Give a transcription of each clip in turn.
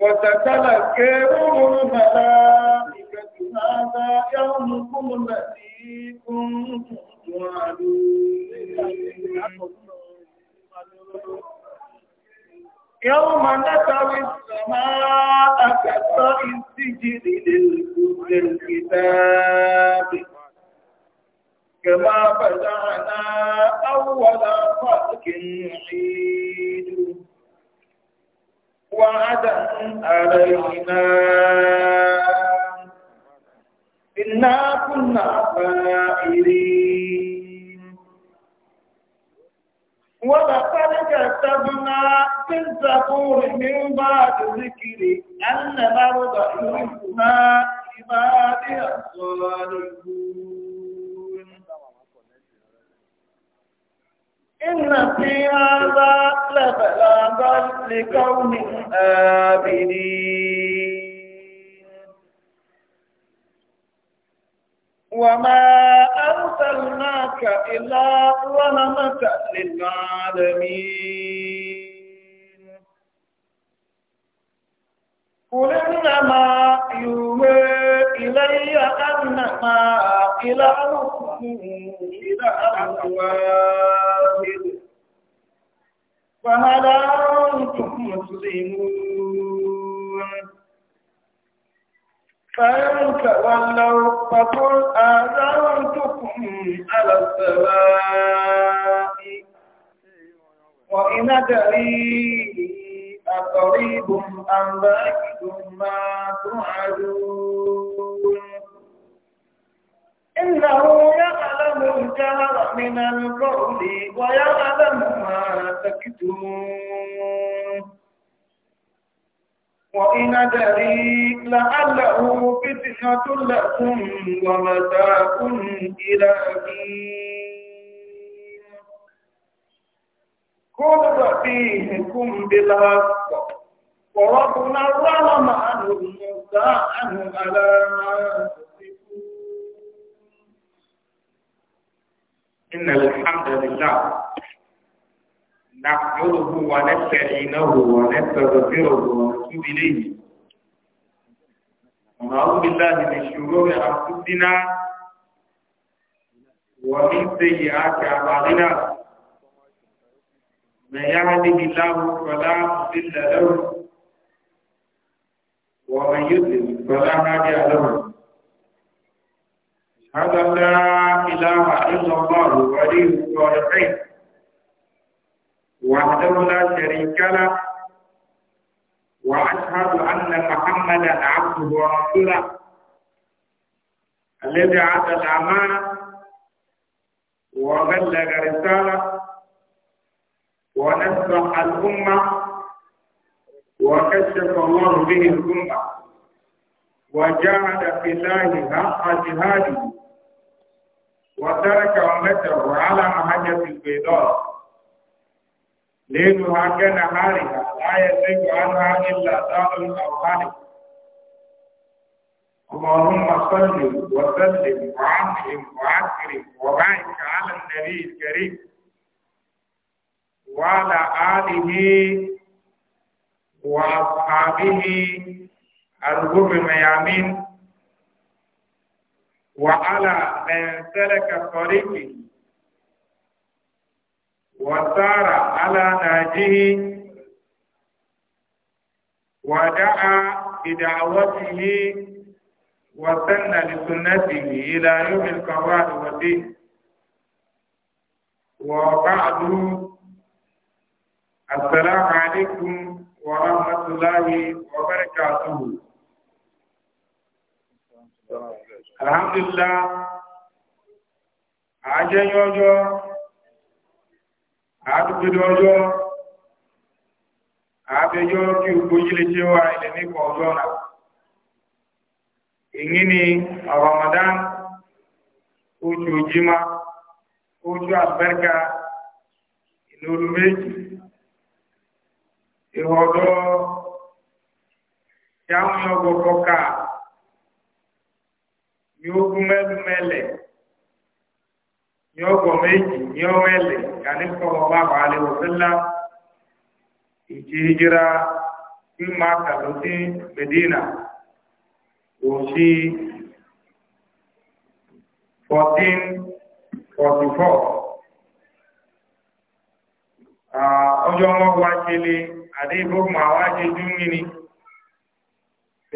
Wata tala kéré wọn mọ̀lára. ليلها كنهارها لا يزيد عنها إلا داء أو اللهم صل وسلم وعظم وأكرم وبارك على النبي الكريم وعلى آله وأصحابه الغر ميامين وعلى من سلك طريقه وسار على ناجه ودعا بدعوته وسن لسنته إلى يوم القرار والدين وبعد السلام عليكم ورحمة الله وبركاته الحمد لله أجل يوجو àádúgbò ọjọ́ àábẹjọ́ kí gbogbo yìí lè ṣe wá ilẹ̀ nípa ọjọ́ náà èyí ni Ramadan oṣù òjìmá oṣù àbẹ́ríkà ìlú méjì ìhọ̀dọ́ jáwọn ọgbọ̀kọ̀ọ̀ka yóò gún mẹ́lùmẹ́lẹ̀ yóò kọ méjì yóò mẹ́lẹ̀ kàní kọ́kọ́ bá wà lè wọ́sílá ìjì hijira kí máa kàlọ́ sí medina kò sí fourteen forty four ọjọ́ wọn wá jele àdébò máa wá jẹ dúmínì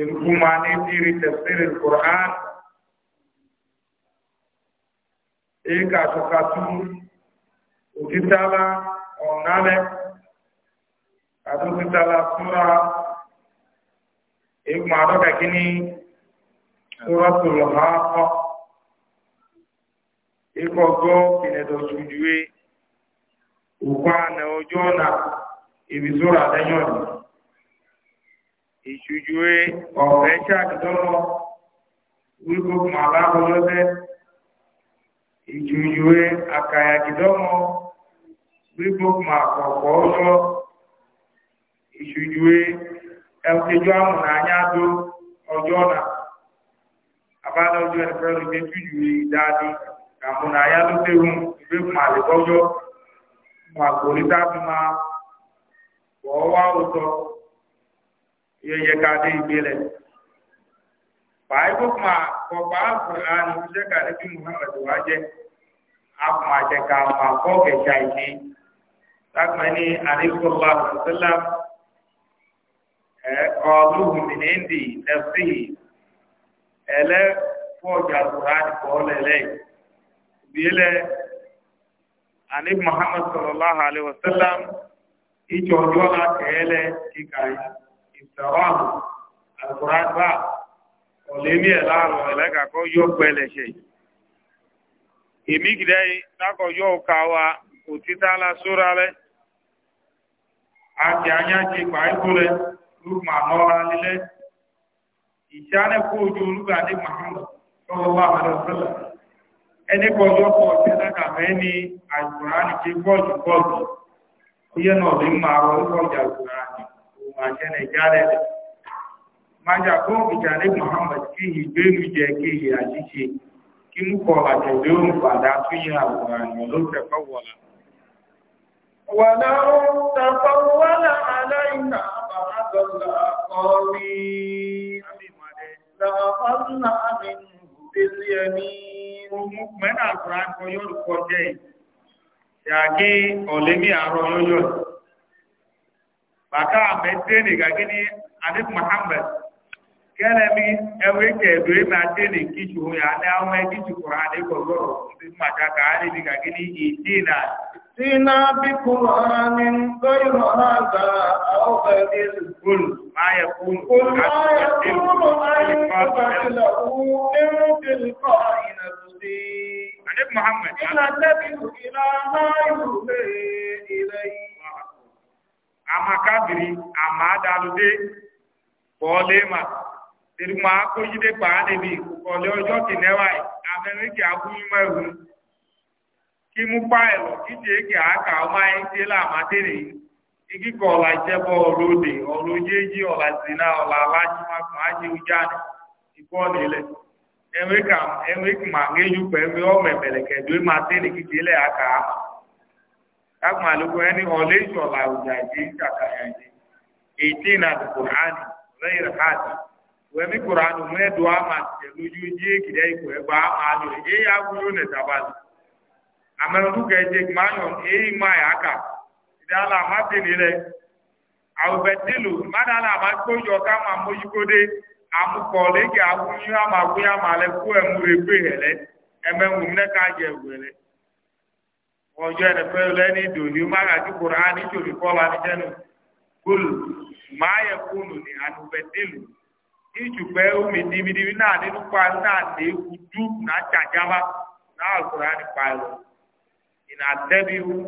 ìlú máa ní tìrì tẹ̀síìrì kùrán. ị ga-achọkatụ otitala a atụtitala sụra ịgma adọkakini sụrọtụrụ ha ọ ịkọgọ kinedosujue ụkwa na ọjọ na ibizura adanyọni ìṣujue ọ̀rẹ́ ṣáàkì lọ́wọ́ wíwọ́n màlá ìjùjùwe àkàyàgídọ́mọ gbígbó ma kọ̀ọ̀kọ̀ ọjọ́ ìjùjùwe na àmùnà anyádó ọjọ́ nà na ẹ̀fẹ́rù ní jùjùwe ìdádi àmùnà ayálótẹ́hùn ìgbégbó ma lè bọ́jọ́ ma kòrítà ma wọ́ wá òtọ́ yẹyẹ báyìí kuma kọ̀ọ̀bá quran ṣe ká ẹbí muhammed wá jẹ́ àpàjẹ́ ká má kọ́ kẹ̀kẹ́ àìsí sákùnmá ní àdéhùnbá ṣẹlẹ̀ ọlùhùn ní ndí ẹ̀fí ẹ̀lẹ́ fọ́ọ̀jà quran kọ́ lẹ́lẹ́ bílẹ̀ àní muhammed sallallahu alayhi wa sallam ìjọ ọjọ́ la kẹ́lẹ́ kíkà ìtàwọn alukuran báà ọ̀lẹ́ ní ẹ̀ láàrùn ẹ̀lẹ́kàkọ́ yọ pẹ́lẹ̀ṣẹ̀ èmi gidẹ́ dákọ̀ yọ ọkà wa òtítà la sóra rẹ àti anyájí pàákó rẹ lùmọ̀ àmọ́ra lílẹ̀ ìṣánẹ́kọ́ ojú olúgbà ní mahamud lọ́wọ́ wà lọ́wọ́ sọ́lá ẹni kọjọ́ pọ̀ sí lákàfẹ́ ní àjùmọ̀ àníkí bọ́ọ̀lù bọ́ọ̀lù ó yẹ náà lè máa rọ orúkọ ìjà àjùmọ̀ àníkí òun àṣẹ nàìjíríà rẹ̀ májà fún ìjà muhammad kí ìgbéru jẹ kí ìyè àṣìṣe kí ń kọ àjọ̀dé òun padà tún yẹ àwòrán ìyẹn ló tẹ̀kọ́ wọ̀lá. ولو تقول علينا بعض الأقاويل لأخذنا منه باليمين من القرآن ويقول قرجين yàgé ọ̀lẹ́mí àárọ̀ kẹlẹmi ẹwẹ kẹdùn ẹmẹ àti ẹnì kìtù ya ní àwọn ẹni kìtù kura ní gbọgbọ ọtí màdà kà á níbi kàkí ní ìdí náà. sínú bíkú ọ̀hánì lóyún ọ̀hánà àwọn ọ̀gbẹ̀dẹ̀ kúlù máa yẹ kúlù. kúlù máa yẹ kúlù ayé ìfọ̀sílẹ̀ kú nínú kìlìkọ̀ ìnàtúndì. àní muhammed. ìlà ìdùnnú akójídé pàá níbi ìkọ̀lẹ́ ọjọ́ kìnẹ́wà amẹ́ríkì akúnyúmọ́ ẹ̀hún kí mú pa ẹ̀rọ kí ṣe é ọmọ ayé ṣe láàmátẹ́rẹ̀ yìí ikíkọ̀ ọ̀la ìṣẹ́bọ̀ ọ̀lọ́dẹ ọ̀lọ́jẹ́jì ọ̀la ìsìnà ọ̀la alájúmọ́kùn ájíwújáde ìkọ́ọ̀lẹ̀ lẹ̀ ẹ̀wẹ̀kì wẹ́mi kuranu mẹ́ẹ̀dọ́ ama tẹ̀lójú yé kìdẹ́ ikú ẹgbà ama lò èyí awúlò nẹ̀ tabali ya kẹ́jẹ́ gbanyọ̀ èyí má yà kà ìdáàlà má tẹ̀lé lẹ̀ àwùbẹ̀tẹ̀lò mádàlà má gbójọ káma mójúkódé amukọ̀ lẹ́kẹ̀ awúnyú ama wúyú ama lẹ kó gbé yẹ lẹ wẹ̀ lẹ ọjọ́ ichukwe umi dimidimi na adịnụkwa na na-ekwu dum na achajaba na alkurani kpalụ ina tebiru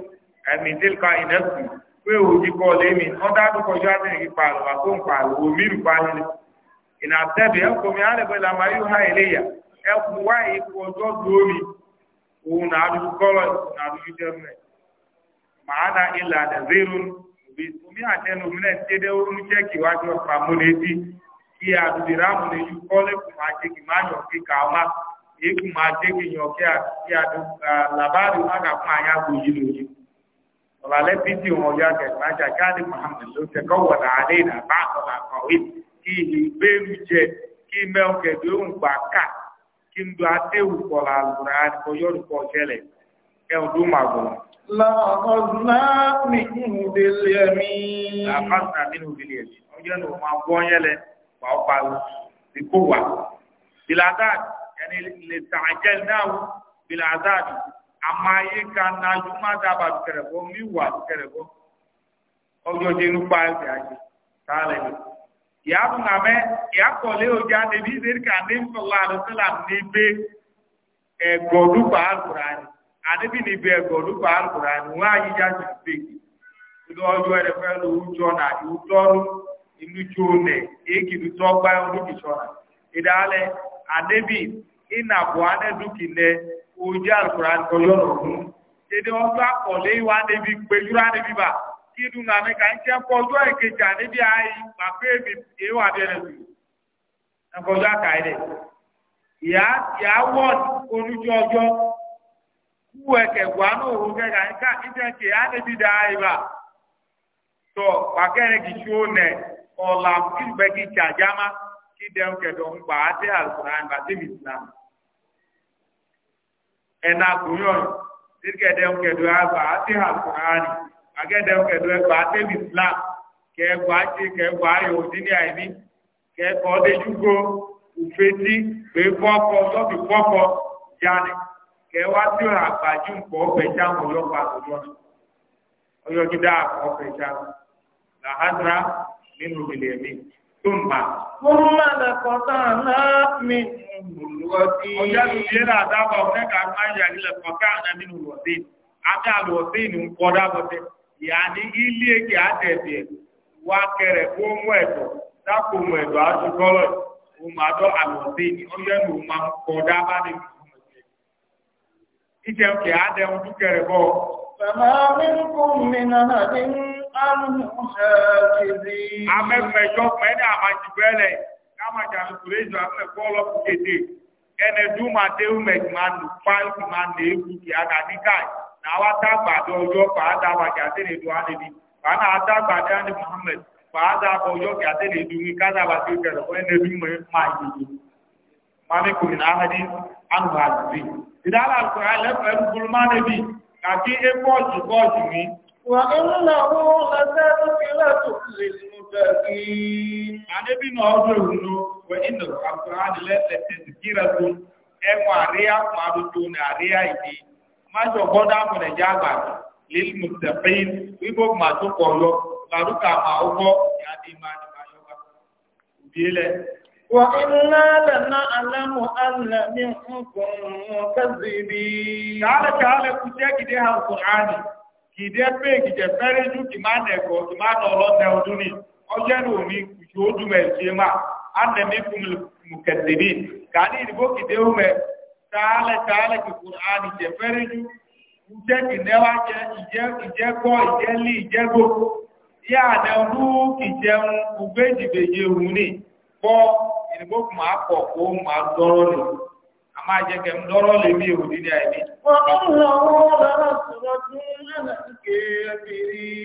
emitilka ineptu kwe oji kọla emi ọda dụkọjọ adịghị gị kpalụ maka mkpalụ omiru kpalụ ina tebi ekwomi alebela ma ihu ha ele ya ekwu nwaanyị ikwu ọjọ dị omi owu na adụghị kọlọ na adụghị jemme ma a na ila na zerun omi atenu omi na ntede omi cheki wajọ kpamu ki a dira mu ne yu kole ku ma je ki ma nyo ki ka ma e ku ma je ki nyo ki a ki a do labari ma ka ma ya ku yi lo ji wala le piti o ya ke ma ja ka ni muhammad lo te ko wa alaina ba ko la ko wi ki hi do un pa ka ki ndo ate u ko la alquran ko yo ko wà ó pa ikú wà biladad yẹni lè tàjẹ náà biladad amáyé kan náà yuma dábà kẹrẹ bọ mi bọ ọjọ dị pa ẹsẹ ka sálẹ mi. ìyá fún na ìyá kọlé ojú àdébí ìdérìkà ní nfọwọ àdókòlà níbẹ ẹgbọdúgba àlùkùránì àdébí níbẹ ẹgbọdúgba àlùkùránì ilu chone eki du togba onu kishona idale anebi ina buane dukine oje alquran ko yoro mu tede ogba ko le wa nebi pejura nebi ba kidu na me kan che ko jo ekeja nebi ai ma pe bi e wa de ne su na ko ja kai de ya ya won onujo ojo ku eke gwa no o ke ga nka ite ke anebi dai ba to pakere kishone ọ̀la kíkpẹ́ kí tsadzama kí dẹ́wọ́ kẹ̀dọ̀ ńgbà àti alukuran bàtí mi islam. ẹ̀nà gbóyọ̀ tìrìkẹ́ dẹ́wọ́ kẹ̀dọ̀ àgbà àti alukuran àgẹ́ dẹ́wọ́ kẹ̀dọ̀ ẹgbà àti mi islam kẹgbà àti kẹgbà ayò níní àìní kẹkọ ọdẹdúgbò òfetí pé fọkọ lọbi fọkọ jáde kẹwàá tí ó àgbàjú nǹkan ọbẹ̀ jáwọn ọlọ́pàá àtọjọ́ nínú ìlẹ̀ mi tó ń bà. Mo sáà náà mi olùwọ́sí. Ọjọ́ náà nínú ìwọ̀sí. àlùwọ̀sí ni ń kọ́ dábọ̀tẹ́. Ìyá ní ilé èkè wá kẹrẹ̀ ẹ̀dọ̀ dákò ẹ̀dọ̀ àlùwọ̀sí ni máa ń kọ́ فما منكم من أحد عنه حاجزين amẹ́fẹ̀ẹ́jọ́ pẹ̀lú àmàjìbẹ́lẹ̀ kámàjà lùkùrẹ́jọ amẹ́fẹ́ ọlọ́pù kéde ẹni dúmà déhùn mẹ́gbìmá nù fáìlì máa nà éwu kì àgà níkà náwó àtàgbàdo ọjọ́ fàádà wàjà tẹ̀lé dùn ánìbí fàánà àtàgbàdo ánì Muhammad fàádà ọjọ́ kì àtẹ̀lé dùn ní kádàbà tó kẹrẹ̀ fún ẹni dúmà máa yìí mami kùnà áhàdì ánù àdùbí ìdálà àlùkò àlẹ́fẹ̀ẹ́ àti ébọ́ọ̀sì bọ́ọ̀sì mi. Wà ńlá wọn lọ́sẹ̀ tó fi lẹ́tò lè mú bẹ̀rẹ̀. Àdébí náà ọdún ìwúlò wẹ̀ nínú àkùrán lẹ́sẹ̀ ti kíra tó ẹ̀wọ̀n àríyá fún àdúgbò ní àríyá ìdí. Májọ gbọ́dọ̀ àpọ̀lẹ̀ já àgbà lè mú tẹ̀pẹ́ wíwó màtó pọ̀ lọ. Bàrúkà màá wọ́ ìyá وإنا لنعلم أن منكم مكذبين تعالى تعالى كتاك دي القرآن kì í dé pé ìkìjẹ fẹ́rẹ́ jù kì máa nẹ̀kọ́ kì máa nà ọlọ́dẹ ni ọjọ́ ní òní kùsù ojú mẹ́ ṣe máa ánẹ̀mí fún mùkẹ̀tẹ̀lì kà jẹ ọdún kìjẹun òun ni bọ́ ìdìbò kò máa pọ̀ kó máa dọ́rọ́ lè a máa jẹ kẹ́ ń dọ́rọ́ lè bí òdì ní àìní. wọ́n ń lọ wọ́n lọ́rọ̀ sọ̀rọ̀ tí wọ́n lọ sí kéèké.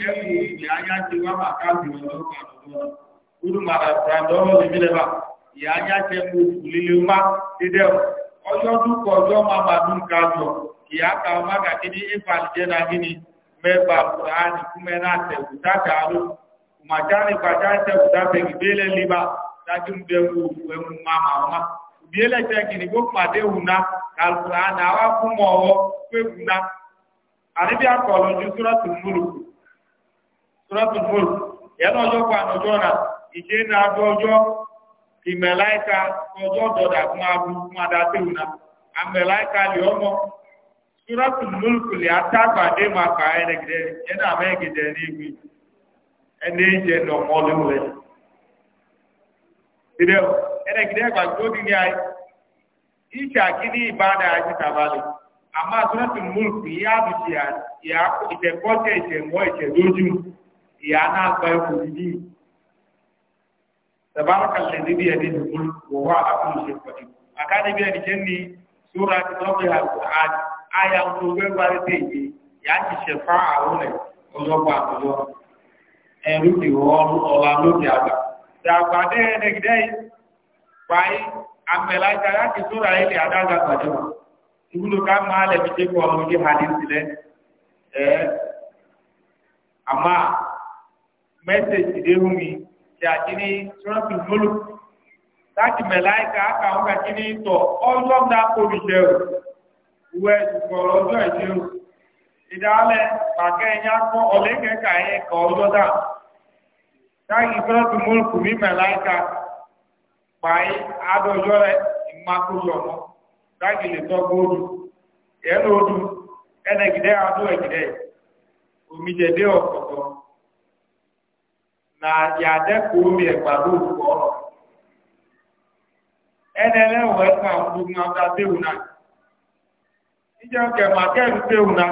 ẹ̀kú ìyá ajá ti wá máa káàbì ọ̀rọ̀ kan lọ́wọ́ kúrú máa ra dọ́rọ́ lè bí lẹ́bà ìyá ajá jẹ kó dájú ń bẹ wo ẹmu máa mà Òbí ẹlẹ́jẹ̀ kìíní kó pàdé wùnà kàlùkùrà àná fún mọ̀ ọwọ́ pé wùnà. Àníbi àkọlù ju Súrọ́tù Múlùkù. Súrọ́tù ọjọ́ pa náà, adó ọjọ́ ìmẹ̀láìka ọjọ́ fún abu fún adáté Àmẹ̀láìka lè ọmọ. ìdẹ́ o ẹ̀rẹ́gidẹ́ gbàgbó dídí ayé ìṣe àkíní ìbáda àti tàbálẹ̀ àmọ́ àtúntò múlùkù ìyá àbùsì ìyá ìtẹ̀kọ́tẹ̀ ìtẹ̀mọ́ ìtẹ̀lójú ìyá náà gba ẹ̀kọ́ dídí tabaraka lẹ́dí bí ẹni dùkú wọ́n wá àkúrò ṣe pẹ̀lú àkáde bí ẹni jẹ́ ní sóra ti tọ́ bí àyà ń tó gbẹ́gbà rẹ̀ tẹ̀ yé ìyá ti ṣe fá àwọn rẹ̀ ọlọ́gbà àtọ́jọ́ ẹ̀rú ti wọ́n ọ̀la lóde àgbà. dàgbà dẹ́rẹ́ nẹ́gidẹ́ yìí pàì sóra ilé adága gbàdúrà ìwúlò ká máa lẹ́bi dé kọ́ ọmọ yìí hàdí sílẹ̀ àmà mẹ́sẹ̀jì mi tí a ti ní sọ́nàfì lólù láti mẹ́lá ìka àkà wọn ní tọ̀ ọjọ́ náà kóbi jẹ́ o wẹ́ ìdùkọ̀ ọjọ́ o pàkẹ́ ẹ̀yà kọ́ ẹ̀ káyì fẹ́ tó mọ́lùkù ní mẹ́láìka pàì adọ́jọ́ rẹ̀ ìmákòyọ̀ mọ́ káyì lè tọ́ gbóòdù ẹnẹ̀gìdẹ́ adó ẹ̀gìdẹ́ na yàdẹ́kọ̀ omi ẹ̀gbàdo òkú ọ̀rọ̀ ẹnẹ̀lẹ́wọ̀ ẹ̀ka ọ̀dùnkún abdá déwù náà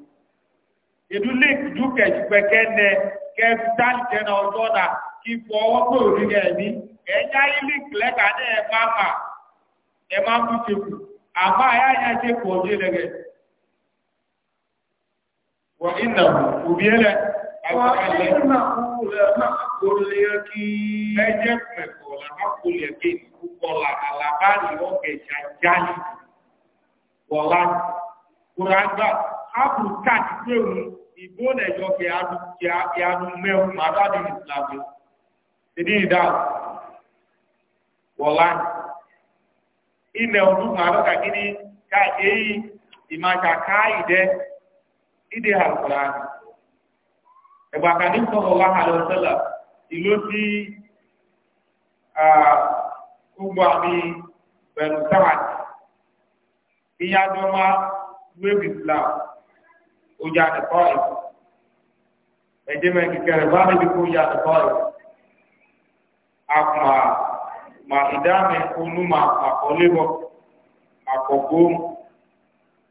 ìdúlé ìdú kẹ̀jùpẹ̀kẹ́ nẹ kẹfìtálìtẹ́ na ọjọ́ na kí fọ ọwọ́ pé òrí rẹ̀ ní ẹ̀yà ilé ìpìlẹ̀ kà ní ẹ̀ máa mà ẹ̀ máa kú ṣekù àmọ́ àyà yẹn ṣe pọ̀ ọdún lẹ́gẹ̀. wọ iná òbí ẹ lẹ àwọn ẹlẹ ẹ jẹ pẹpọ làwọn kò lè gbé ìkúkọ làbá ni wọn kẹ ṣàjáde wọlá kúrágbá ábùkà ti gbé òun. ìgbó nẹjọ kí anu mẹ́wọ́ màdá di ìsìlámù ìdí ìdá wọ̀lá ilẹ̀ ọdún màdá kàkiri ká èyí ìmájà ká ìdẹ ìdí àlùkòrá ẹgbà kan ní sọ̀rọ̀ wà hàlẹ́ ọ̀sẹ̀lẹ̀ ìlú tí gbogbo àmì bẹ̀rù sáwàtì ìyájọ́ máa wébi ojà àdìkọ́ ẹ̀ ẹ̀jẹ̀ mẹ́ kékeré bá mi dìkọ́ ojà àdìkọ́ ẹ̀ àpà mà ìdáàmì onú mà àkọ́lébọ̀ àkọ́gbó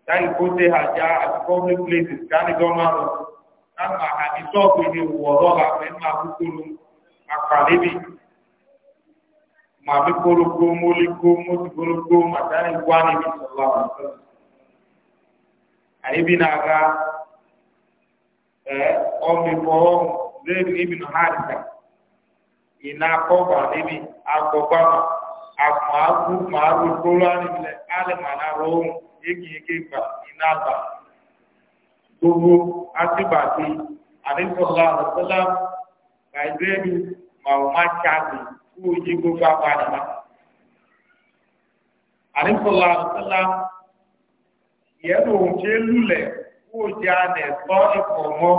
táyì kó tẹ àjà àdìkọ́ ní places káni gọ́mà lọ káàmà àdìsọ́ọ̀kì ni wọ̀ọ́rọ́ àfẹ́ máa kúkú lu àkàlébì màbí kórókó mólékó mótìkórókó màtánì wá níbi sọ̀rọ̀ àwọn sọ̀rọ̀ àyíbí náà ga ọmịbọ zeru ibn harisa ina akọba níbi akọba ma àpò agbó màálù kóró ànìmílẹ alẹmàlà rọrùn ékèéké gbà iná àgbà gbogbo asibati àdìsọlá àdìsọlá kàìdéèmì màwùmá chaati kú òye gbogbo àpàdánà àdìsọlá àdìsọlá yẹnu òun ṣe wòdì anẹ gbọ ẹkọ mọ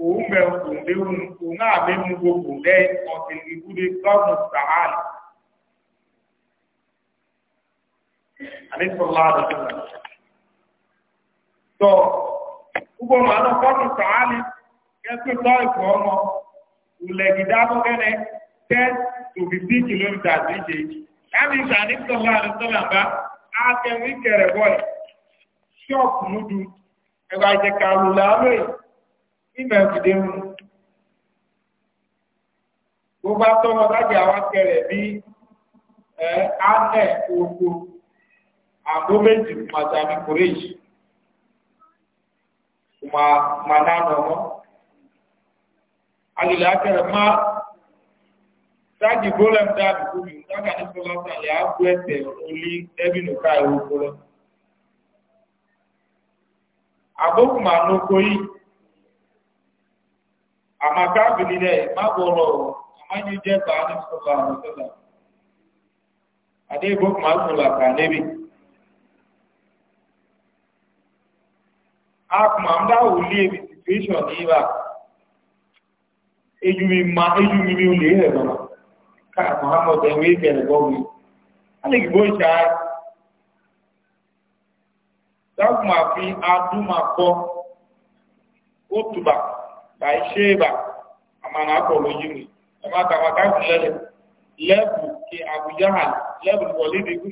òun mẹ òun lé òun òun àmì mú gbogbo lẹ ọ̀sẹ̀ ìwúre gbọmù sàhálì. àdéhùn ọlọ́run ọdún tọ gbogbo màá lọ gbọmù sàhálì kẹsì tọ ẹkọ ọmọ ìlẹgìdáàbọ kẹnẹ ten to fifteen kilometres níje láti ìgbà àdéhùn ọlọ́run ọdún tọ làbá àtẹwé kẹrẹ bọyì ṣọ́ọ̀kù múdu ẹ̀rọ àjẹkàrù láàárọ̀ yìí nígbà ìdè mu gbogbo atọ́wọ́ lájà wa kẹrẹ̀ bí ẹ anẹ́ oko àgbo méjì màtàmí kòrèjì mà mà nánà wọn alìlẹ̀ akẹrẹ̀ máa sáàjì bólẹ̀ ń dáàbò kúmi nígbà kan ní bọ́lá sàlẹ̀ àgbo ẹ̀tẹ̀ olí ẹbí nìka ìwé bọ́lá. abụghị ma n'okoyi amaka bilile ma bụrụ amanyi jefa anụ sọlọ anụ sọlọ Ade bụ ma sọlọ ka n'ebi akụma ahụ lie ebi situation n'ibe a ejumi ma mi ụlọ ihe nọ ka muhammad enwe ikere gọọmenti dáhùn máa fi adú máa kọ́ ó tùbà bá ba ìbà àmàna mi ẹ̀ma lẹ́lẹ̀ lẹ́bù kí àbújá hàn lẹ́bù wọlé lẹ́bù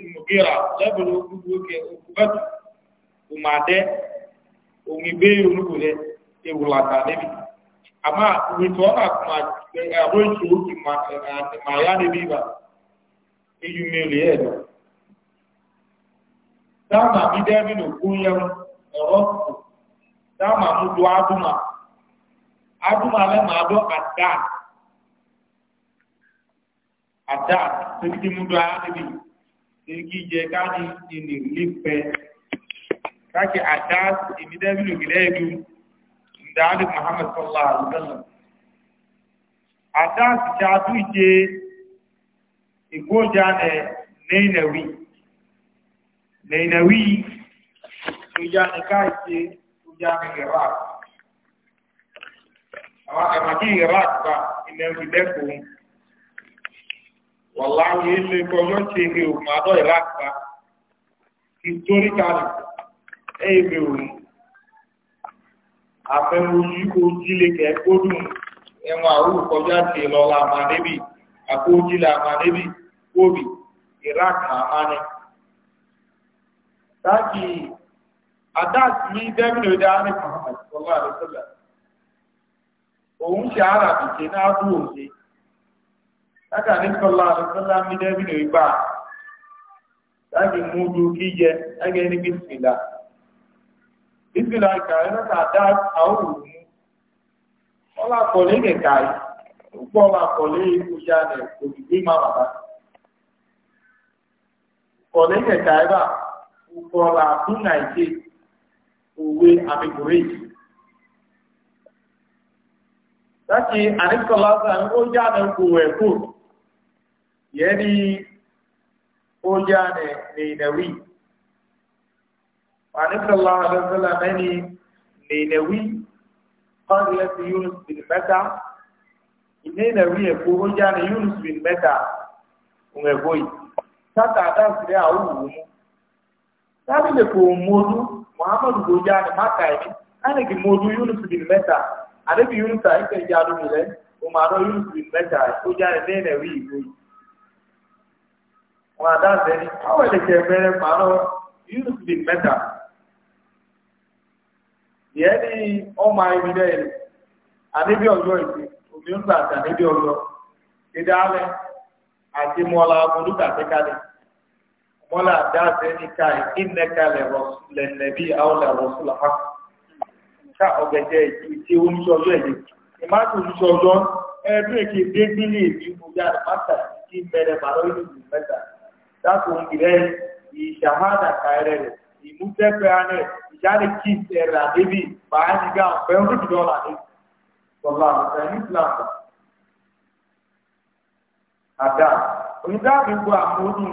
gbogbo dama mi dẹ́bí nù kún yẹn ẹ̀rọ kù dáàmà mú do adùmá adùmá lẹ́mà adọ́ àdá àdá tẹ́lifí mú do adìbí tẹ́lifí jẹ káàdì ìní lífẹ́ káàkiri àdá ìní dẹ́bí nù kìlẹ̀ ẹ̀dù ndàálì muhammed sallallahu alayhi wa sallam àdá ti ṣáájú Lainawi tujani kaji tujani Iraq àmàkí Iraq bá ilẹ̀ ìdẹ́kùn wàláwí ilé kọjọ́ ṣe èrè òun àdọ́ Iraq bá historically ẹ̀ẹ́bẹ̀ òun àfẹ́wòjú ojílé kẹ́kọ́dùn ẹ̀wọ̀n àrùn kọjá sí lọ́la àmàdébì àkójílẹ̀ àmàdébì kóbì Iraq màmá taki adas mi dẹ́mìnì ọdẹ àmì muhammad sallallahu alaihi wasallam òun ṣe arabi ṣe náà bú òṣè láti àní sallallahu alaihi wasallam mi dẹ́mìnì ìgbà taki múdu kí jẹ ẹgẹ ní bísílà bísílà ìkàrí láti adas àwọn òun wọn là kọ̀lé ukọ̀ọ̀là fún nàìjíríà òwe àmì gòrèjì. Láti àníkọ̀lọ́sà ó yá ní kò ẹ̀kọ́ yẹ́ ní ó yá ní ìnẹ̀wí. Àníkọ̀lọ́sà mẹ́ni ní ìnẹ̀wí kọ́nìyàn ti Yunus bin Mẹ́ta. Ìní ìnẹ̀wí ẹ̀kọ́ ó yá ní Yunus bin Mẹ́ta òun ẹ̀kọ́ yìí. Sátà àdáǹsì rẹ̀ àwọn òwò mú. sabi da ko modu muhammadu goja ne maka yi ana ki modu yunus bin meta anabi yunus a ita ja do mile o ma do meta ja ne ne wi go wa da se ni awe ke mere ma yunus meta ye ni o ma yi de ojo yi o mi ojo wala daase ni kai innaka le le nabi aw la rasul ha ka ogede ti o nso ọjọ́ eje e ma tu nso ọjọ́ e bi ki de bi ni bi mu ya mata ti mere baro ni mu meta ta ko ngire i shahada kaire re i mu te pe ane i ja le ki se ra de bi ba ni ga pe o ti dola ni wallahi ta ni islam ada onídàbí gbọ́ àmóhùn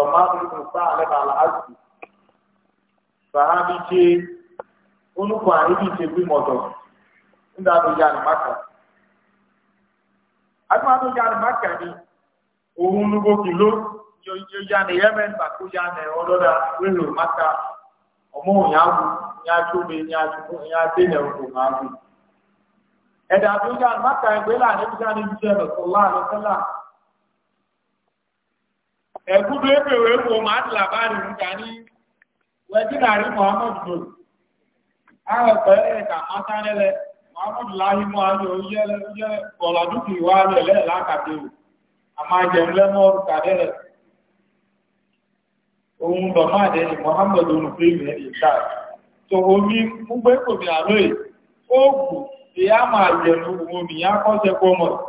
Somali bin Sa'alib al-Azdi. Sahabi ce, Unu kwa ibi ce bi moto, ndị abu jani maka. Agba abu maka ni, ohun nugo kilo, yo jani Yemen ba ko jani oloda welo maka, ọmọ onyagu, nyachube, nyachube, nyadene ọkọ n'agụ. Ẹ̀dà abu ya maka ẹgbẹ́ láàrin ibi ya ibi jẹ́ ẹ̀kúdó ẹgbẹ̀wé epo màdìlá bá rí níta ní wẹ́dínàrí Muhammad lò àwọn ẹ̀kọ́ ẹ̀ka mátánẹ́lẹ̀ Muhammad láyé mọ́ àjọ oúnjẹ ọ̀làdúkì wà lẹ̀lẹ́ lákàtẹ́ o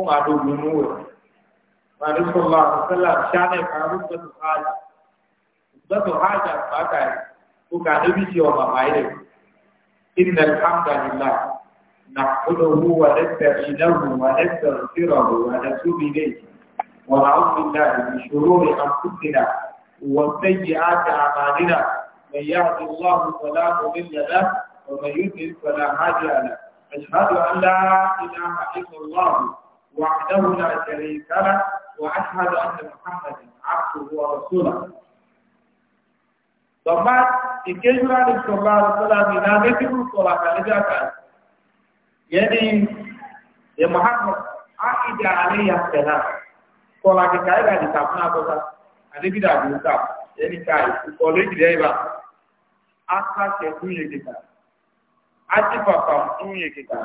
kun ado gunuwa ma rasulullah sallallahu alaihi wasallam shane karun da haja da to haja ba kai ko ka nabi ji wa mai ne inna alhamdulillah نحمده ونستعينه ونستغفره ونتوب اليه ونعوذ بالله من شرور انفسنا وسيئات اعمالنا من يهد الله فلا مضل له ومن يضلل فلا هادي له اشهد ان لا اله الا الله وحده لا شريك له وأشهد أن محمدا عبده ورسوله ثم ضمات ان صلى الله عليه وسلم إلى ذكر صلاة الجاكا يعني يا محمد عقد علي السلام صلاة كايدا لتابنا بوتا أنا بدا أقولك يعني كاي كوليج دايما أكثر كاي اصلا أتفقم كتير كاي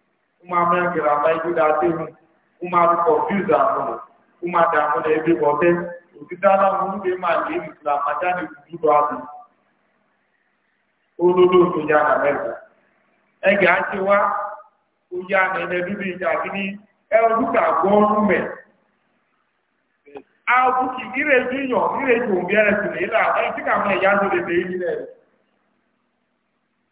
kuma mẹ kẹrẹ ama ibi da ti mu kuma confuse amu kuma da amu na ebi bọtẹ òtítọ́ aláwọ̀ ń gbé máa lé ìtura àmàjá ni dúdú àbí olódó sójà nà mẹ́ta ẹgbẹ́ àti wa sójà nà ẹnẹ dúdú ìjà kìíní ẹ ọdúnkà gbọ́ọ́rù mẹ́ àbùkù ìrètí yàn ìrètí òǹbí ẹ̀rẹ̀ sì lè là ẹ̀ tí kàmú ẹ̀yá ló lè lè yí rẹ̀.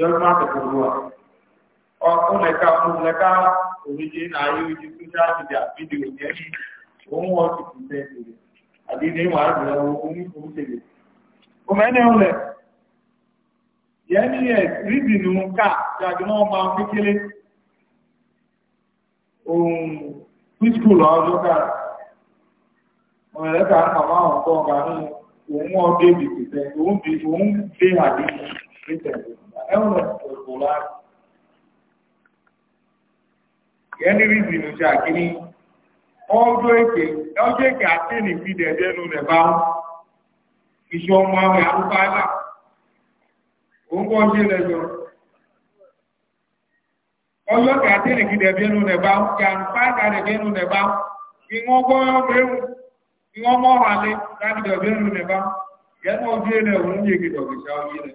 yọlọmọ àtẹkùrù wa ọkùn lẹka ọkùn lẹka òdìdí náà yóò di social media fídíò yẹn ní òun wọn ti fi sẹ ẹsẹ àbí ní wàá gbẹ owó oníkùn tèlè òmẹni ọlẹ yẹn ní ẹ rídì nù ká jáde náà máa kékeré ohun preschool ọdún ká ọmọlẹ́ka ń pàmò àwọn ọkọ ọba ní òun ọdún èbìtì sẹ òun fi òun gbé àdéhùn ní tẹ̀lé. ẹwọn ọgbọlá yẹn ní rízì ní ojú àkíní ọjọ́ èké ọjọ́ èké àti nìfi dẹdẹ nù rẹ bá iṣu ọmọ àwọn àrùbá náà ó ṣe lẹjọ ọjọ́ èké àti nìfi dẹdẹ nù rẹ bá yàǹfà dẹdẹ nù rẹ bá gbọ ọmọ ewu mọ dẹdẹ nù rẹ bá yẹn ní èlẹ òun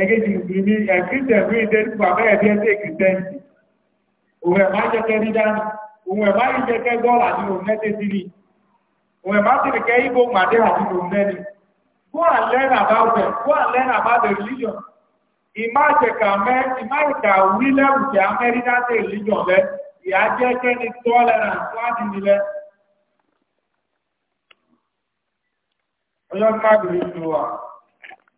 ẹgbẹ́jì mùsùlùmí ẹ̀kírísẹ̀ fún bụ nípa bẹ́ẹ̀ bí ẹsẹ̀ kìrìsẹ́ǹtì òun ẹ̀má jẹ́kẹ́ rí dání òun ẹ̀má yìí jẹ́kẹ́ dị ní òun mẹ́tẹ́ dị dị. go and learn about them go and learn about the religion religion lẹ ìyá ọjọ́ wa.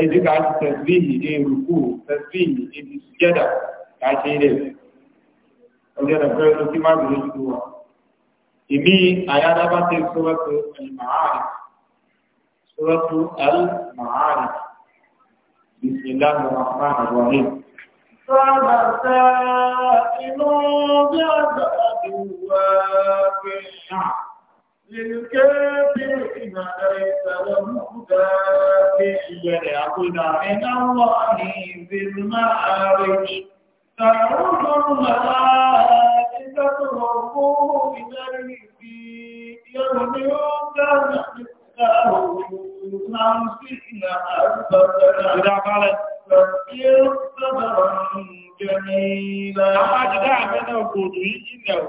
ẹjí ká ti tẹ̀sílì ní ìrùkú tẹ̀sílì ibi sùjẹ́dà ká ṣe ilẹ̀ ọjọ́dà fẹ́ ló kí má bèrè jù wá ìmí àyádábá ti sọ́wọ́tò ẹ̀lmàárì sọ́wọ́tò ẹ̀lmàárì bismillahir rahmanir rahim. inú bí ọ̀dọ́ àti للكافرين ليس له دافع يأخذ من الله بالمعارف تعود الملائكة ربه إليه يوم كان مقداره خمسين ألف سنة إذا قالت فاصبر صبرا جميلا أجدع من وجوده إنه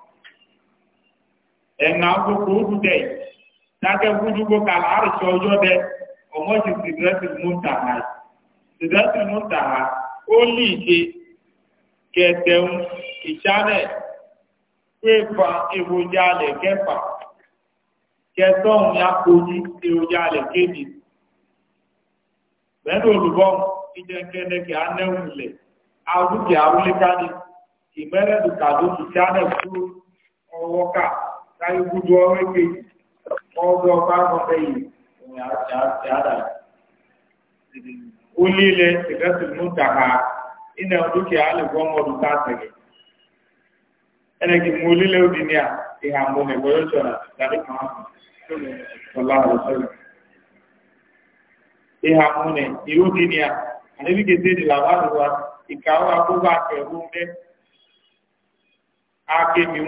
ẹ̀nà agbókò ó dúdẹ̀ dákẹ́ fúdúgbò kàlà àrùsọ ọjọ́ dẹ ọmọ sì sìgẹ́tì múta ha sìgẹ́tì múta ha ó lì ṣe kẹtẹun ìṣálẹ̀ pépà èròjà alẹ̀ kẹfà kẹtọ́hún ya kojú èròjà alẹ̀ kéjì bẹ́ẹ̀ni olùbọ́ ìjẹ́kẹ́lẹ́kẹ́ anẹ́wùlẹ̀ àwùjẹ́ àwùlẹ́kánì ìmẹ́rẹ́dùkàdó ìṣálẹ̀ fún ọwọ́ káà kayi gudu ọwọ́ ike ọgbọ ọgbà ọgbà yìí ìyá àdá ó líle ìdẹ́sì mú tàkà iná dúkìá lè gbọ́ mọ́dún tá a tẹ̀lé ẹnìkì mú líle òdì ní à ìhà mú mi gbọ́dọ̀ sọ̀rọ̀ tàbí kàn sọ̀lá rẹ̀ sọ̀rọ̀ ìhà mú mi ìhó di ní à àdébí kété di làwọn àdúrà ìkàwé àkókò àkẹ́wò ń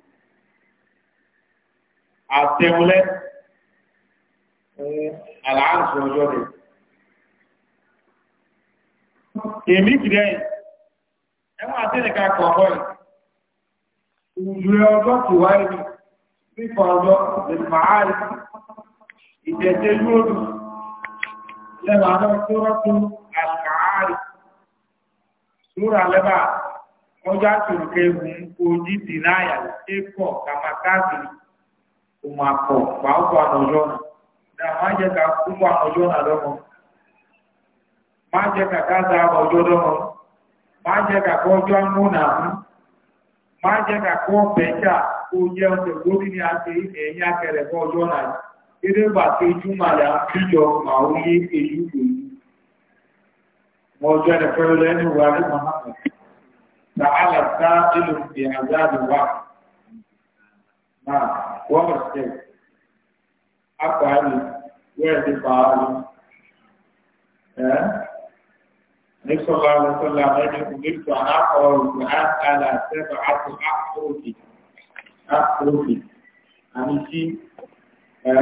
àtẹwulẹ́ àlàáṣì ọjọ́ rẹ̀. Èmi kìrẹ́ yìí, ẹwọ́n àti ẹnìká kọ̀ọ̀kọ́ yìí, ìjúrẹ́ ọjọ́ ti wá rí pípọ̀ ọjọ́ ìmàárì ìjẹ̀jẹ̀ lóòrù lẹ́nà àwọn tó rọ́tún àṣàárì. Súra lẹ́bà, ọjọ́ àtùnkẹ́ ìhùn ojí dìnáyà, ẹ̀kọ́ kàmàkásìrì umakɔ bawo anɔjɔ na na madze ka kuku anɔjɔ na dɔ mɔ madze ka kaza anɔjɔ dɔ mɔ madze ka kɔjɔ amu na mu madze ka kɔ bɛtsa kodze ɔtɛ gbodi ni ase ɛnya kɛlɛ kɔjɔ na ede ba keju ma la adzɔ ma wo ye keju ko mɔjɔ ne fɛ lɛ ne wa ne ma ha mɔ ta ala ta elu fi aza do wa naa. وما الشيء أفعل ويجب أفعل النبي صلى الله عليه وسلم قال أمرت أن أقرأ القرآن على سبعة أحرف أحرف àmì tí ẹ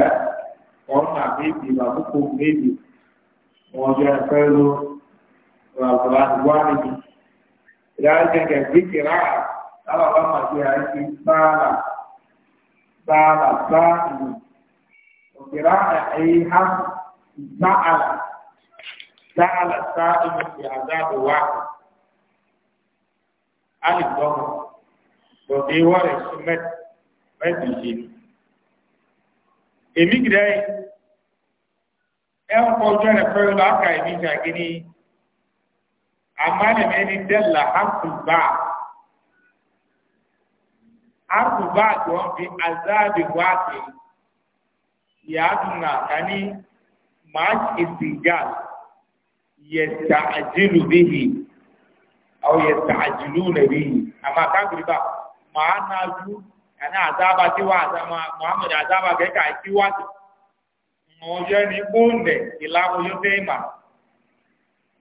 ọ̀nà àbíbi ìbàbúkú méjì wọn jẹ́ ẹ̀fẹ́ ló ràbùrà wá níbi. ìdájọ́ gẹ̀gẹ̀ bí kìláà lábàbá màdìyà ti bá sahala sa'adun kogirana da haka yi haskuna sa'ala sa'ala sa'a tunu yi ce azabe wa hannu hali tuma kuma oye wara su mai girji ni emi gida yi ya kɔ jona kawai aka yi mika ba. akùbá àjọ fi azáàbì wá pé yàtúnà kání march ìsìngal yẹ̀sà àjìlù bíyì àwọn yẹ̀sà àjìlù nàbíyì àmà káàkiri bá màá náà ju kàní àzába tí wà àzáma muhammed àzába kẹ́kẹ́ ni bunde nẹ̀ ìlànà yóò ya ìmà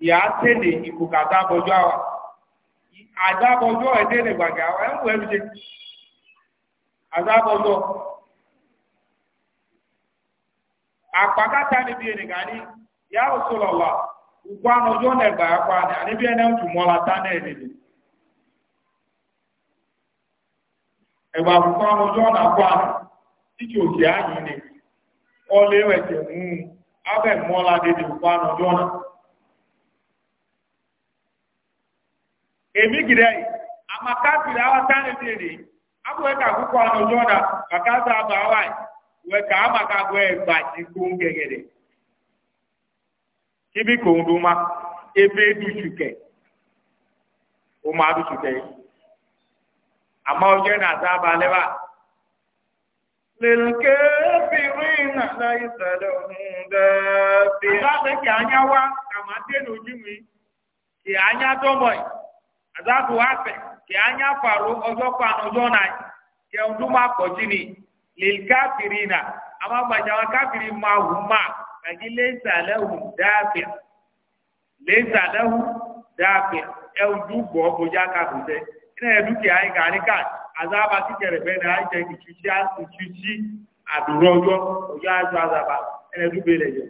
ìyá tẹ́lẹ̀ ìkùkà àzábọjọ́ àwa àzábọjọ́ ẹ̀dẹ́ nìgbàgbà àwọn azaba ọzọ akpakata ni bi ni gani ya usulọla ugwa na ọjọ na ẹgba akwa ni ani bi ẹni ntụ mọla ta na ọjọ na títí òkè anyị ni ọla ewete mụ na èmi àmàkà na abụghị ka akwụkwọ ọnụ na maka azụ aba nwaanyị wee ka amaka gwe gbaji kpoo gegere ibi ebe e dùtsùkẹ o máa dùtsùkẹ yìí àmọ́ ọjọ́ náà sá balẹ̀ wa. lèlùkẹ́ bìrì nàlá kì á nyà fàró ọjọ́ kan ọjọ́ náà kì á dún má kọ̀ jí ni lèl káfìrí nà àmà gbàjà wọn káfìrí má wù má kàdí lẹ́sà lẹ́hù dáàbì lẹ́sà lẹ́hù dáàbì ẹ̀ dún gbọ́ bójá káfìrí sẹ́ ẹ̀ náà ẹ̀ dúkìá yín kàrí káàdì azaba kíkẹrẹ bẹ́ẹ̀ náà jẹ́ ìtútí àdúrà ọjọ́ ọjọ́ àjọ azaba ẹ̀ náà dúbẹ̀ lẹ́yìn.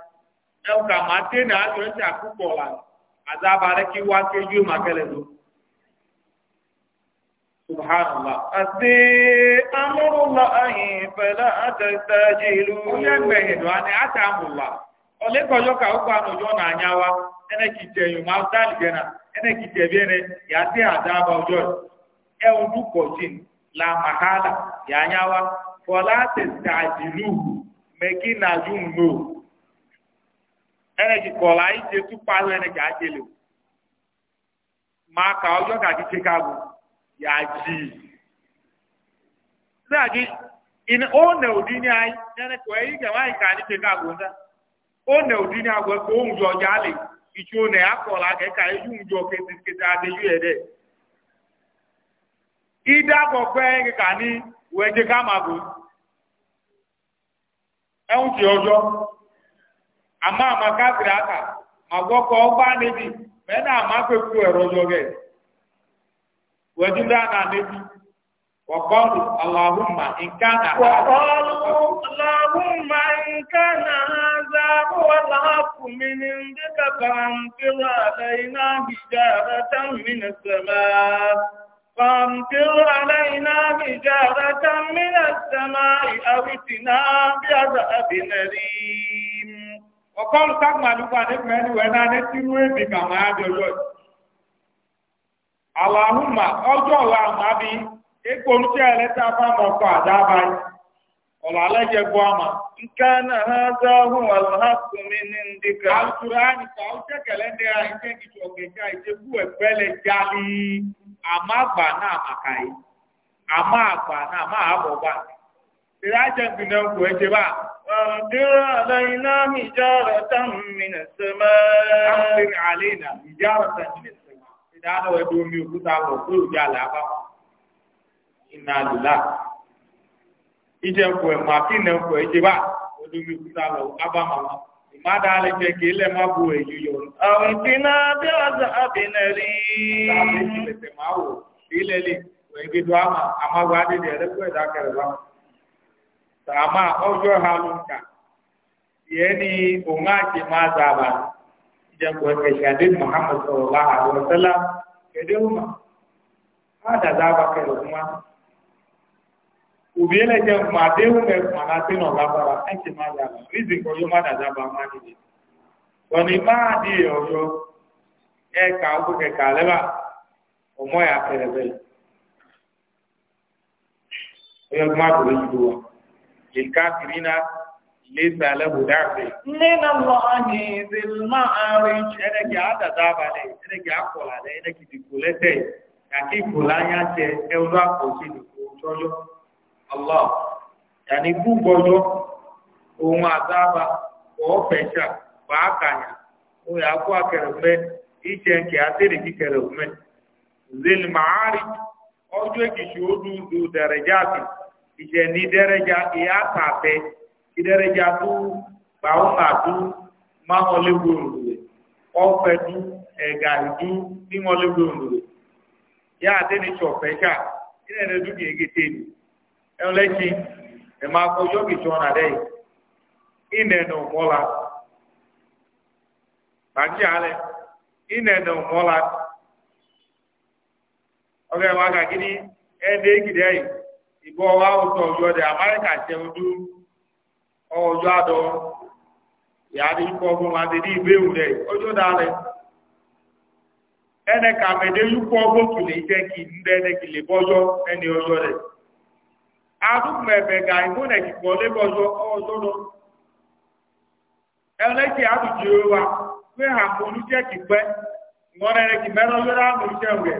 ẹwù kà máa tẹ ní àjọ ẹsẹ àkúkọ wa àzába rẹ kí wá kéjú mà kẹlẹ lọ. subhanallah. àti amúrúlọ ẹyìn fẹlẹ àtẹsẹjì ìlú. ó yẹ gbẹ̀yìn lọ ni àti àmúlà ọlẹ́kọ̀ọ́jọ́ kà ó kọ́ ànàjọ́ nà ányá wa kì í máa dálì kì í yà ọjọ́ yà ányá wa fọlá ẹnẹgì kọlá ìdè tó pàlọ ẹnẹgì àjẹlẹ o máa kà ọjọ kàdí chicago yà jì í sẹ́yàgì ìní ó nà òdì ní ayé ẹnẹ kọ ẹyí kẹ wáyé kà ní chicago ńlá ó nà òdì ní agbo ẹkọ ohun jọ ọjà lè ìtú ọ̀nà ẹ̀ akọ̀lá kẹ̀kẹ́ ẹ̀yú ń jọ kẹ̀tẹ̀kẹ̀tẹ̀ adéyú ẹ̀ dẹ̀ ìdágọ̀ pẹ́ kẹ̀kẹ́ ní wẹ̀jẹ̀ ká màgò ẹ̀ ń ti ọjọ́. ama amakasiri aka ma gwọkọ ọgba nebi ị na ama kpeku ɛrɔdzɔ gɛ wɛdumɛ ana nebi wakɔlu alahuma nkana. wakɔlu alahuma nkana haza wala kumini ndeka pampira alayna hijara tamina sama. فامطر علينا حجارة من السماء أو بعذاب أليم ọkọlù sagmaluku anigba ẹni na náà ẹni tìrú ebi kà máa di ọjọ yìí ahụ ahùnmá ọjọ wa àmà bí ipò ntí ẹlẹta bá mọ ọkọ àdába yìí ọlọ alẹ jẹ gbọ àmà. nǹkan na ha zá ekpele jali ìrájẹ̀ ìgbìnà òkú ẹ̀jẹ̀ bá. Ọ̀dúnrún àlọ́ iná ìjọ ọ̀rọ̀ táwọn mìíràn ṣe máa. Táwọn mìíràn àlẹ́ ìnà ìjà ọ̀rọ̀ táwọn mìíràn ṣe máa. Ìdáná ẹ̀dùn omi òkúta wọ̀ fún òjò àlàbà. Iná lùlá. Ìjẹ̀ ńkọ̀ ẹ̀ máa kí ìnà ńkọ̀ ẹ̀jẹ̀ bá. Odò omi ilẹ̀ má bu èyí yọ. Àwọn ìpínlẹ̀ bí ọ̀sán àbínẹ̀ rí. Táwọn ilẹ̀ lè wẹ̀ gbẹdọ̀ àmà àmàgbà àdédé ẹ̀rẹ́gbẹ̀dá kẹrẹ̀ báwọn. tàmá ọjọ́ ha ló ń kà yẹn ni òun àti máa dàbà ìjẹ̀kọ̀ ẹ̀kẹ̀ṣàdé muhammed sọ̀rọ̀ láhà lọ́sẹ́lá kẹ̀dé ọmọ á dàda bá kẹlẹ̀ fún wa òbí ẹ̀ lẹ́jẹ̀ mà dé ń bẹ̀ mà di lilkafirina laysa lahu dafi min allahi zil ma'arij ene ki ada dabale ene ki akola le ene ki dikulete yaki kulanya te euza kosi dikuchojo allah yani bugojo ohun azaba ọfẹsà pàákànyà ó yà kó akẹrẹfẹ ìṣe nkẹ àtẹrẹ kíkẹrẹ òmẹ zèlì màárì ọjọ èkìtì ó dùn dùn dẹrẹjáàtì ìṣẹ̀ni dẹ́rẹ́jà ìyá àtàfẹ́ kí dẹ́rẹ́jà tó gbàwọ́nà tó máa wọn gbòòrò rẹ̀ ọ̀fẹ́ tó ìdú ní gbòòrò yá ṣá kí ni ẹ̀rọ lẹ́sìn ẹ̀ máa kọ yọ́ọ̀kì sọ̀nà dẹ́yìn ìnẹ̀nà ọ̀mọ́la bàjẹ́ alẹ́ wá dé ìbọ̀ wa ọ̀tọ̀ ọ̀yọ́ dẹ̀ amẹ́ríkà ṣe ojú ọjọ́ àdọ́ ìyáàdí ikọ̀ ọgbọ̀n àti ní ìbéèrè rẹ̀ ọjọ́ dalẹ̀ ẹnẹ kàmẹ́dé ikọ̀ ọgbọ̀n tún lè jẹ́ kí kì lè bọ́jọ́ ẹni ọjọ́ rẹ̀ lé bọ́jọ́ ọjọ́ lọ wa pé àmọ́ rẹ̀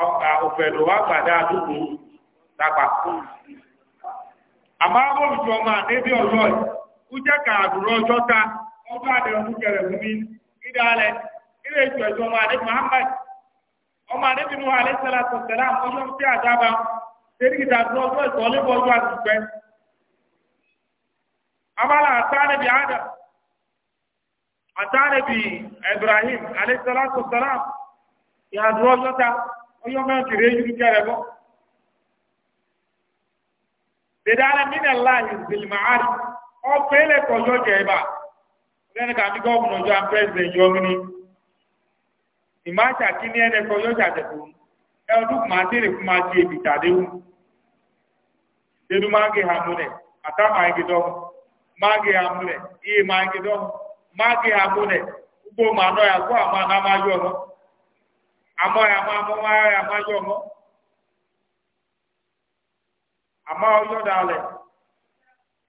òfèlò wà gbàdá àdúgbò dàgbà. àmọ́ olùjọ ọmọ àdébí ọjọ́ yìí ó jẹ́ ká àdúrà ọjọ́ ta ọjọ́ àdéhùn kẹrẹ fún mi ìdá ilé ìjọ ìjọ ọmọ àdébí Muhammad ọmọ àdébí Nuhu alẹ́ sẹ́lá tó sẹ́lá ọjọ́ tí ọjọ́ ọjọ́ abala Ibrahim alẹ́ ìhàdúrà ọjọ́ ta. ọyọ́mọ kìrì eyín kẹrẹ bọ́. Dèdàrà mí nà láàyè ìsèlè màá rí ọ̀pẹ̀ ilẹ̀ kọjọ́ jẹ̀ ẹ̀bà. ka kàmí gọ́ọ̀mù ọjọ́ àpẹ́sẹ̀ yọ mí ni. Ìmáṣà kí ni ẹ̀rẹ̀ kọjọ́ jàdẹ̀kù? Ẹ ọdún màá tèrè àmọ́ ẹ̀ àmọ́ àmọ́ wọn àmọ́ ayọ̀ ọmụ àmọ́ ọyọ́ dalẹ̀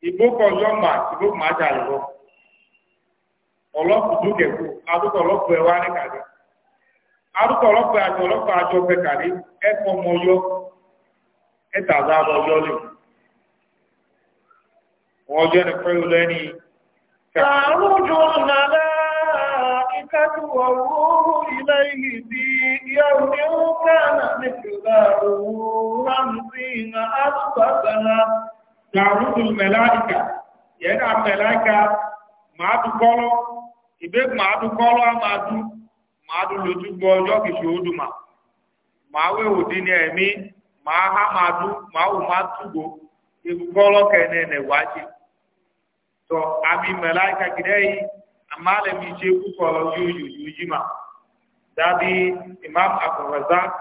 ìbò kọ̀ mà ìbò mà dalẹ̀ lọ ọlọ́pù dúkẹ̀kù adúkọ̀ ọlọ́pù ẹ̀ wá ní kàdé adúkọ̀ ọlọ́pù àjọ àjọ kàdé kọ́ lè wọ́n jẹ́ ní lẹ́ni. nàlẹ́. الملائكة والروح إليه في يوم كان مقداره خمسين ألف سنة na الملائكة يدعى الملائكة ما تقولوا إبيك ما تقولوا ما تقولوا máa lójú gbọ́ ọjọ́ kìí ó máa wé òdi ní ẹ̀mí máa máa tọ́ àmì malami ce kuka yuyu yujima dadi imam abu razak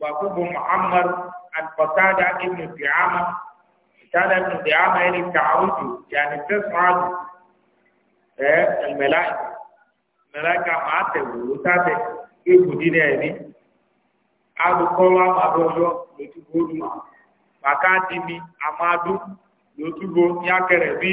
bakubu muhammad al-fasada ibn ti'ama tada ibn ti'ama yani ta'awudu yani tas'adu eh al-malaika malaika ma ta wuta ta ibu dine ni abu kowa ma dojo lotu godu ma maka dimi amadu lotu go yakere bi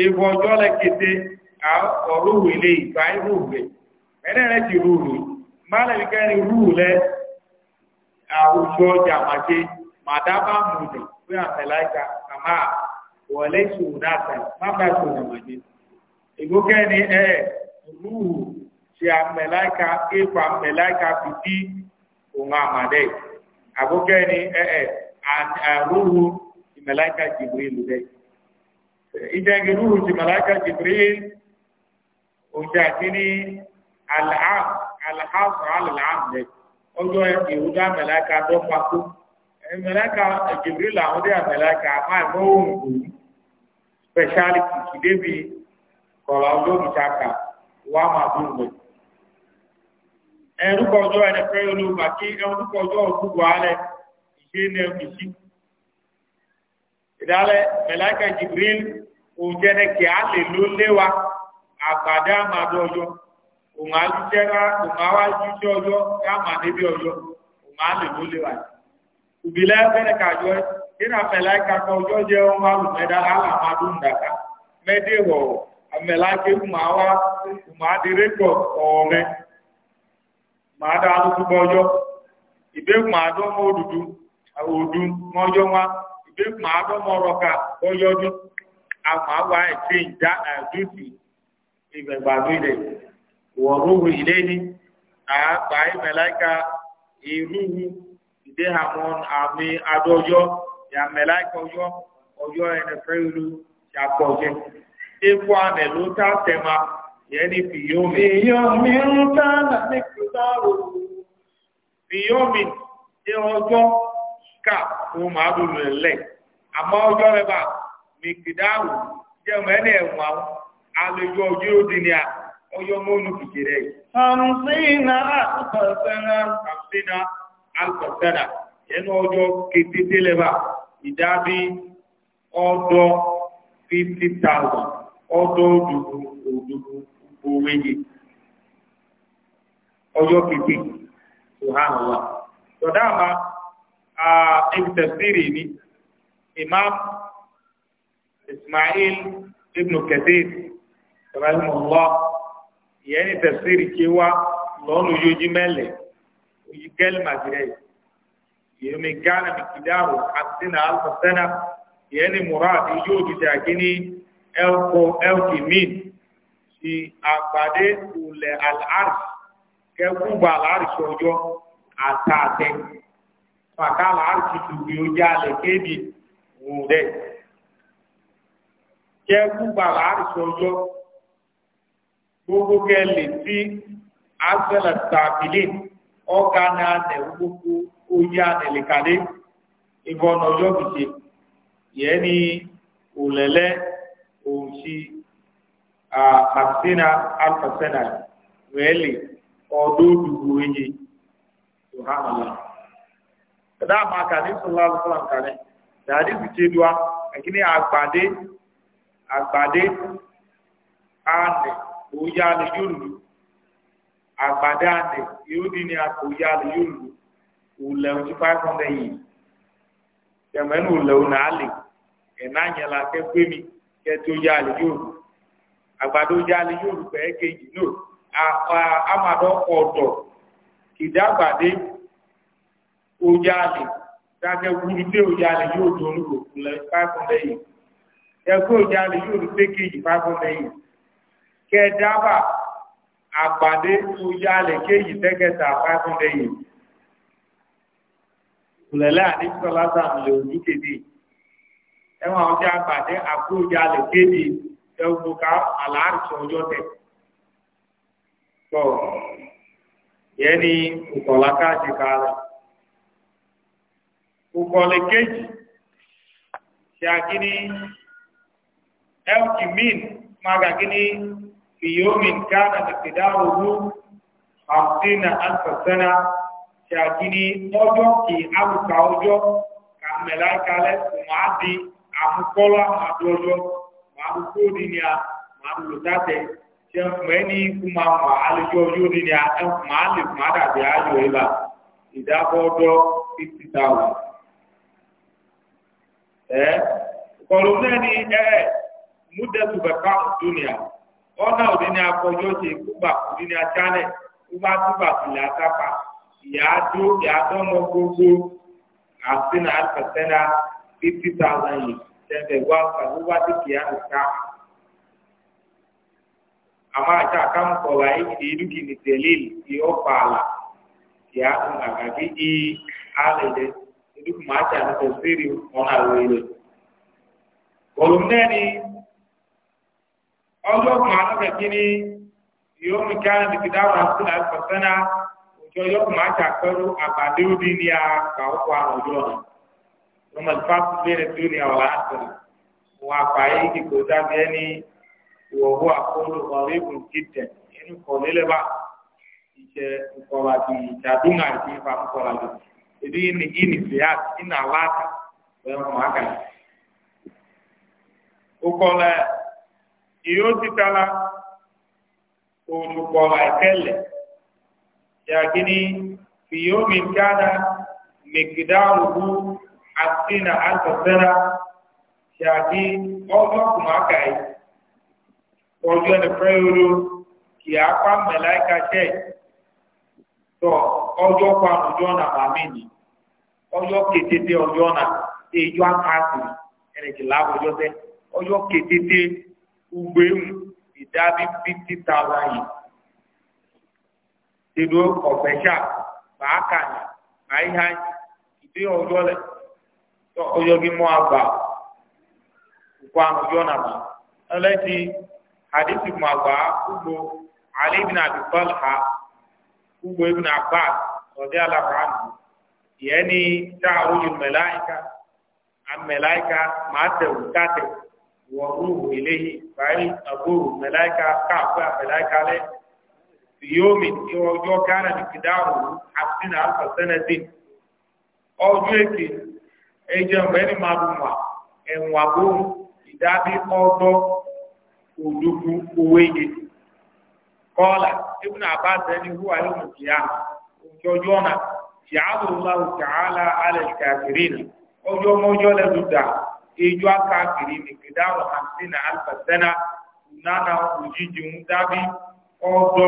ìwọ ọjọ́ lẹ́kẹ̀dé ọ̀rọ̀ òwe lè gbà irú òwe ẹ̀rẹ́ rẹ̀ ti rú rú mọ́lẹ̀bí kẹrin rú lẹ́ àwùjọ ọjà màṣe màdábà mùnì pé àmẹ́láìka àmà wọlé sùnàtà mábà sùnà màṣe ìgbó kẹrin ẹ̀ rú ṣe àmẹ́láìka kéfà àmẹ́láìka fìdí òun àmàdẹ́ àbókẹ́rin ẹ̀ ẹ̀ àrùrù ìjẹ́girú ti màláìka jibril òjò àti ní alhàfà alàmdẹ ọjọ́ ìwúdà màláìka dọ́pàkú màláìka jibril àwọn dé màláìka àmà ìmọ̀wòrán òun spẹ̀ṣálì kìkì débi kọ̀ọ̀lá ọjọ́ ìjàkà wà máa dùn bẹ́ẹ̀ ẹ̀rúkọ̀ ọjọ́ ẹ̀dẹ̀fẹ́ olùmọ̀ kí ẹ̀rúkọ̀ ọjọ́ òkúgbọ̀ alẹ́ ìṣe ní ẹ̀mí sí. ìdálẹ́ mẹ̀láìkà jibril òjẹ́nẹ́ kí a lè ló léwa àgbàdá àmàdó ọjọ́ òun á lè ló léwa ìbílẹ̀ fẹ́rẹ̀ kan ọjọ́ jẹ́ ohun àlùmẹ́dá alàmàdó ńdàkà mẹ́dẹ̀wọ̀ mẹ̀láìkà òun bí màá bọ́ mọ́rọ̀ ká ó yọdún àmọ́ àwa ẹ̀sìn ìjà àdúsì ìgbẹ̀gbàdo ilẹ̀ wọ̀rúhu ilé ní àgbà ìmẹ̀láìka ìrúhu ìdè àwọn àmì adọ́jọ́ ìyàmẹ̀láìka ọjọ́ ọjọ́ ẹnẹfẹ́rẹ́lu ṣàpọ̀jẹ́. Epo àmì ló tá tẹ̀ma yẹn ní fìyómi. Fìyómi ń tá nàbí kúta rò. Fìyómi ṣe ọjọ́. ká fún màálù rẹ̀ lẹ̀ àmọ́ ọjọ́ rẹ̀ bá mìkìdáwù jẹ́ mẹ́ni ẹ̀wọ̀n àwọn àlejò ojú òdì ni à ọjọ́ mọ́nu kìkì rẹ̀. hamsina alfasana. hamsina alfasana ẹnu ọjọ́ kétété lẹ́bà ìdábí ọdọ fifty thousand ọdọ òdòdó òdòdó òwéye ọjọ́ kété tó hàn wá. ibn tafsiri ni imam ismail ibn kathir rahimahullah ìyẹn ní tafsiri kí wá lọ́nà yójú mẹ́lẹ̀ oyi gẹ́lì màgìrẹ́ yìí mi gánà mi kìdáàrò àti nà alfasana ìyẹn ní murad yóò dìde àkíní ẹ̀kọ́ ẹ̀kì míì ti àgbàdé ulẹ̀ alárì kẹ́kùn bá alárì sọjọ́ àtàtẹ́ fakala arkitu bi o jale kebi wude kẹ gbúgbà láàrísọ ọjọ́ gbogbo kẹ lè sí asẹlẹ tàbílẹ ọgá náà nẹ gbogbo oyé anẹlẹkadé ìbọnà ọjọ́ kìíṣe yẹ ni òlẹlẹ òǹṣì àṣìṣẹnà alfàṣẹnà rẹ lè ọdún dùgbò yìí subhanallah da ma ka ni sallallahu alaihi wasallam kane da hadisi ce duwa kini agbade agbade ane oya le yulu agbade ane yodi ni akoya le yulu ule oju five hundred yìí tẹmẹ nu ule ona ale ẹna yẹn la kẹ pé mi kẹ tó ya le yulu agbade oya le yulu pẹ kejì no a a amadu ọdọ ojàlè dákẹ́ wúlé ojàlè yóò tó olùkò fúnlẹ̀ five hundred yìí ẹgbẹ́ ojàlè yóò tó pékèjì five hundred yìí kẹdábà àpàdé ojàlè kéjì tẹ́kẹ̀tà five hundred yìí kùlẹ̀lẹ́ àdéṣọ́ lásàmù lè ojú kéde ẹ̀wọ̀n àwọn tí a pàdé àpò ojàlè kéde ẹ̀wọ̀n ká àlàáṣọ ọjọ́ tẹ̀ tọ́ yẹ́nì ìkọ̀lá káàkiri kárẹ̀ ukọ̀lẹ̀ kejì ṣe àkíní elki min máa gàkíní fiyomin káàdà tàkìdá òru àfúnà alfasana ṣe àkíní ọjọ́ kì áwùká ọjọ́ kà mẹ́lá kalẹ̀ máa di àmúkọ́lá àdójọ́ máa ń kó ní ni a máa ń lò dáṣẹ ṣe mẹ́ni kú máa ń wà álejò ọjọ́ ni a máa lè máa dàbí ayọ̀ ìlà ìdábọ́dọ́ fifty thousand ẹ kọlu náà ni ẹ múdẹsù bẹka dúnìá ọ̀nà òní ni akọjọ ṣe kúgbà òní ni atsálẹ̀ kúgbà túbà tìlẹ̀ àtàkà ìyàdó ìyàdọ́mọ gbogbo àfin àtẹ̀sẹ́nà fifty thousand yìí tẹ̀lé wá kàlúwà tí kìí àtẹ̀ká. àmọ́ àti àkàmùkọ̀wá ìdúkìní tẹ̀lé ìyọ́pàlà kìí àtúnàgàgé ìyí alẹ̀ dẹ́sẹ̀ duk maata ni tafsiri ona wele kolumneni ọjọ́ kumaana ka kini yóò mi ká ní kìdáwó àti náà fọsánà òjò yóò máa ta pẹ̀lú àbàdéwò bí ní àkàwọkọ àwọn ọjọ́ náà wọn mọ fáfù léèrè tó ní àwọn àtọrọ wọn àpáyé ìdìbò dábẹ ní ìwọwọ àkọlù ọ̀rẹ́ ìbùn jíjẹ inú kọ lélẹbà ìjẹ ìkọlà bíi ìjàdúnà àti ìfàkọlà bíi ini ini fiat ina lata lẹ́nu màkà ukọlẹ iyo titala olùkọlẹ kẹlẹ yàgìní fiyomi nkada mekidaruhu asina asasera yàgì ọmọ kùmàkà yìí tọjú ẹni fẹyọrọ kì í apá mẹláìka ṣe tọ. ọjọ́ kan ọjọ́ ọ̀nà bàmí ọjọ́ kétété ọjọ́ ọ̀nà ìjọ akáàtì ẹnìjì láàbọ̀jọ́ tẹ ọjọ́ kétété ugbéhùn ìdábí fifty thousand yìí tẹ̀lé ọ̀fẹ́ ṣá bàá ìdí ọjọ́ lẹ ọjọ́ mọ́ àgbà òkú àgbà ha. gbogbo ibùn abbas ọdẹ alábàánu ìyẹn ní dáhùn yìí mẹláìka amẹláìka máa tẹwù káàtẹ wọ rúhù eléyìí báyìí àbúrò mẹláìka káàkó àmẹláìka lẹ fìyómi ní ọjọ gánà ní kìdáhùn àfínà àfọsẹnẹdì ọjọ èké ẹjẹ mẹni máa bù wà ẹwọn àbúrò ìdábí ọgbọ òdùkú owó yìí. kọ́ọ̀là ibùnà àbáṣẹ ni wúwa yóò mú kìá òjò ọjọ́ náà yàrá lọ́wọ́ tààlà alẹ́ kàkiri nà ọjọ́ mọ́jọ́ lẹ́nu dà ìjọ kàkiri ní kìdáwọ̀ àti nà àlùfàṣẹ́nà nana òjijì ń dábí ọdọ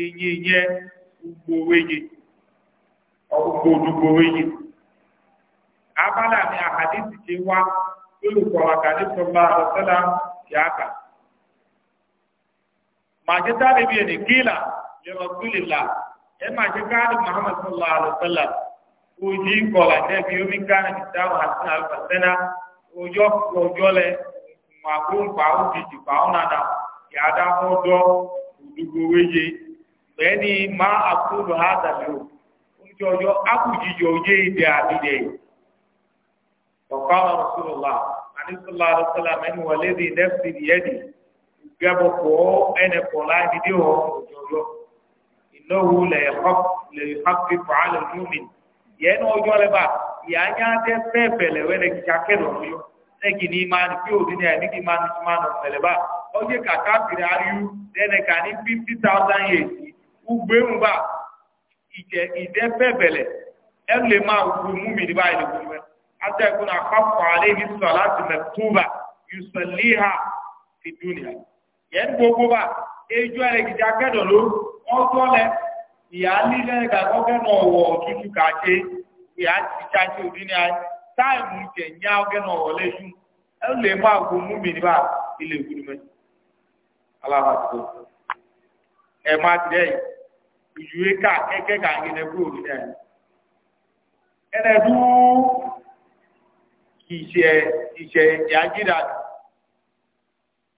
enyinye ugboweye ọgbọdugboweye abala ni ahadisi maje tare biye ne kila li rasulillah e maje kadi muhammad sallallahu alaihi wasallam uji kola ne bi yumi kana kitabu hasan al fasana ujo ujole magun pa uji ti pa ya da mo do udugo weje beni ma aqulu hada وقال رسول الله عليه الصلاه والسلام ان والذي نفسي بيده gẹ́bọ̀ pọ̀ ẹnẹ pọ̀ láì dídí ọ̀ òjòjò ìnáwó lẹ́yìn hapi fàálẹ̀ lómi yẹn ní ọjọ́ rẹ̀ bá ìyá nyá dé pẹ́ẹ́pẹ́ lẹ́wẹ́ lẹ́yìn kíkẹ́ lọ lóyún lẹ́yìn ní máa bí òbí ní ẹni kí máa ní máa nọ pẹ̀lẹ́ bá ọjọ́ kàkà kiri ayú lẹ́nẹ̀ ká ní fifty thousand years ugbẹ́hùn bá ìjẹ́ ìdẹ́ pẹ́ẹ́pẹ́ lẹ̀ ẹ̀ lè máa wù mú ní báyìí lè wù mẹ́ àtẹ̀kùn àpapọ̀ àlẹ́ yìí sọ̀ láti mẹ́ túbà yìí sọ̀ fi dúnìyà. yẹn gbogbo bá ejú ẹ̀rẹ̀ gidi akẹ́dọ̀ ló lẹ ìyá lílẹ̀ ìgbàgbọ́gbẹ́ náà wọ̀ tútù kàṣe ìyá ti ṣáṣe òbí ní ayé táìmù tẹ̀ ní ọgẹ́ náà wọ̀ ẹ lè má gbó mú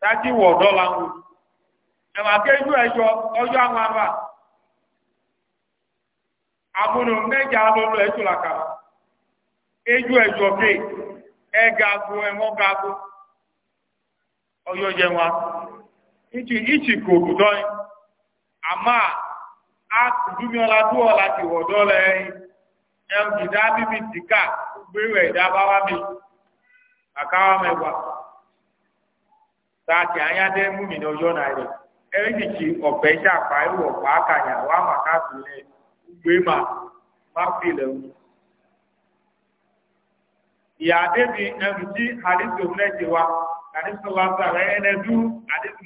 dájú wọ ọ̀dọ́ la ń wò ẹjọ́ ọjọ́ àwọn àgbà àbúrò mẹ́jà lọ́lọ́ ẹ̀tù làkàrà ejú ẹjọ́ pé ẹ̀gàgbó ẹ̀wọ̀n ọjọ́ jẹ wa ìtì kò gbùdọ́ yìí àmà àtúndúmíọ́lá tó ọ̀la ti lẹ́yìn tìkà gbéwẹ̀ ìdábáwá mi àkáwá mẹ́wàá. sáàtì anya dé múmi ní ọjọ́ náà rẹ̀ ẹ̀rìndìkì ọ̀bẹ iṣẹ́ ìwọ̀ ọ̀pá wà má káàkiri gbé má má fìlẹ̀ o. ìyá débi ẹnu tí àdìsí wa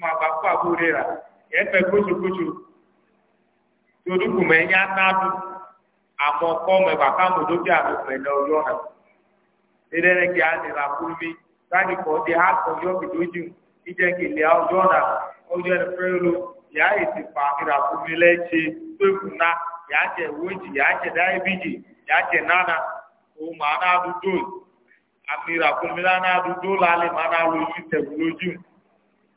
máa bá fún àbúrò rà ẹ̀yà àmọ́ ọjọ́ náà. mi kọ́ ọ́ ìjẹ́ kele àwùjọ náà ọjọ́ ẹni fẹ́rẹ́ ló yàá ètò pa ìràkúnmi lẹ́ẹ̀ṣẹ̀ tó ìkùnà yàá jẹ wéjì yàá jẹ dáìbìjì yàá jẹ nánà òun màá náà dúdú àmì ìràkúnmi náà dúdú lálẹ́ màá náà lójú tẹ̀wù lójú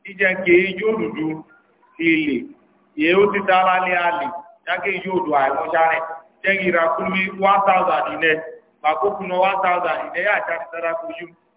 ìjẹ́ kele yóò dúdú ilé yẹ ó ti dára lé àlè yàgé yóò dùn àìmọ́sáré jẹ́ ìràkúnmi one thousand ilẹ̀ màkókùnà one thousand ilẹ̀ yàtí àti dára kojú.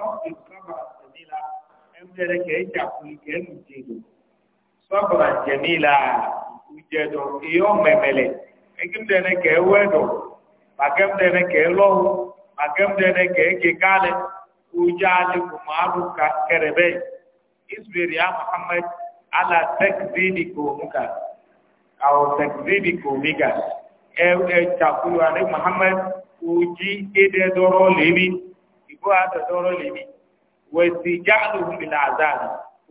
نقل صبرا جميلا أمدر كيجا في كم جيدو صبرا جميلا وجدو يوم مملي أكم دنا كيودو أكم دنا كيلو أكم دنا كيكالي وجعل معروف كربي اصبر يا محمد على تكذيب قومك أو تكذيب قومك أو تقول عليه محمد وجي إدى درو لبي goata doro limi wasijaluhum bil azabi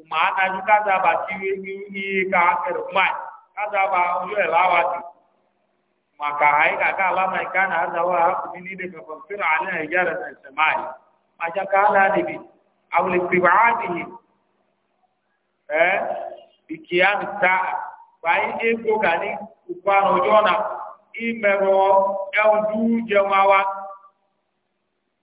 maana jukaza ba kiwi ka akero mai kaza ba uyo elawati maka haika ka alama ikana hadha wa hakuni de ka fasira ala ijara na samai aja kala dibi au li tibadihi eh ikian ta bai ego gani kwa rojona imero eu du jemawa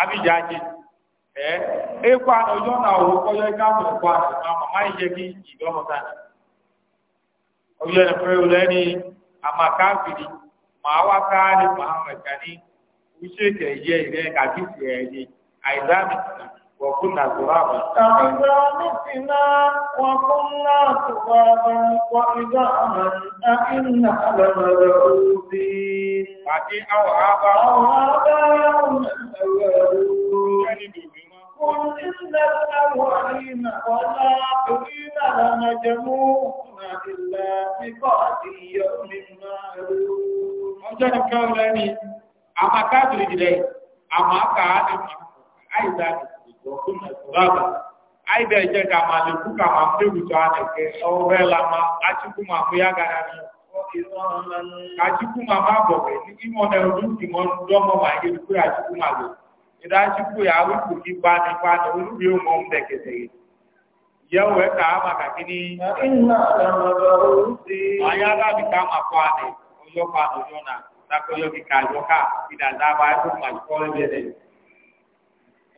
abidjadzi ɛ eh, ekɔ anɔ yɔ na owó kɔyɔ yi k'amɔ kɔ anɔ k'amɔ mɛ ayi yɛ k'i yi dɔ mɔ sani ɔyɔ yɛ ma awa ka ni muhammed kani wusé kɛ yɛ yi وكنا ترابا أعزى متنا وكنا ترابا وإذا من أئنا لمبعوثين أو آبا أو آبا يوم قل إن الأولين والآخرين لمجموعون إلا ميقات يوم معلوم. أجل كولاني أما كاتب إليه أما كاتب أي ذلك baba anyị eje ka ma na ma ka ma a n'eke eke ma achikwuma ya gara ka chikwuma ma bọbe ime ọnọdụ ntị m ọnụdụ ọmọ ma ihe dukwu ya chikwuma gị ịda chikwu ya awụkwu gị gbanị gbanị ụmụ ya wee ka a gịnị ka ma kwa onye ọkwa na onye na gị ka ka ebe ma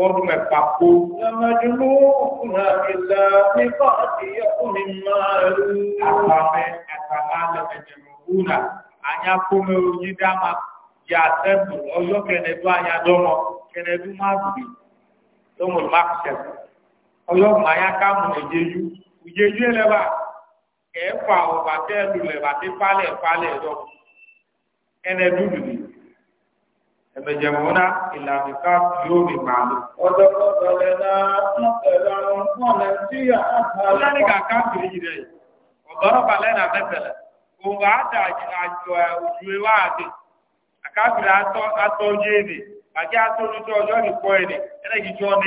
forme papo. لمجموعنا إلى ميقات يوم معلوم. أقامي أتعالى مجموعنا أن يكون يدعم يأتم أيو كندو أن يدوم كندو ما بي دوم المقصد أيو ما يكام يجيو يجيو لبا kẹ́ẹ̀fà ọ̀bàtẹ́ẹ̀lù lẹ̀bàtẹ́ falẹ̀ falẹ̀ lọ ẹnẹ́dúdú ni ẹ̀mẹ̀jẹ̀mọ́ná ìlànìká yóò rí màálù. Ọjọ́ kọ́kọ́lẹ̀ náà wọ́n tẹ̀lé àwọn fún Nàìjíríà. Ọlọ́ni kàkà kìrì rẹ̀, ọ̀gọ́rọ̀ balẹ̀ nà mẹ́tẹ̀lẹ̀, òun àdà àjọ òjúwe wá àdé. Àkàbìrì atọ́ ojú èdè, àti atọ́ ojútọ́ ọjọ́ nìkọ́ èdè, ẹ̀rẹ́gì jọ ọ̀nà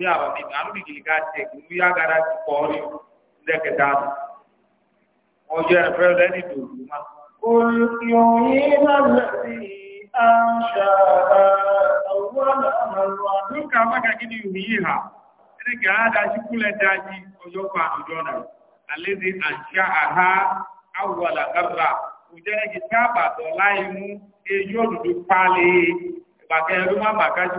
bi aro mi anu bi gili ka se gulu ya gara ti kɔɔri ndɛ kɛ taa do ɔjɔ yɛrɛ fɛn lɛ ni do ma. olùyòyè lọ́lẹ̀ sí àṣà àwọn àmàlùwà. lókè amáka kí ni yòmí yìí hà ẹni kì á dájú kúlẹ̀ dájú ọjọ́ kan àjọ náà alẹ́ ní àṣà àhá àwọn àlàkàrà òjẹ́ ẹni kì í sábà láì mú eyín òdòdó pálí ìgbàkẹ́ ẹ̀rú má bàa kájú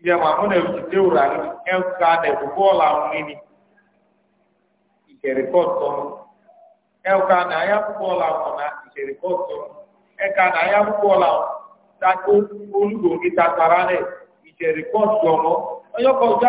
ìdí ẹ̀ma mú nà èkìtì wúrà ní ẹ̀ka nà ẹ̀kúkú ọ̀là ọ̀nìní ìkẹ̀rẹ̀ kọ̀tọ̀ ẹ̀ka nà ayákúkú ọ̀là ọ̀nà ìkẹ̀rẹ̀ kọ̀tọ̀ ẹ̀ka nà ayákúkú ọ̀là tako tatara rẹ̀ ìkẹ̀rẹ̀ kọ̀tọ̀ ọmọ ọyọ́kọ̀ do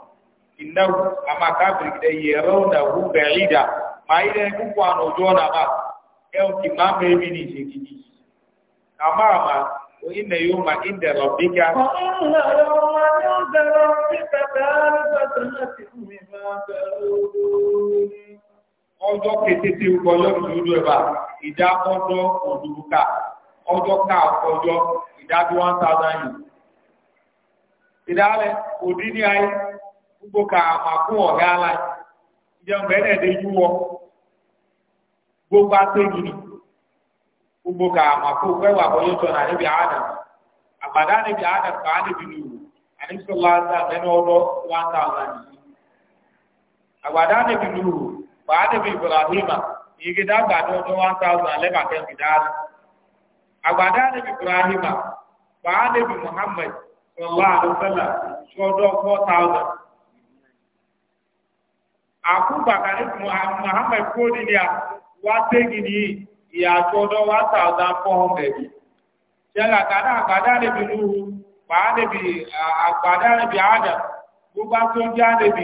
innahu ama kafir kida yerawna hu ba'ida ma ida ku kwa no jona ba yau ki ma me bi ni je ki kama ma wa inna yawma inda rabbika wa inna yawma inda rabbika ta'rifatu mimma ta'udun ọjọ́ ketete ọjọ́ ìdúró ẹ̀bà ìdá ọjọ́ òdùbùkà ọjọ́ ká ọjọ́ ìdá bí one thousand yìí ìdálẹ̀ òdí ní gbogbo ka àkún ọ̀gá ala mgbe ẹ̀ na lè yú wọ gbogbo atẹ́gìrì gbogbo ka àkún fẹ́wà bọ́yọ̀ sọ̀rọ̀ àníbi àádàm àgbàdo àníbi àádàm kà àníbi nìyó àníbi sọ̀rọ̀ àti àbẹ́ni one thousand one thousand ebi four thousand. àkúgbàkàní Muhammad kóòdì ni a wá tẹ́gì ní ìyàtọ̀ ọdọ́ 1,400 ṣẹlẹ̀ àgbàdá àgbàdá níbi lúhu pàá níbi àgbàdá níbi adam gbogbo tó ń níbi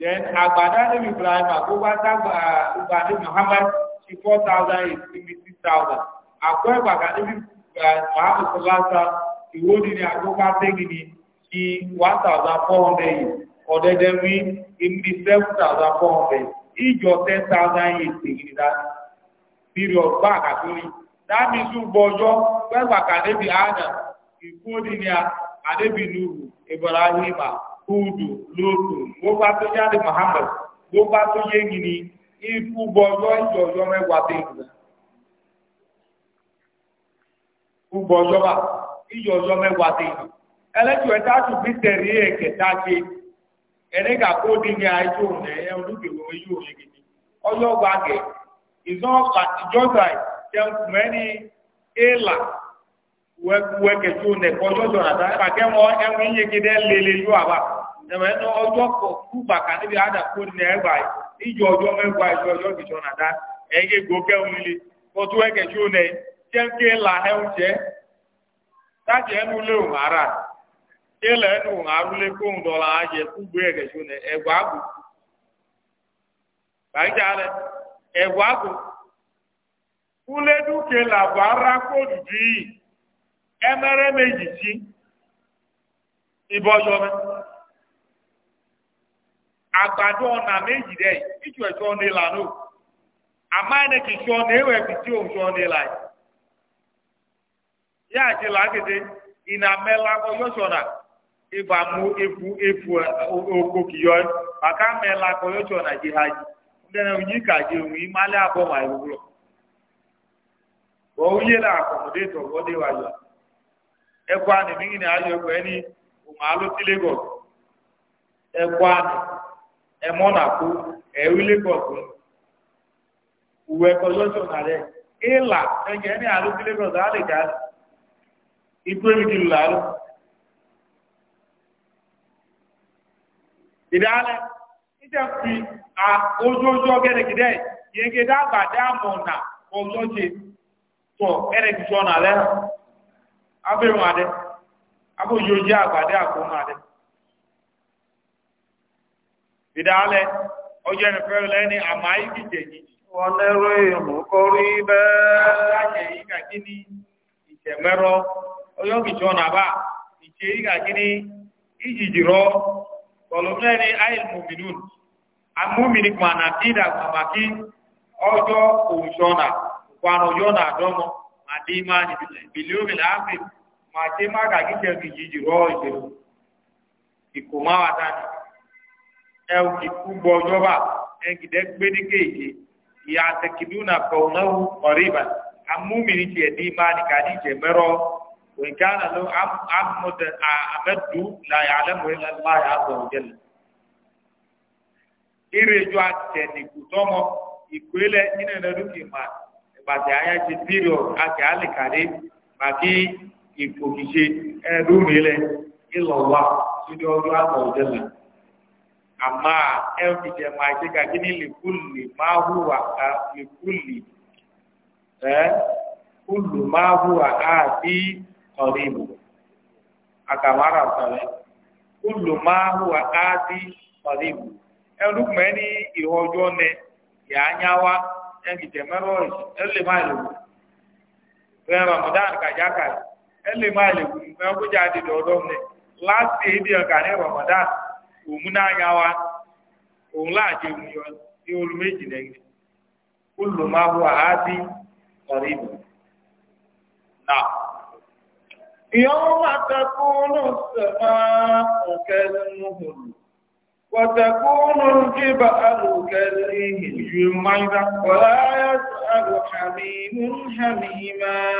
then àgbàdá níbi Ibrahima gbogbo àgbà ní Muhammad sí àkọ́ sọlá sáà ìwó ni àgbógbá tẹ́gì ni ti 1,400 ọ̀dẹ́dẹ́ wí ìmìdí 7,400 ìjọ 10,000 yìí tẹ́gì ni period back àtúrí dáàbì zúgbọ ọjọ́ pẹ́gbàkà débi àádà ìkú òdìníà àdébìnúhù ibrahima hudu lóòtù gbogbo tó jáde gbogbo tó yégi ni ikú gbọjọ ìjọ ọjọ́ mẹ́wàá ọjọ́ iyọ ọjọ́ mẹ́wàá ti ẹlẹtù ẹ tá tù tẹrí ẹ kẹta ti ẹnìkà kó di ní ayé òun ẹ olùkèwé ayé òun gidi ọjọ́ gbàgẹ ìzọba ìjọba ìjẹun ẹni éèlà ẹ wọn gidi ẹ lélẹ àbá kọ kú bàkà níbi ẹgbà ìjọ ìjọ tájì ẹnu lé òun ara ilẹ̀ ẹnu òun arúlé kóhun dọ̀la ayẹ kúgbé ẹ̀gẹ̀sọ ní ẹ̀gbọ́ àgò bàjá rẹ ẹ̀gbọ́ àgò kúlédùkè làbọ̀ ara kóòdù dì í ẹmẹ́rẹ́ méjì sí ìbọ̀yọ̀ mi àgbàdo ọ̀nà méjì ẹ̀ṣọ́ ní ìlànà àmọ́ ṣọ́ ní ya si la kete ina mɛla kɔ yɔtsɔna iva e mu efu efu e, oko kiyɔ aka mɛla kɔ na dzi ha dzi ndɛnɛ yi ka dzi ŋu ma lɛ ma yi wlɔ wɔ wuye la akɔmɔ de tɔ wɔ de wa yɔ e mi ayɔ alo ti ɛmɔ na ko ɛwi ila ikú èmi ti lù làárọ̀. ìdálẹ́ fi ojú ọgẹ́rẹ́gẹ́dẹ́ yege dàgbà dáàmú ọ̀nà ọ̀sọ́jẹ tọ̀ ẹ̀rẹ́gẹ́sọ ọ̀nà rẹ̀ abẹ́rùn adẹ́ abójójì àgbàdẹ́ àkóhùn adẹ́. ìdálẹ́ ọjọ́ ìfẹ́ lẹ́ni àmà ìdíje yìí. oyogicho na ba iche iga gini ijijiro kolomeni ayil muminun amumini kuma na tida kamaki ojo oushona kwano yona adomo madima ni biliumi la afi machema kakiche kijijiro ijiro ikomawa tani ẹwù ìkúgbọ ọjọba ẹgìdẹ gbẹdẹgẹyẹ ìyá àtẹkìdúnà pọnàwù ọrìbà amúmìnì tiẹ dì máa nìkan ní ìjẹmẹrọ وإن كان له عبد أمد لا يعلمه إلا الله عز وجل ìrèjọ àtẹnìkù tọmọ ìpele nínú ìrẹlùkì mà ìbàdí ayé ti pírọ àti àlìkàdé màkì ìfòkìṣe ẹdúnrìnlẹ ìlọwà sídìí ọjọ àgbà òjẹlẹ àmà ẹnfìjẹ máa ṣe kàkí ní lèkúlì máa hùwà ká lèkúlì ẹ kúlù máa hùwà ká àti. قريب أكوارا صلى كل ما هو آتي قريب ẹlú mẹ́ ní ìhọjọ́ nẹ yàá nyá wa ẹnì tẹ̀mẹ́rọ̀ ẹlẹ́ máa lè wù rẹ ramadan kàjá kàlẹ́ ẹlẹ́ máa lè wù mẹ́ ọkọjà di dọ̀dọ̀ nẹ láti èdè òun náà nyá wa òun láàjẹ òun yọ ní olùméjì lẹ́yìn kúlùmáwò àádìí ọ̀rẹ́bù náà. يوم تكون السماء كالمهل وتكون الجبال كالإهل ولا يسأل حميم حميما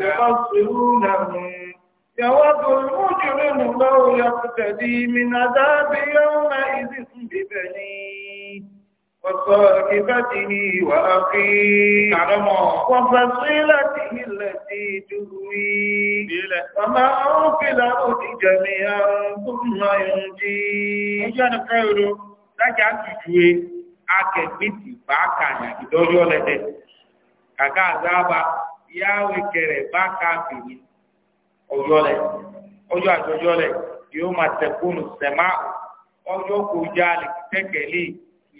يبصرونهم يود المجرم لو يقتدي من عذاب يومئذ ببنيه وصاحبته وأخيه وفصيلته التي تهوي جميعا ثم ينجي lájà ti bá kànyà ìdọ́jọ́ lẹ́dẹ̀ kàkà àzába yáwé kẹrẹ bá káfìrí ọjọ́ lẹ ọjọ́ àjọjọ́ yóò máa sẹ̀má ọjọ́ kò já lè tẹ́kẹ̀lé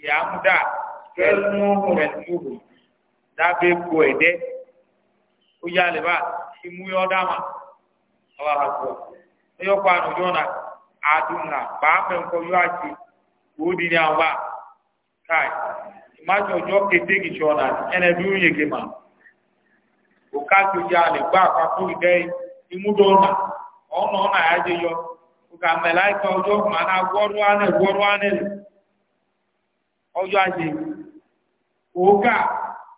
yàmúdà kẹlmúhùrẹ̀túhù dábẹ́ kó ẹ̀dẹ́ ó yá lẹ́bà ìmúyọ́ dáma ọba náà àti òdi àwọn bá káì ìmájọ ọjọ́ kété kìtsọ́ náà ẹnẹ dúró yẹ kéma òká tó yá lè àpapọ̀ náà ọ̀nà ọ̀nà àyájẹ́ yọ òkà mẹ́láìka ọjọ́ kùmà náà gbọ́dọ̀ gbọ́dọ̀ ọjọ́ ajé ògá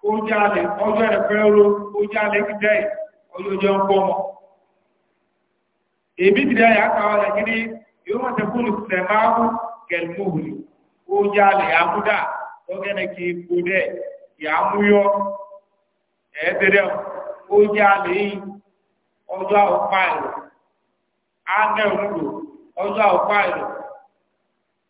oúnjẹ alẹ́ ọjọ́ ẹ̀fẹ́rọ oúnjẹ alẹ́ gídẹ́ ọjọ́ oúnjẹ ń pọ́ mọ́ èbí gídẹ́ yà káwà lẹ́ gídí yóò mọ̀ tẹ́ fún ìsẹ̀máàmù kẹlmóhùn oúnjẹ alẹ́ àmúdà lọ́gẹ́nẹ̀ kí ipò dẹ̀ kì á mú yọ ẹ̀ẹ́dẹ̀dẹ̀ oúnjẹ alẹ́ yìí ọjọ́ àwọn pààlọ́ á nẹ̀ òmùlò ọjọ́ àwọn pààlọ́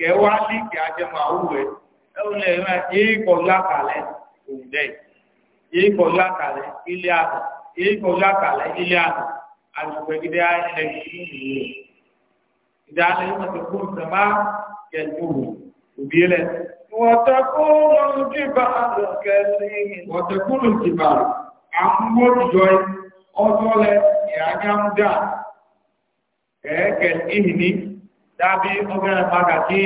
kẹ wá ní kí ajẹmọ àwùwẹ ẹwọn lè rẹ èèkọ lákàlẹ òun dẹ èèkọ lákàlẹ ilé àná èèkọ lákàlẹ ilé àná àlùfẹ gidi ayẹlẹ ìlú ìlú ìdá alẹ yóò tó kó sẹmá kẹlú òbí lẹ. wọ́tẹ̀kùnù jìbàlù kẹsì. wọ́tẹ̀kùnù jìbàlù àmúgbòjọ ọtọ lẹ ìyá nyàmúdà kẹ̀kẹ́ ìhìnì dábí ọgbẹ́rin padà sí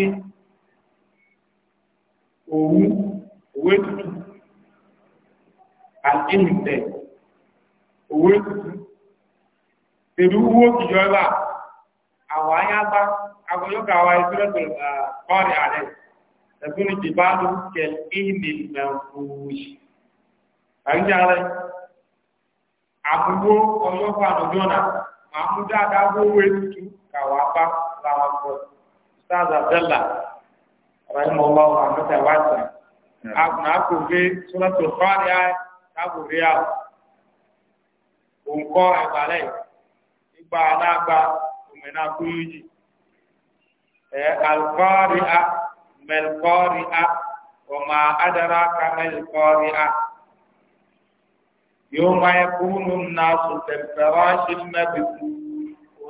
òwú òwú ètùtù àdínìtẹ̀ òwú ètùtù pẹ̀lú owó ìjọba àwọn ayába agbọ́yọ́gà àwọn ìgbẹ́rẹ̀tọ̀ kọ́ọ̀rì ààrẹ ẹ̀gbọ́n ti bá ló kẹ ìhìnì mẹ́fúúṣì àríjáre àbúgbó ọyọ́fà lọ́jọ́nà màá mú dáadáa owó ètùtù kàwá bá bá wọn sọ ustaz abdallah rahimahullah muhammed wasan akùnà akùnfé sọlọtò fàáyà kábùrí à òǹkọ ẹgbàlẹ ìgbà alágbà òmìnira kúlùjì ẹ alukọọri a mẹlukọọri a ọmọ adara kamẹlukọọri a. يوم يكون الناس كالفراش المبثوث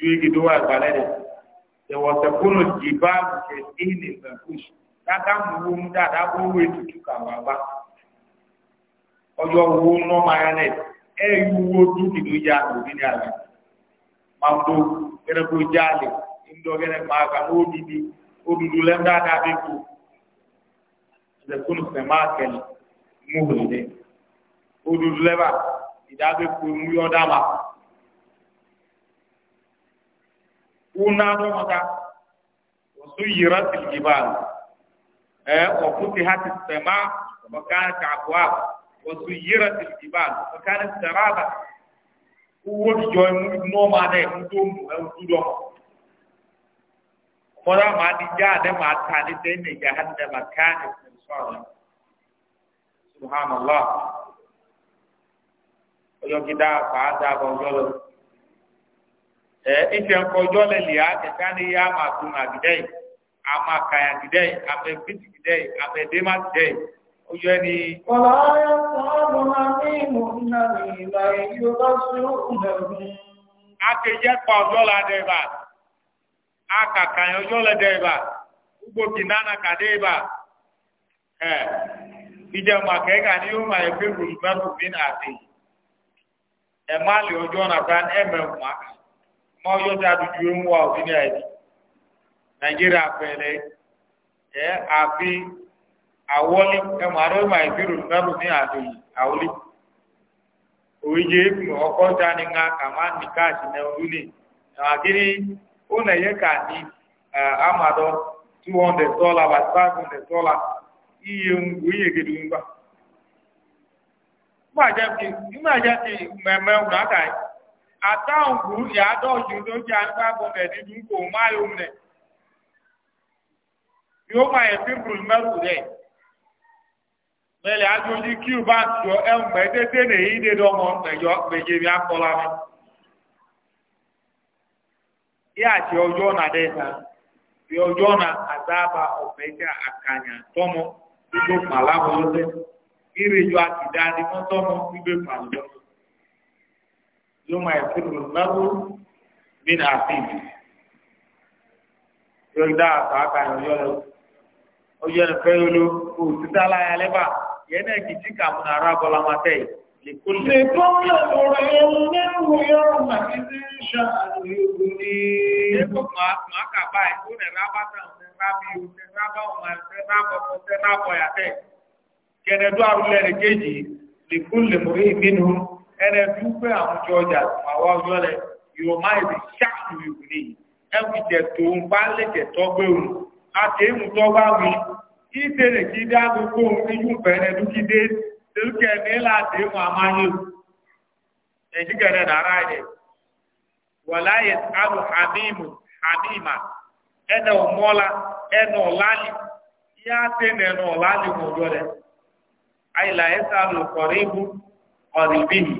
juigi duwa gbalẹ́dẹ̀ ẹ̀wọ̀sẹ̀ kúrò jìbá lùkẹ́ ìhìn ìfẹ̀kùs dáadáa mú wo mú dáadáa bó wé tutù kàwá bá ọjọ́ wo ná mayanet ẹ̀ yú wo dúkì ló yá òbí ní àlẹ́ máa tó kẹ́rẹ́ kó jáde ńdọ́ kẹ́rẹ́ máa kà ó dìdí ó dúdú lẹ́nu dáadáa bí kú ẹ̀sẹ̀ kúrò fẹ̀ máa kẹ́lẹ̀ mú hùlẹ̀ ó dúdú lẹ́bà ìdábẹ́ kú mú yọ́ dáa máa kuna mota wasu yirat aljibal eh wa futihat as-sama wa kanat abwab wasu yirat aljibal wa kanat saraba kuwo joy mu no ma de mu do eh, mu e du do mora ma di ja de ma ta ni de ne jahannama kanat min sawab subhanallah oyo kida fa da ba yo ite nkɔjɔ le lia ɖeka ne ya ama duna gidɛ yi ama kaya gidɛ yi ame biti gidɛ yi ame dema gidɛ yi oyo ni. kɔlɔ ayɔ sɔɔnu na mi mu na mi la yi o ba su na mi. ake yɛ kpa ɔjɔ la dɛ ba aka kanya ɔjɔ la dɛ ba ugbo bi nana ka dɛ ba ɛ ìjẹun akẹ́kọ̀ọ́ ni yóò máa ẹgbẹ́ wòlùmẹ́rù bí nà á ti ẹ̀ má lè ọjọ́ nàbẹ́ ẹ̀ mẹ́wùmá kan. mọ yọsẹ adudu ń wà òbí ní àìdí nàìjíríà pẹlẹ ẹ àfi àwọlé ẹmọ àdọ́gbà ìbírò lọ́rùn ní àdòyì àwọlé òwìjì èkú ọkọ dání ńlá kàmá ní káàsì náà wílé àkíní ó nàyẹ kà ní two hundred iye ń gidi ń gbà. Mú àjẹ́ fi mẹ́mẹ́ àtàǹkù yàádọ́jú tó jẹ́ agbábọ̀ ẹ̀dínkù kò má yóò rẹ̀ yóò máa yẹ fíbrùn mẹ́rù rẹ̀ mẹ́lẹ̀ kí o bá ń tọ́ ẹ̀mọ̀ ẹ̀dẹ́dẹ́ nìyí dédé ọmọ ẹ̀yọ́ gbèjèmí akọ́lá mi. yí àti ọjọ́ ọ̀nà dẹ́ta yí ọjọ́ ọ̀nà ọ̀fẹ́ jẹ́ àkànyà tọ́mọ yóò máa fi lùmọ́rù bí nà fi bì. yóò dá àtọ̀ àkànyọ̀ yọ lọ. ó yẹ ẹ̀fẹ́ yóò lo òtítà láyà lẹ́bà yẹn náà kìí tí kàmú nà ará bọ́lá máa tẹ̀ yìí. Lèkó lọ́wọ́ rẹ̀ lẹ́wọ̀ yọrọ màkì ní ṣáàlù yòókù ní. Lèkó màá kà báyìí kó nà rábà tàn ní rábì yòó ní rábà ọmọ àti rábà ọmọ àti rábà ọyà tẹ̀. Kẹ̀nẹ̀dọ́ àrùlẹ̀ rẹ̀ kéjì lèkó lèmọ̀rẹ́ ìbínú. ẹnẹ dúpẹ́ àwùjọ ọjà àwa ọjọ́ rẹ yóò má ìdí ṣáàtù ìwù ni ẹkù jẹ̀tò ń bá lẹ̀jẹ̀ tọ́gbẹ́ òun àti èèmù tọ́gbà mi kí tèrè kí dá gbogbo òun ní yùn bẹ̀rẹ̀ dúkìdé tẹ̀lùkẹ́ ní láti èèmù àmáyé ẹ̀jí gẹ̀rẹ̀ nàrà ẹ̀ wọ̀lá yẹ alù hàmíìmù hàmíìmà ẹnẹ òmọ́lá ẹnẹ ọ̀làlì yá tẹ̀lẹ̀ ẹnẹ ọ̀làlì mọ̀jọ́ rẹ̀ àyìnlá ẹ̀sà lù kọ̀rìbù kọ̀rìbìnì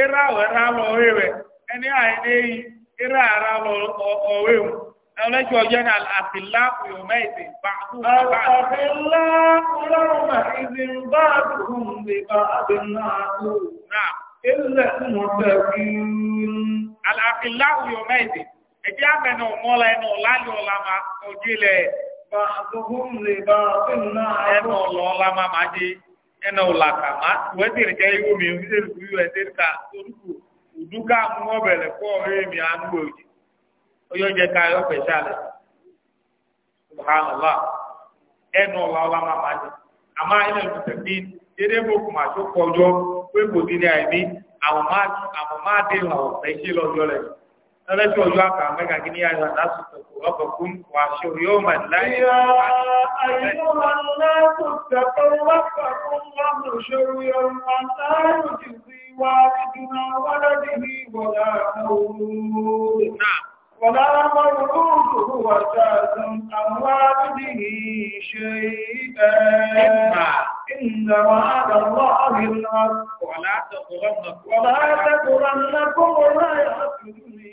ịra were alụ ọwewe ẹni àyè n'eyi ịra ara alụ ọwewu ẹlẹ́jì ọjọ́ ní àfìlá òyòmẹ́ ìdè bá àbú bá. àfìlá ọlọ́run ìdè bá àbú lè bá àbí náà lò ẹnu ma ɛnɛ wòlá ka ma wɛtiri kɛ iwo mi wɛtiri kuli wɛtiri ka toruku udu ka mu ɔbɛ lɛ kɔ ɔyɛ mi anu wɛ odi ɔyɔ dze ka yɔ subhanallah ama tó ọlọ́jọ́ ọjọ́ àkà mẹ́ta kí ní ayọ̀ láti tọ̀kù ọkọ̀ fún wa ṣe orí ọmọ láì. ìyá àyíwá láti tẹ̀kọ́ wákà fún wa mọ̀ ṣe orí ọmọ láàrùn ti fi wá ìdúná wálọ́dì ní ìwọ̀lá àmọ́wòrán. wọ̀lá àmọ́wòrán tó wà dáadọ́n àwọn àbídì ṣe ìbẹ̀rẹ̀. إن وعد الله الحق ولا تغرنكم ولا تغرنكم ولا يغفرني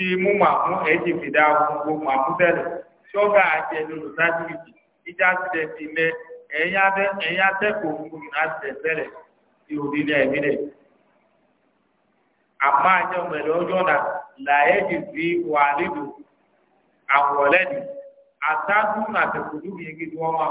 tí mú màmú ẹ̀jẹ̀ fi dá gbogbo màmú bẹ̀rẹ̀ ṣọ́gà àti ẹ̀lú olùsájúìtì ìjà àtìlẹ̀ ti lẹ ẹ̀yìn atẹ́kọ̀ọ́ gbogbo àtìlẹ̀ bẹ̀rẹ̀ ti òdi ní ẹ̀mí rẹ̀. àmọ́ àjọ mẹ̀lẹ́ ọjọ́ náà làyẹ̀jì sí wàhálì lò àwọ̀lẹ́ni àtàdùn àtẹ̀kùdù yẹn kí máa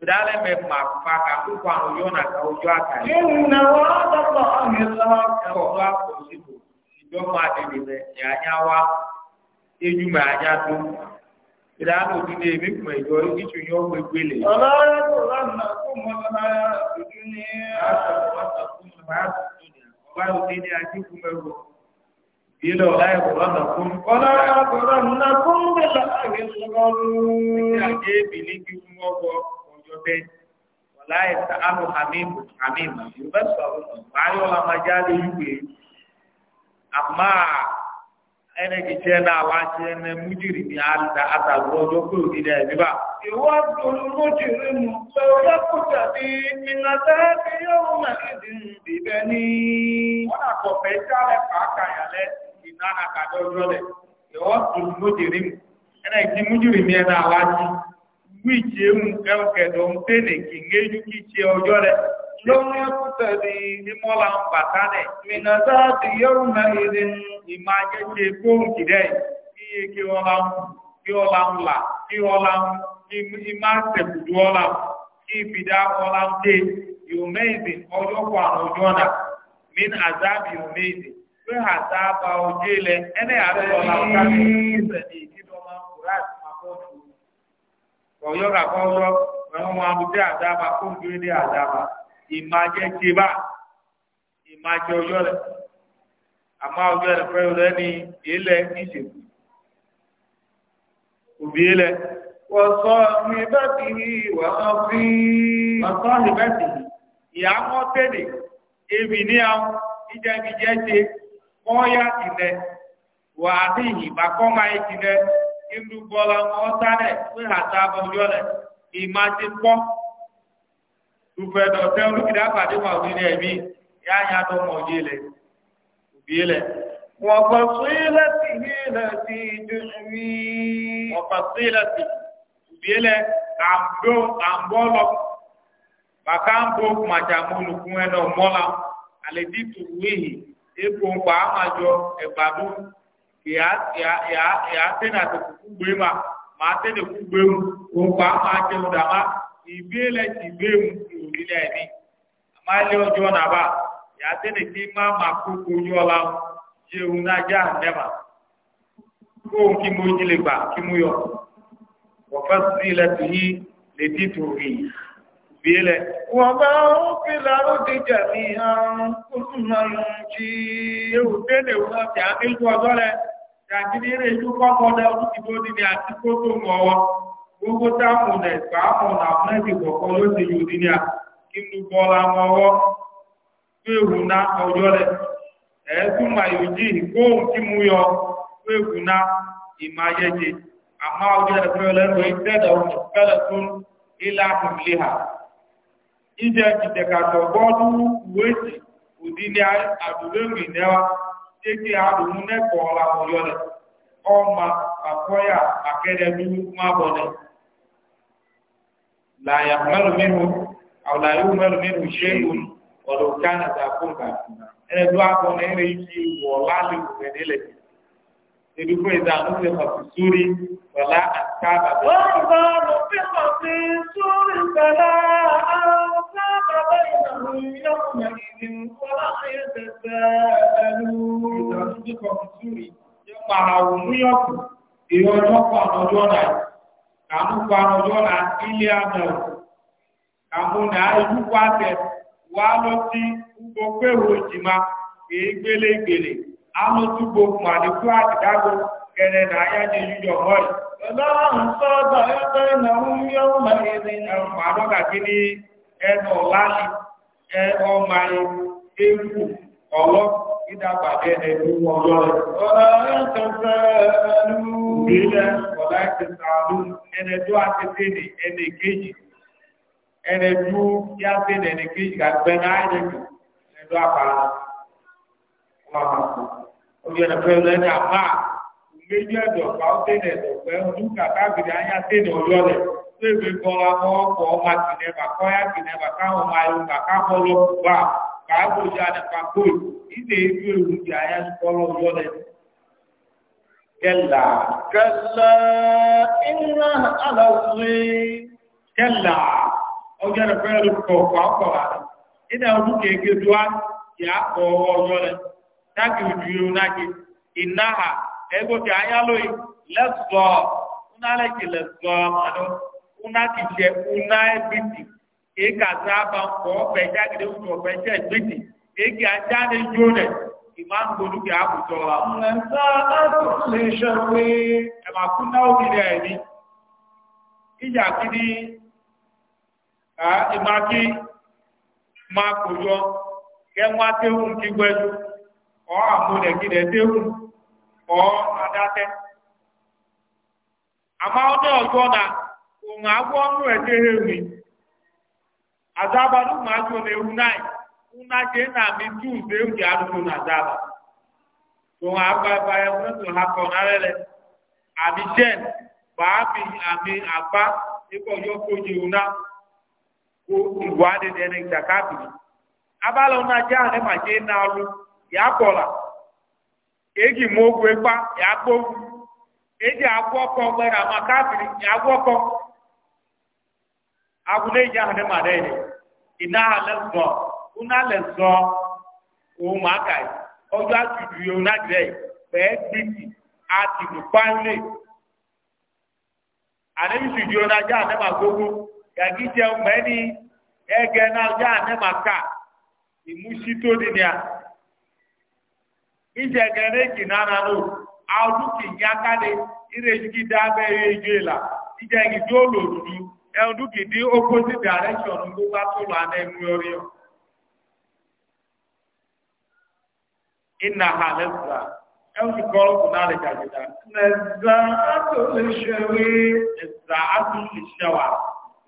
Sudale me mapaka kukwa uliona na kali. Inna wa'adaka ahilaka. Kwa kusiku. Idoma adilime nyanyawa. Inyume anyatu. Sudale udide mikuma ijo ikichu nyomwe gwele. Walaya kurana kumalaya dunia. Asa fún jọ bẹ́ẹ̀ wọ̀lá ẹ̀ta àlọ́ hamimu hamimu yorùbá sọ̀rọ̀ báyọ̀ lamadá lè yúwe àmà ẹnìkì tẹ́ náà wá sí ẹnẹ mújìrì ní àdá àtàlù ọjọ́ kúrò nílẹ̀ ẹ̀mí bá. ìwọ olùmọ̀jìrì mú lọ́wọ́ kúta bí ìnàdá bí yóò máa ń dín bíbẹ́ ní. wọ́n àkọ́fẹ́ sálẹ̀ pàákàyà lẹ́ ìnáhà kàdé ọjọ́ lẹ̀ ìwọ olùmọ̀jìrì mú ẹnìkì mújìrì ní ẹnà àwájú. wíìtì ewu kẹ́kẹ́dọ̀ ń tẹ́lẹ̀ kì ń gé yúkì tí ọjọ́ rẹ̀. lọ́wọ́ kútẹ̀lì ní mọ́lá ń bàtà nẹ̀. mìnàdá ti yẹ́rù mẹ́rin ní ìmọ̀ ajẹ́jẹ́ gbóǹkì rẹ̀ iye kí ọlá ń kí ọlá ń là kí ọlá ń ọlá ń kí ìfìdá ọlá ń ọjọ́ kọ ọjọ́ náà mí àzábì pé àzábà ọjọ́ ilẹ̀ ọyọ kakọ ọyọ ẹwọn wọn amúdé àdába kóńdúró dé àdába ìmájẹ tìbá ìmájẹ ọyọ rẹ àmọ́ ọyọ rẹ fẹ rẹ ní ilẹ ìṣèlú òbí ilẹ. wọ̀sọ̀ọ̀nìbẹ́tìhì wọ̀sọ̀fí. wọ̀sọ̀ọ̀nìbẹ́tìhì ìyá wọn tẹ̀lé èmi ní àwọn ìjẹbìjẹ ṣe kọ́ yá tìlẹ̀ wà á ní ìbákọ́ máa ń tilẹ̀ ìlú bọ́lá wọn sáré pé àtà abọ́jọ́ rẹ̀ ìmá ti pọ́ ìfẹ̀dọ̀ tẹ́ olùkìlẹ̀ àpàdé wà wí ní ẹ̀mí yá ya tó mọ̀ òbí lẹ̀ òbí lẹ̀. wọ́n fọ sílẹ̀ sí ilẹ̀ sí ìdúnmí. wọ́n fọ sílẹ̀ sí òbí lẹ̀ kàmbó kàmbó lọ bàkà ń bo màjàmú olùkún ẹ̀ náà mọ́la àlẹ́ dìtù wíhì èkó ń pa àmàjọ ẹ̀gbàdún ya ya ya tena to kugbe ma ma tena kugbe mu o pa ma je mu da ma ibe le ti be mu ti o ni le ni ma le ojo na ba ya tena ti ma ma ku ku yo la je un na ja ne ma ko ki mo ji le gba ki mo yo wa fasilatihi le ti to ri Wọ́n bá ó fi láró dìjà ní àrùn kúrùn-ún jí. Ewu délé wọn ti àmì ìlú ọjọ́ rẹ̀. gàtí ní eré ìlú kọ́kọ́ lẹ ọdún ìbò nílé àti kótó mọ̀ ọ́ gbogbo táàmù nẹ̀ gbàmù làwọn ẹ̀dì kọ̀ọ̀kan ló ti yòó nílé à kí n lùbọ̀ la mọ̀ èwù ná ọjọ́ rẹ̀ tí mú yọ èwù ná àmọ́ ọjọ́ rẹ̀ fẹ́ lẹ́nu fẹ́lẹ̀ hà ìjẹ́ eke abu ne kɔɔla o yɔlɛ ɔma akɔya akɛdɛ dunu kuma bɔnɛ la yamɛlu minnu aw la yamɛlu minnu seun ɔlɔ kana ta fún ka ɛnɛ do akɔ ne ɛnɛ yi wɔla le wɛ ne lɛ edugbɔ yi wọ́n bá lọ fi fasi suri fẹ́lá. بينهم يومئذ ولا يتساءلون إذا صدق بسوري يقع وميق إيوان يقع نجونا كانوا قع نجونا إلي أمر كانوا نعيش قاتل wálọ́tí gbogbo ìjìmá gbélégbèlè alótúgbò màdìkú àtìdágbò kẹrẹ yíyọ ẹnà ọ̀láṣì ẹ ọmọ ayé ewu ọ̀lọ́ ìdàgbàdé ẹ̀dù ọjọ́ rẹ̀. ọ̀rọ̀ ìtọ́sẹ̀ ẹ̀lú ìgbélẹ̀ ọ̀lá ìtẹ̀sẹ̀ àlú ẹnẹ̀dú àtẹ̀tẹ̀lẹ̀ ẹnẹ̀kejì ẹnẹ̀dú yàtẹ̀lẹ̀ ẹnẹ̀kejì àgbẹ̀ náà ọjọ́ ìdàgbẹ́ lébi kọ́ra mọ́ ọkọ̀ ọmọ kìnẹ́bà kọ́yá kìnẹ́bà káwọn ọmọ ayọ̀gbà káfọ́ lọ́gbà káàbò ya nípa góòlù ìdè ibi òwú di àyà sọ́lọ́ ọjọ́ rẹ̀. kẹlà. kẹlà ìnà àlọ́sí. kẹlà ọjọ́ rẹ̀ fẹ́ ọdún kéèké tó wá ọjọ́ rẹ̀. náà lẹ́sọ̀ọ́ lẹ́sọ̀ọ́ una kìtẹ una ẹgbẹtì eke azaba kọ ọbẹ jáde ojú ọbẹ jẹ eke ajáde jó rẹ ìmáà ń gbolu kí àbùtọ wa. ẹ̀ka alákùnrin ṣọ̀wé ẹ̀mà kún náà ó nílẹ̀ ẹ̀mí. ìjà kìíní ìmáàkì máa kò yọ kẹ́wọ́n atéhùn kí gbẹ́lu ọ́ àmúlẹ̀kìlẹ̀ téhùn ọ́ adátẹ́. àmọ́ ọdún ọjọ́ náà. ŋa agwọ ọnụ eje ha ewi azaba n'ụmụ na-ewu naị ụna ke na amị tuuzu ewu arụrụ na azaba ŋa agba ba ya ŋa tụ ha kọ n'alẹ lẹ amị jen bụ amị amị agba ịkọ yọ kojú na ko ìwà adịdị ẹni jakabi abalị ụna je ahụ ma je na alụ ya kpọla eji m okwu ịkpa ya kpọwu eji agwọ ọkọ nwere ama kafiri ya agwọ ọkọ agune jahannama dɛ ne ina alɛ zɔ una lɛ zɔ o ma ka yi ɔjɔ atutu yi ona dirɛ yi bɛɛ gbèsè ati ya gị anabi tutu yi ona na jahannama ka imusito di nia ìjẹgẹ méjì nana ló àwọn dúkìá káde eludugide opposite direction gbogbo atụrụ a na-enwe ọrịa inna ha lesa eludugide ọrụ na alịgagida nza atụlishewe nza atụlishewa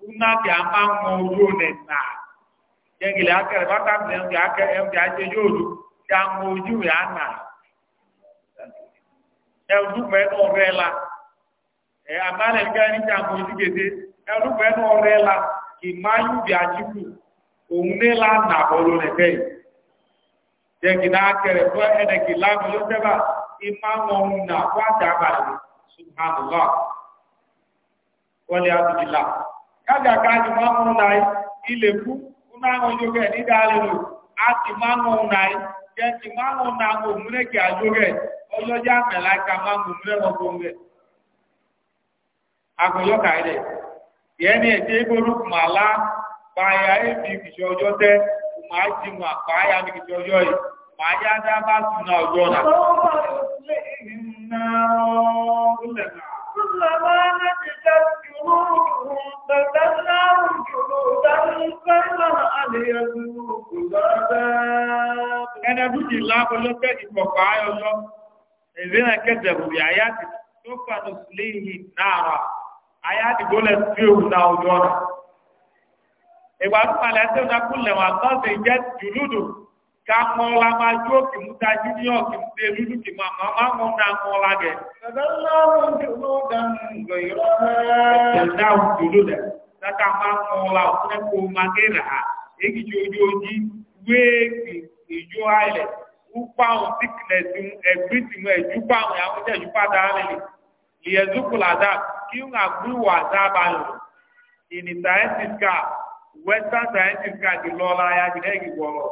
una dị ama nwa oru ne na yẹgìlẹ akẹrẹ bàtà mi ẹnjẹ akẹ ẹnjẹ ajẹ yóò lu kí a mọ ojú yà á nà ẹnudugbe ẹnu la ẹ abalẹ nígbà yẹn ní kí a mọ ojú gèdè. ẹlúgbẹ́ ní ọ̀rẹ́ la kì máa yú bí ajíkù òun ní la nà bọ́lú rẹ̀ bẹ́ẹ̀ jẹ́kì náà kẹrẹ̀ fún ẹnẹ̀kì láàmú ló sẹ́bà ìmá wọn nà wá dàgbà rẹ̀ subhanallah wọlé abudulá kájàká ni máa wọn nà ilé kú kúnà ti máa wọn nà máa wọn nà ọlọ́jà máa òmùrẹ́ wọn yẹni ẹjẹ ibolu kumala baya ebi kìsì ọjọ́ tẹ kuma ti mu àpáyà ní kìsì ọjọ́ yìí mà á yá dá bá tún náà ọjọ́ náà. كلما نتجت جنوبهم بدلناهم جنودا غيرها ليذوقوا العذاب. كان بوتي الله بلوكا يتوقع يوم إذا كذبوا بآياته سوف نصليه نارا ayadigbo lɛ fiyewu na ɔjɔ e na ìwà fúnpa lɛ ɛsɛ wọn kú lɛ wọn atɔ sè jɛ dùlùdù k'amɔ la ma dzo kìmú ta júnior kìmú de lulu kìmú àmọ́ má mú na mɔ la gɛ. sɛdɛlɛwò dùlù dànù gbèrò rẹ. sɛdɛlɛwò dùlù dɛ sɛdɛ má mɔ la o fúnɛ kó ma ké rà èyí dzodzoji wéé ìdzo ayɛlɛ ukpa ŋu sickness ŋu ɛgbɛ ti ŋu ɛdzukpa ŋu yàwó tẹ ɛdzukpa da alẹ li liyezukul azab kiun agbiwu azab alu ini scientist ka western scientist ka di ya di ɛgi wɔlɔ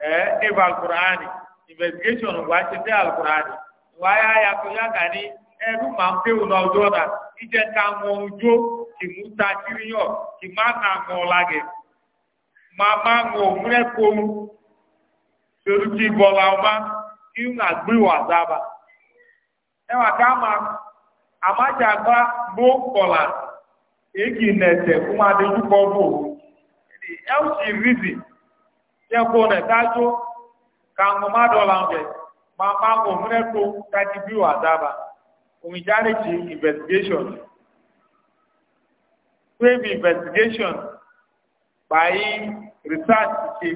ɛɛ eva alukurani investigation wa ti tɛ alukurani wa ya ya ko ya ka ni ɛlu eh, maa pewu na ɔjɔ na idze ka ŋɔ ŋdzo ti mu ta kiri yɔ ti ma na ŋɔ la gɛ ma ma ŋɔ ŋlɛ kpolu tolu ti bɔ la o ma kiun agbiwu azaba. ẹwà ká e e ma bó kọlà èkì nẹ̀tẹ̀ kó di dúpọ̀ bò ẹ̀wù sì rìzì yẹ kó nẹ̀ dájú kàǹgò ń bẹ̀ máa máa wò bí wà dábà investigation crave investigation research ti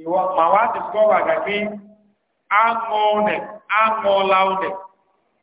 ìwọ màá discover gàgbé àmọ́ ọ̀nẹ̀ àmọ́ ọ̀nẹ̀.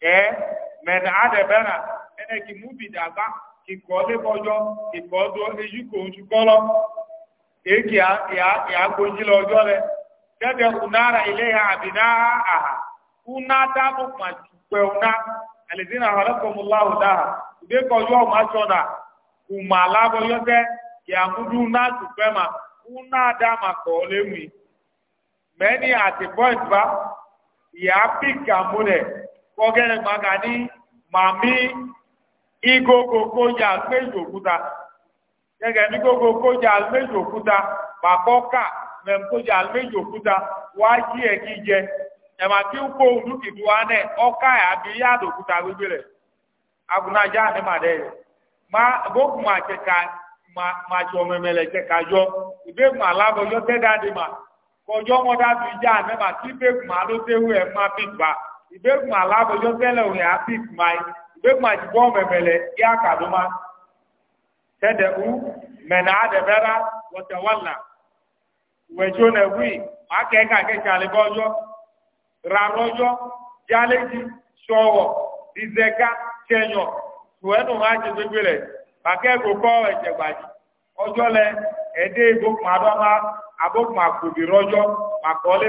ẹ mẹta adẹbẹrẹ ẹnẹ kì mú bìdàgbà kì kọ lébọjọ kì kọ dó ejú kò ojú kọlọ èkì àgbòjì lọjọ rẹ tẹbẹ unara ilé ya àbíná àhà una dábò pàtùpẹ una àlèzínà àhọlẹkọmùlá ọdá ìgbẹkọjọ ọmọ àjọdà kùmà alábọyọtẹ kì àmúdú una tùpẹ mà una dáma kọ lẹwìn mẹni àti pọ́ìntì ya ìyá píkì àmúlẹ̀. kọ́gẹ́rẹ́ gbàgà ní màmí igogogo ya méjì òkúta gẹ́gẹ́ ní gogogo ya méjì òkúta bàbọ́kà mẹ́mkó ya méjì òkúta wá jí ẹ̀ kí jẹ ẹ̀mà tí ó kó òun kìtù wá nẹ̀ ọ́kà àbí yáàdì òkúta gbégbé rẹ̀ agunájá ni màdẹ́ yẹ má bókù mà kẹka mà tsọ mẹmẹlẹ kẹka yọ ìbéèkù mà lábọ yọ tẹ́ dáadé mà kọjọ́ mọ́dá fi já àmẹ́ tí ìbéèkù mà ló tẹ́wọ́ ẹ̀ má bí gbà ìgbégun alábọjọ tẹlẹ òun yà á pìk máì ìgbégun àjùbọ mẹmẹlẹ kí á kàdúmá tẹdẹ ú mẹnà àdẹbẹrà wọtẹwàlà wẹjọ nẹwì mákẹ kàkẹkẹ àlẹbọjọ ràrọjọ jálẹjì sọwọ dizẹka tẹyọ tùwẹnù máa jẹ gbégbé rẹ bàkẹ́ kò kọ́ ẹ̀jẹ̀ gbàjì ọjọ́ lẹ ẹ̀dẹ́ ìgbókùn adọ́má abókùn àkùbì rọjọ́ màkọ́lé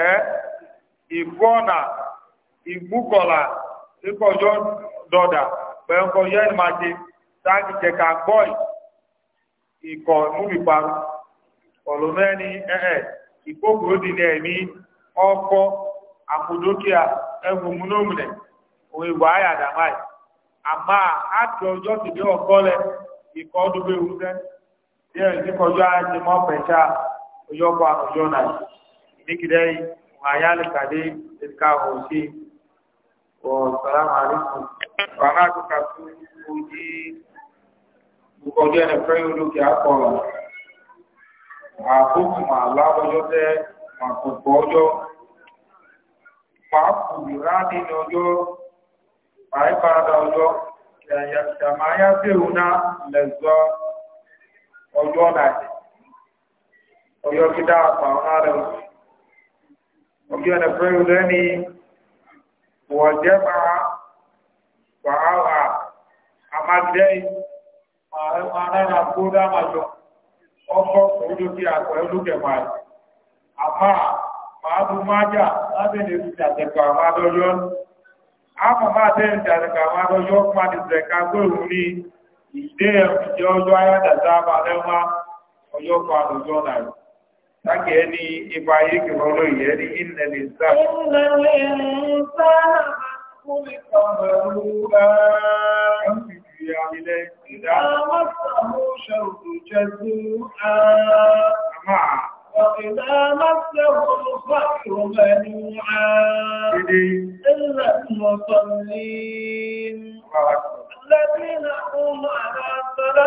ee ifụọ na dọ̀dà ịkọjọ dọda kpe nkọjọ ịmaji tagije ka gbọị ikọ múlùparu ọlọmọẹni ẹẹ di ní ẹmí ọkọ àkùdókìá ẹwùmúnómìnẹ òun ìwà ayàdàmáì àmà àti ọkọ ọdún pa náà. nikidai mahayali kadi ilka hoshi wa salamu alaikum wa na tuka su uji bukoje na fẹ́ olókè akọ̀rọ̀ àkókò máa lábọ́jọ́ tẹ́ máa kò pọ̀ ọjọ́ máa kù láti ní ọjọ́ máa ń farada ọjọ́ ìyàmáyá bèrò náà lẹ́zọ́ ọjọ́ náà ọjọ́ kí wakiwa na fremu ndani wa jamaa wa awa amadei maana na kuda majo oko kuduki akwa eduke mai ama maadu maja abe ne sita kwa madojo ama mate nda kwa madojo kwa dizeka kwa uni ide ya mjojo aya da zaba oyo kwa dojo na Sáàkì ẹni ipa ayé kì lọ lóyìn ẹni ìnà lè sá. Ìnà lè sá fún ìtọ̀rọ̀ lúwà. Wọ́n ti fi àmìlẹ̀ ìdá. Àwọn sàmú ṣàrùkù jẹ́ sí àá. Àmà. Ọ̀gbìnà mọ́sẹ̀ wọn fà ìrọ̀lẹ́ ní àá. Ìdí. Ìlà ìmọ̀sán ní. Àwọn. Lẹ́bí náà ó máa rà sọ́lá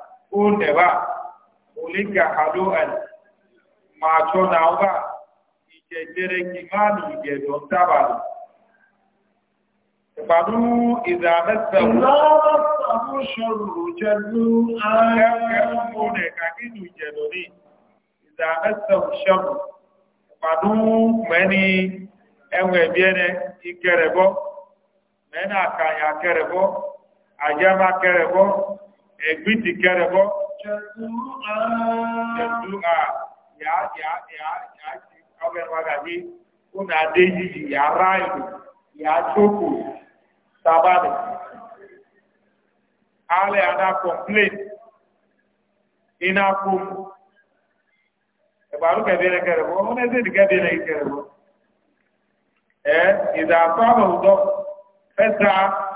ma kóòlẹ̀ bá olígà àdó ẹ̀lì máa tọ́ náà bá ìjẹ̀jẹ̀rẹ̀ kì máa nù ìjẹ̀dọ̀ tábàlì. Ìpàdú ìdàmẹ́sẹ̀ Ìpàdú mẹ́ni ẹwọ̀n ẹ̀bí ẹnẹ ìkẹrẹ̀bọ́, mẹ́ni àkàyà kẹrẹ̀bọ́, àjẹ́má kẹrẹ̀bọ́, ẹ̀gbí ti kẹrẹ bọ́ ṣẹ̀tú à yàá yàá yàá yàá ti ọgbẹ́ padà ní ọ̀nà adé yìí yàá ráìlú yàá tókù sábàlì alẹ́ àdá complain iná fún ẹ̀bàrú kẹ̀dẹ̀rẹ̀ kẹrẹ bọ́ ọmọ ẹ̀sẹ̀ ìdíkẹ́dẹ̀rẹ̀ kẹrẹ bọ́ ẹ̀ ìdàpá àbọ̀ ọ̀dọ́ fẹ́ sáà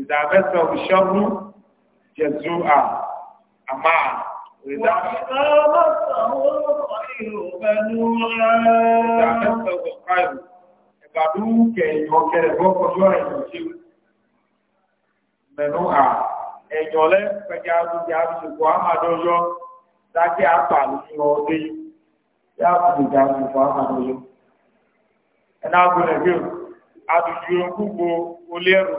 ìdàbẹ́sọ̀ ìṣọ́gun jẹ̀zú à àmà ìdàbẹ́sọ̀ ìṣọ́gun ìgbàdú kẹ̀yìn ọ̀kẹ́rẹ̀ bọ́kọ̀jú ọ̀rẹ̀ ìrìnṣẹ́ mẹ́nu à ẹ̀yọ̀lẹ́ pẹ̀jẹ́ àrùjẹ́ àrùsùkú àmàdọ́yọ́ dákẹ́ àpà lóṣù ọdún yá àrùjẹ́ àrùsùkú àmàdọ́yọ́ ẹ̀nà àbúrẹ̀ bí àdùjú gbogbo olérùn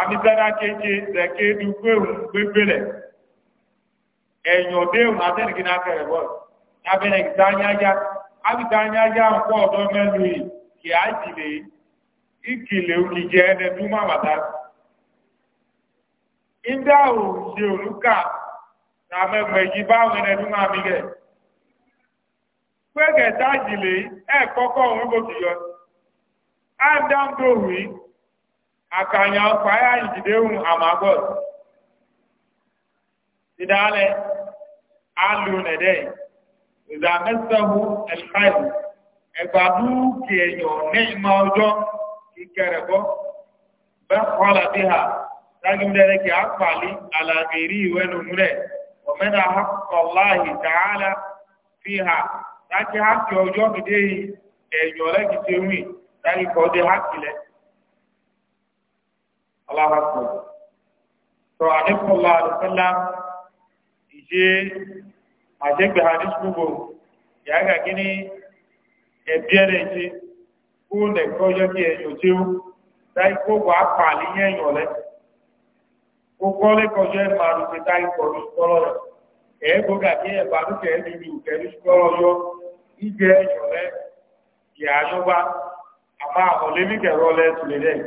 amisada keje zɛke dukpewu gbegbe lɛ ɛnyɔdewu abɛnigi n'akɛrɛ bɔ abɛnigi tanyadza abi tanyadza ŋkɔ ɔdɔ ya yi kì á dzi le ikele onidze ɛnɛ duma bàtà inda o se oluka n'ame mɛdzi bá wɔ ɛnɛ duma mi kɛ pé kɛtɛ ti adam do wi. akanya kwaya njidehun amagot tidale alu nede ìdá mẹsàmù ẹlẹkàlù ẹgbàdú kìẹyàn nígbà ọjọ kíkẹrẹ bọ bẹẹ kọlà bí ha dájúmọdẹrẹ kì á pàlí alàgbèrè ìwé lòmúlẹ ọmọdé akọláhì tààlà fi ha dájú hákì ọjọ kìdéyìí ẹyọ Allahu Akbar. Sọ àdékùnlá àdùsọ́lá ìṣe àjẹgbẹ̀ àdìsúgbò yàrá gíní ẹ̀bí ẹ̀rẹ̀ ìṣe kó lẹ̀kọ́ yọ kí ẹ̀yọ̀ tí ó dáì kó wà á pa àlíyàn ẹ̀yọ̀ lẹ̀. Ó kọ́ lẹ́kọ̀ọ́ yọ ẹ̀ máa rùpẹ̀ dáì pọ̀ lóṣùkọ́lọ́ rẹ̀. Ẹ̀ẹ́ gbọ́gà kí ẹ̀ bá lókè ẹ̀dùn ìlú kẹ̀lóṣùkọ́lọ́ yọ ìjẹ́ ẹ̀yọ̀ lẹ̀ yàrá yọba àmọ́ àmọ̀lẹ́bí kẹ̀rọ lẹ̀ tùlẹ̀ lẹ́yìn.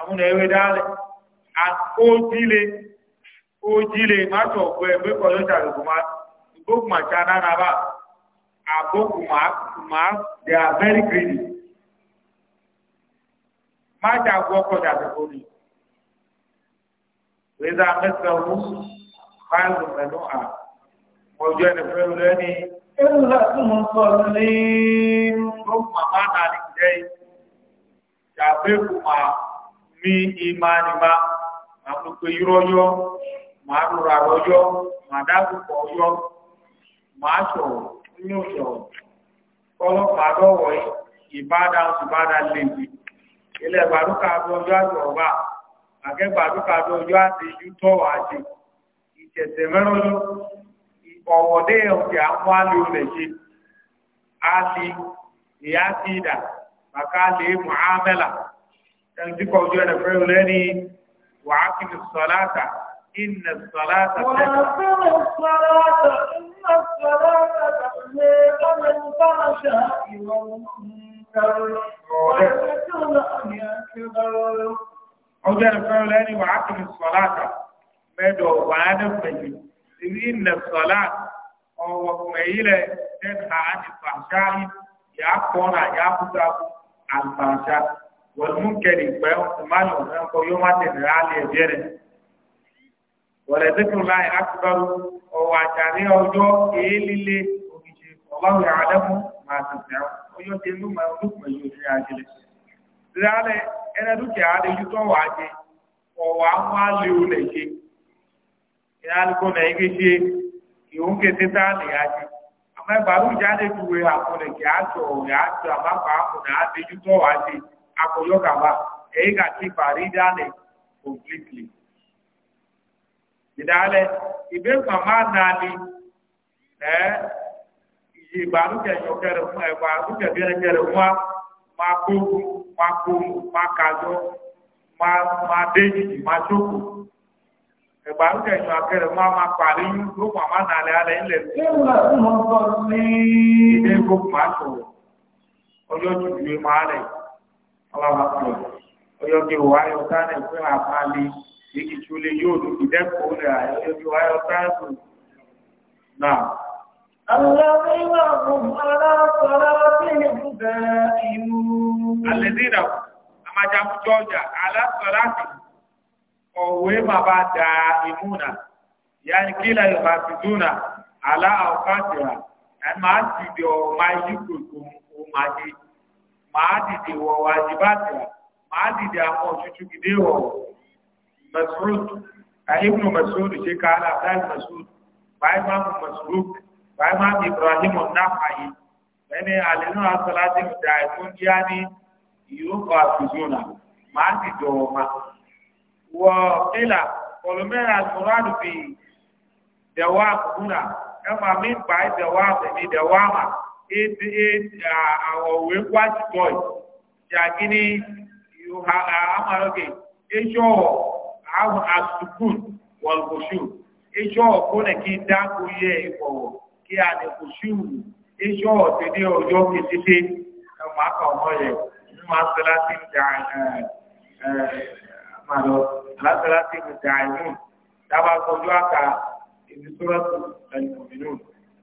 àwọn ẹ̀rẹ́ dáálẹ̀ àkójílé ojílé mátọ̀ ọ̀pọ̀ ẹgbẹ́ kọjọ́ ìjàrùkù máa ìgbókùn àti anára bá àbókù máa they are very greedy má jàgbọ́ ọkọ̀ jàdùkù ni rẹ́dà mẹ́sàn ọmú fáìlì mẹ́nu à ọjọ́ ẹni fẹ́ lẹ́ni ẹ̀rù láti mọ̀ sọ ní gbókùn àmà náà ní jẹ́ ìjàgbé kùmà ní ìmáàní bá màá tó pé irọ́ yọ ma rọra rọ yọ màá dáàbòbò yọ màá sọ̀rọ̀ ní òṣòro kọ́lọ́pàá lọ́wọ́ ìbáda ìbáda lèbi ilẹ̀ gbàdúkà bí ọjọ́ àti ọ̀bà àgẹ́gbàdúkà bí ọjọ́ àti ìjú tọ́wọ̀ àti ìtẹ̀tẹ̀ mẹ́rọ́yọ́ ọ̀wọ̀dé ti ìyá ti ẹ̀dínkọ̀ ojú ẹ̀rẹ̀ fẹ́ lẹ́ni wà á kí ni sọ̀láta ìnà sọ̀láta tẹ̀. wà á kí ni sọ̀láta ìnà sọ̀láta tẹ̀ lọ́mọ ìbára ṣe ìwọ̀n ọjọ́ ẹ̀rẹ̀ fẹ́ lẹ́ni wà á kí ni sọ̀láta mẹ́dọ̀ wà á dẹ̀ fẹ̀yìn ìnà sọ̀láta ọwọ́ mẹ́yìlẹ̀ yà á yà kúta والمنكر فيحكمان وينكر يوم تنرى لبيره ولذكر الله أكبر وهو أشعري أوجو إيلي والله يعلم ما تصنعون ويو تنو ما يولوك ما يولي عاجل لذلك أنا دوك عادي يتوى عاجي وهو أموال ليولي شيء إنا لكم نيجي شيء يوم كتتان لياجي أما يبارو جاني توي أقول لك يا شو يا شو أما فاهم أنا عادي واجي akoyogaba eiga tipa ridale completely idale ibe mama nani eh iye baru ke yo kere fun e baru ke bere kere wa ma ko ma ko ma kajo ma ma deji ma choko e baru ke yo akere ma ma pari ro mama nale ale ile e ko ma so ojo ju ma re ọlọ́wà pọ̀ ọyọ́gẹ́ wáyọ̀ tánà ìpín àpáàlì èyí tí ó lè yóò lù ìdẹ́kọ̀ọ́ rẹ̀ ọyọ́gẹ́ wáyọ̀ tánà náà. الذين هم على صلاتهم دائمون الذين أما جاب جوجا على صلاتهم ọ̀wé bàbá da ìmúna yáni kílà yorùbá ti dúnà alá àwòkátìrà ẹ máa ti di ọ̀ máa yí kòkòrò ó máa di máa dìde wọ̀ wá jìbáàtì wa máa dìde àwọn òtútù gidé wọ̀ Mas'ud ibnu Mas'ud ṣe ká aláàbdáì Mas'ud báyìí máa mú Mas'ud báyìí máa mú Ibrahim ọ̀nàfàyè ẹni àlẹ́nú asọ́láṣí ìdá ẹ̀fún díá ní ìyókò àfìsúnà máa dìde ọ̀wọ̀ ma wọ ilà kọlùmẹ́rà àlùmọ́ràdù bíi dẹ̀wọ́ àkùnà ẹ̀ máa mí báyìí dẹ̀wọ́ àmì àmà. Uh, our wayward boy jakini you amaroge uh, ejo awu asukun wal khushu ejo kone ki da ko ye iwo ki ani khushu ejo tede ojo ki tete ma ka mo ọmụaka ma salati da eh ma lo la salati da ayun daba aka ibi suratu al-mu'minun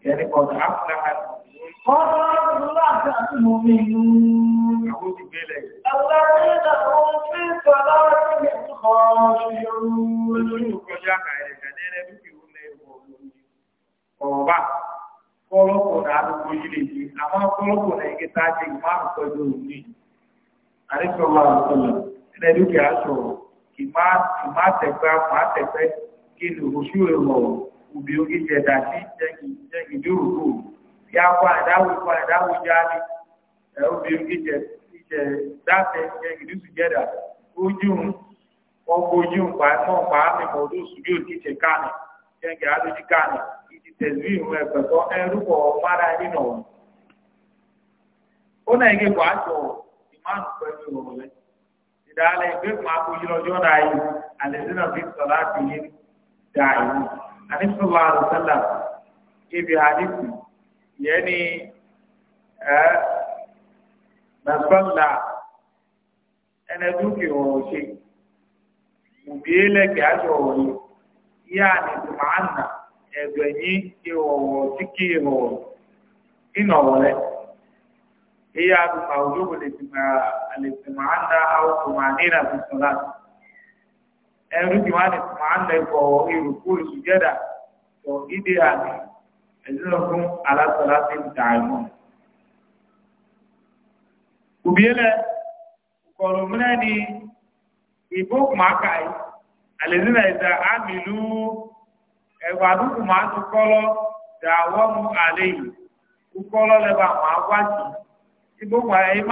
yani qad aflaha خرجت مؤمنون الذين هم في صلاتهم خاشعون Ọba kọ́lọ́kọ̀ náà lóko ilé yìí, àwọn kọ́lọ́kọ̀ náà yìí tá a jẹ ìmáàmù pẹ̀lú òní. Àrísọ̀rọ̀ àrùsọ̀lọ̀ ilẹ̀ dúkìá sọ̀rọ̀ ìmáàtẹ̀gbá máàtẹ̀gbẹ́ kí lòrò sí òun ọ̀rọ̀ òbí orí jẹ̀dá sí jẹ́gìdì òrùkù. ya kwa adawu kwa adawu jali obi ije ije date ije gidu sujeda ojú ọgbọ ojú npa mọ npa mi mọ ojú sùdí òtí iji kánì jẹngẹ adójú kánì ìdí tẹsí ìwọn ẹgbẹtọ ẹrúkọ ọmọdé nínú ege ó náà yẹ kó aṣọ ìmánu pẹ̀lú ìrọ̀rùn rẹ ìdálẹ ìgbé fún akójú lọ́jọ́ ibi يعني ما صلى أنا دوكي وهو شيء مبيلك أشعر يعني سمعنا ẹgbẹ̀yìn ìwọ̀wọ̀ tí kí ìwọ̀wọ̀ iná wọlé èyí àdùnkà òjòwò lè tìmọ̀ àlètìmọ̀ àndá àwòkùnmọ̀ àníra fi sọ̀lá ẹrú tí wọ́n á lè tìmọ̀ àndá ìfọ̀wọ̀ ìrùkú ìsùjẹ́dà tó ìdí àmì ẹ̀dínlọ́gbọ́n alásọ̀lá ti ń dààmú. Kùbíyẹ́lẹ̀ kọ̀rọ̀ múlẹ̀ ni ìbò kùmáka yìí, àlèzínà ìdá àmìlú ẹ̀wà dúkù máa tún kọ́lọ́ dàwọ́ mú àlẹ́ yìí, kú kọ́lọ́ lẹ́bàá máa wá jù. ịbụkwa kùmáka yìí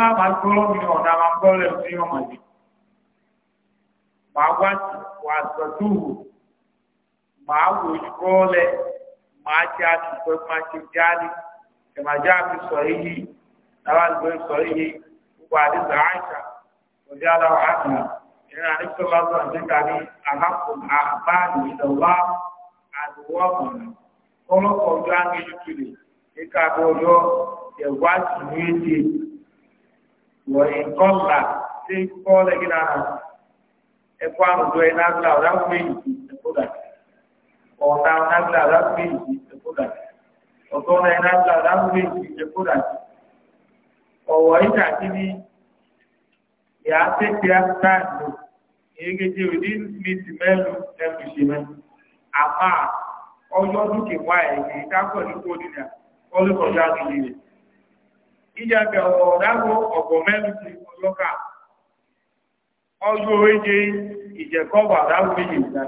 máa maacha kikwekwachijali kemajaa fi sahihi nawaliboi sahihi kuko hadithi aisha radiallahu anha ina nabi sallallahu alaihi wasallam kani ahaqqul a'mali ila allah adwamu kolo ko jangi yutuli ika bojo e wati niti wa in qalla ti qala gina e kwanu do ọ̀nà nágbà rábìlì ìjẹkúdà ọ̀tọ́nà nágbà rábìlì ìjẹkúdà ọ̀wọ̀ ìjà kíní ní kódìnà ọlọ́kọ̀ọ́jà nìyí rẹ̀ ọgbọ bẹ̀ ọ̀wọ̀ ọ̀dàgbò ọjọ́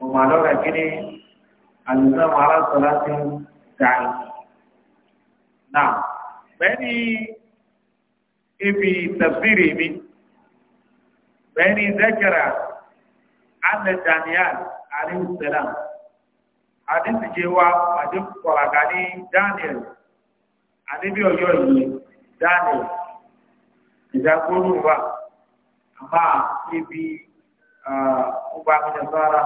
ومعلومة كده الإسلام على صلاة تعالى نعم بني في تفسيره من بني ذكر أن دانيال عليه السلام حديث جوا حديث قرقاني دانيال àdébí ọjọ́ yìí daniel ìdágbónú wa àmà ibi ọba amínàsára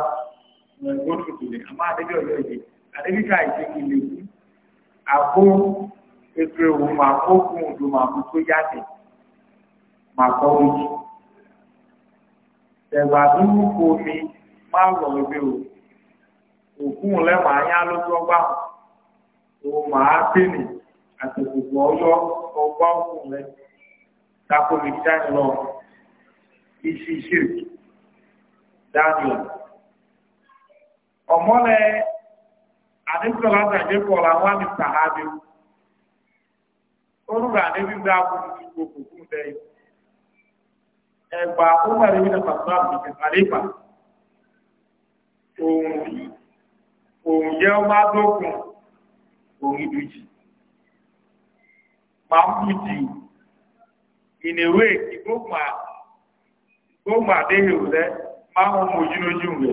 wọ́n tuntun ni àmọ́ adébí ọ̀yọ́ yìí adébí ká ìṣèkì lè kú àpò ètò ìwò mà kó fún odò mà mú tó yáde mà kọ́ ojú tẹ̀gbà tó ń kó omi má lọ ibi o òkun lẹ́mọ̀ ayá ló tó gbà òun màá tẹ̀lé àtẹ̀kùkù ọyọ́ ọgbà òkun rẹ tako ọmọlẹ anisọlá sàdé kọlà wà ní sàhábì olùrà níbi bí aburú ti gbogbo fún un dẹ́yìn ẹgbà ọmọ rẹ nígbà pàtó àbùkù àlébà òun òun jẹ ọmọ adókun òun ìdújì pàmùjì ìnèwé ìgbógun àdéhùn rẹ máa ń mú ojúlójú rẹ.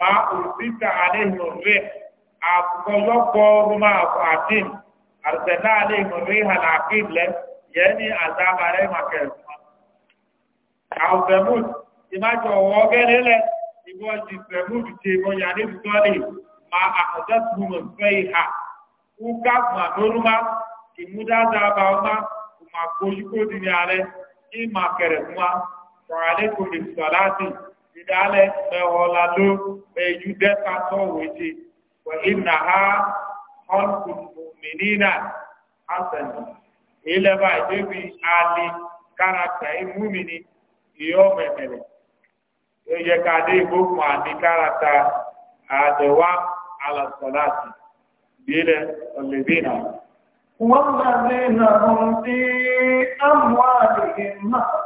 máa òsìta àléhùn rẹ̀ àkọyọ́pọ̀ ọmọ àfàdín àrùsẹ̀lá àléhùn rẹ̀ hàlàkì lẹ̀ yẹn ní àdábarẹ́ màkẹ́rùn-ún. àwọn bẹ̀mùd ìmájọ ọwọ́ gẹ́lẹ́ lẹ̀ ìwọ ti bẹ̀mùd ti ìwọ yà ní ìtọ́lẹ̀ máa àkọjọ́ tó mọ̀ fẹ́ ìhà kúkà màdórúmá ìmúdádába ọmá kò máa kójú kó di ní alẹ́ ní màkẹ́rùn-ún wa fọ̀ ìdálẹ mẹwọlá ló mẹjú tó wẹjẹ wà ìnà ha ọlùkùnkùn mìnínà asẹlẹ ilẹ̀ báyìí débi ìmúmìnì ìyọ́ mẹ̀mẹ̀rẹ̀ yẹ ká dé ìgbókun àní àdẹ̀wà alàsọ̀láàtì bílẹ̀ ọ̀lẹ́bìnà. wọ́n máa ń lè sí àmúhàlì ìmáà.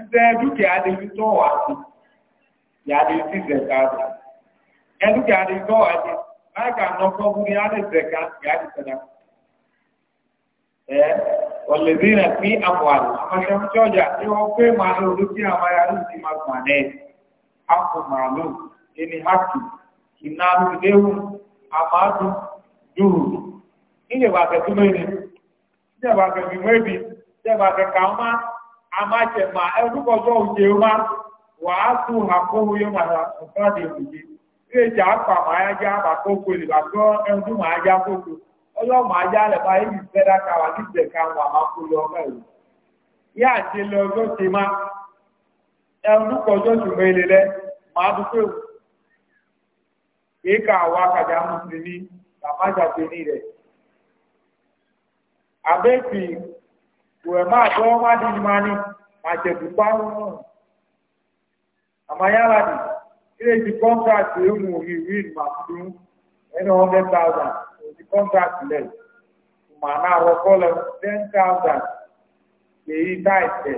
ẹsẹ̀ dúkìá lè fi tọ́ wá sí yàrá sí zẹ̀ká rẹ̀ ẹ dúkìá lè tọ́ wá sí báyìí kà nọ fọ́ fún yàrá zẹ̀ká yàrá sẹ̀dá ẹ ọ̀lẹ́dí rẹ̀ fi àwọn àlọ́ àmọ́ṣẹ́ ṣọ́jà tí wọ́n pé màálù dúkìá màálù ti máa gbà náà màálù ẹni àmàdù dùrù amájẹ̀mà ẹrúkọjọ́ òjè wá wàá tún àkóhù yóò máa ọ̀gbọ́n ìròyìn bí ìjà àpà máa yá já àpapọ̀ òkú ìlàgbọ́ ẹrún máa yá kókò ọlọ́mọ ajá rẹ̀ máa yí ìfẹ́dá ká wà níjẹ̀ wà máa kó lọ ọmọ yá àti ọjọ́ ti má ẹrúkọjọ́ ilé máa dúpẹ́ mùsùlùmí làmájà ní rẹ̀. àbẹ́ẹ̀fì wee ma atọ ọma dị mma anyị ma chebukwa dị ireji kọntraktị ụmụ irin ma ẹni hundred thousand ma na-arọ kọlọ ten thousand èyí táìsì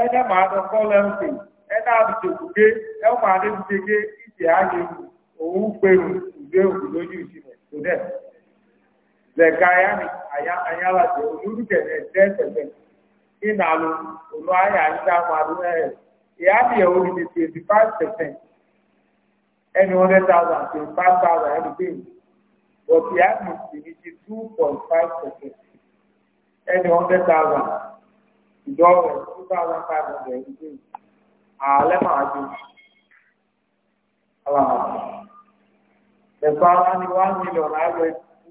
ẹni ma atọ kọlọ ntị ẹni adịchekwuke ẹni e ma adịchekwuke iche ahịa òwú zẹ̀ka ka ni ayálàjẹ olúdúkẹ̀ ní ẹ̀dẹ́ ẹ̀sẹ̀sẹ̀ nínú àlọ́ olú ayé àyíká máa lọ ẹ̀ ìyá bìyẹ̀ orí ni twenty five percent ẹni thousand five thousand but ìyá mi sì ní ti two point five thousand two thousand five hundred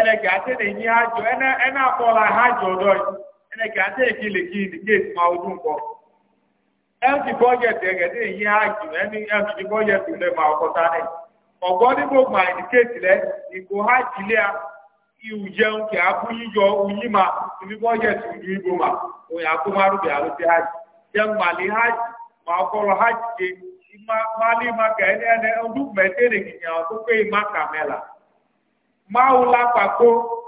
ene ke ate ne nyi hajo ene ene akola hajo do ene ke ate e ki le ki ni gate ma odun ko en ti budget e ke nyi hajo ene en ti budget e le ma ko ta ne ọgbọ ndị bo ma indicate le ni ko haji le a iwu jeun ke abu yijo ma ndị budget uju ibo ma o ya ko maru bi alo ti haji je ma le haji ma ko lo haji ma ma ma ke ene ene odun e me tere ki ya to pe kamela maula kwako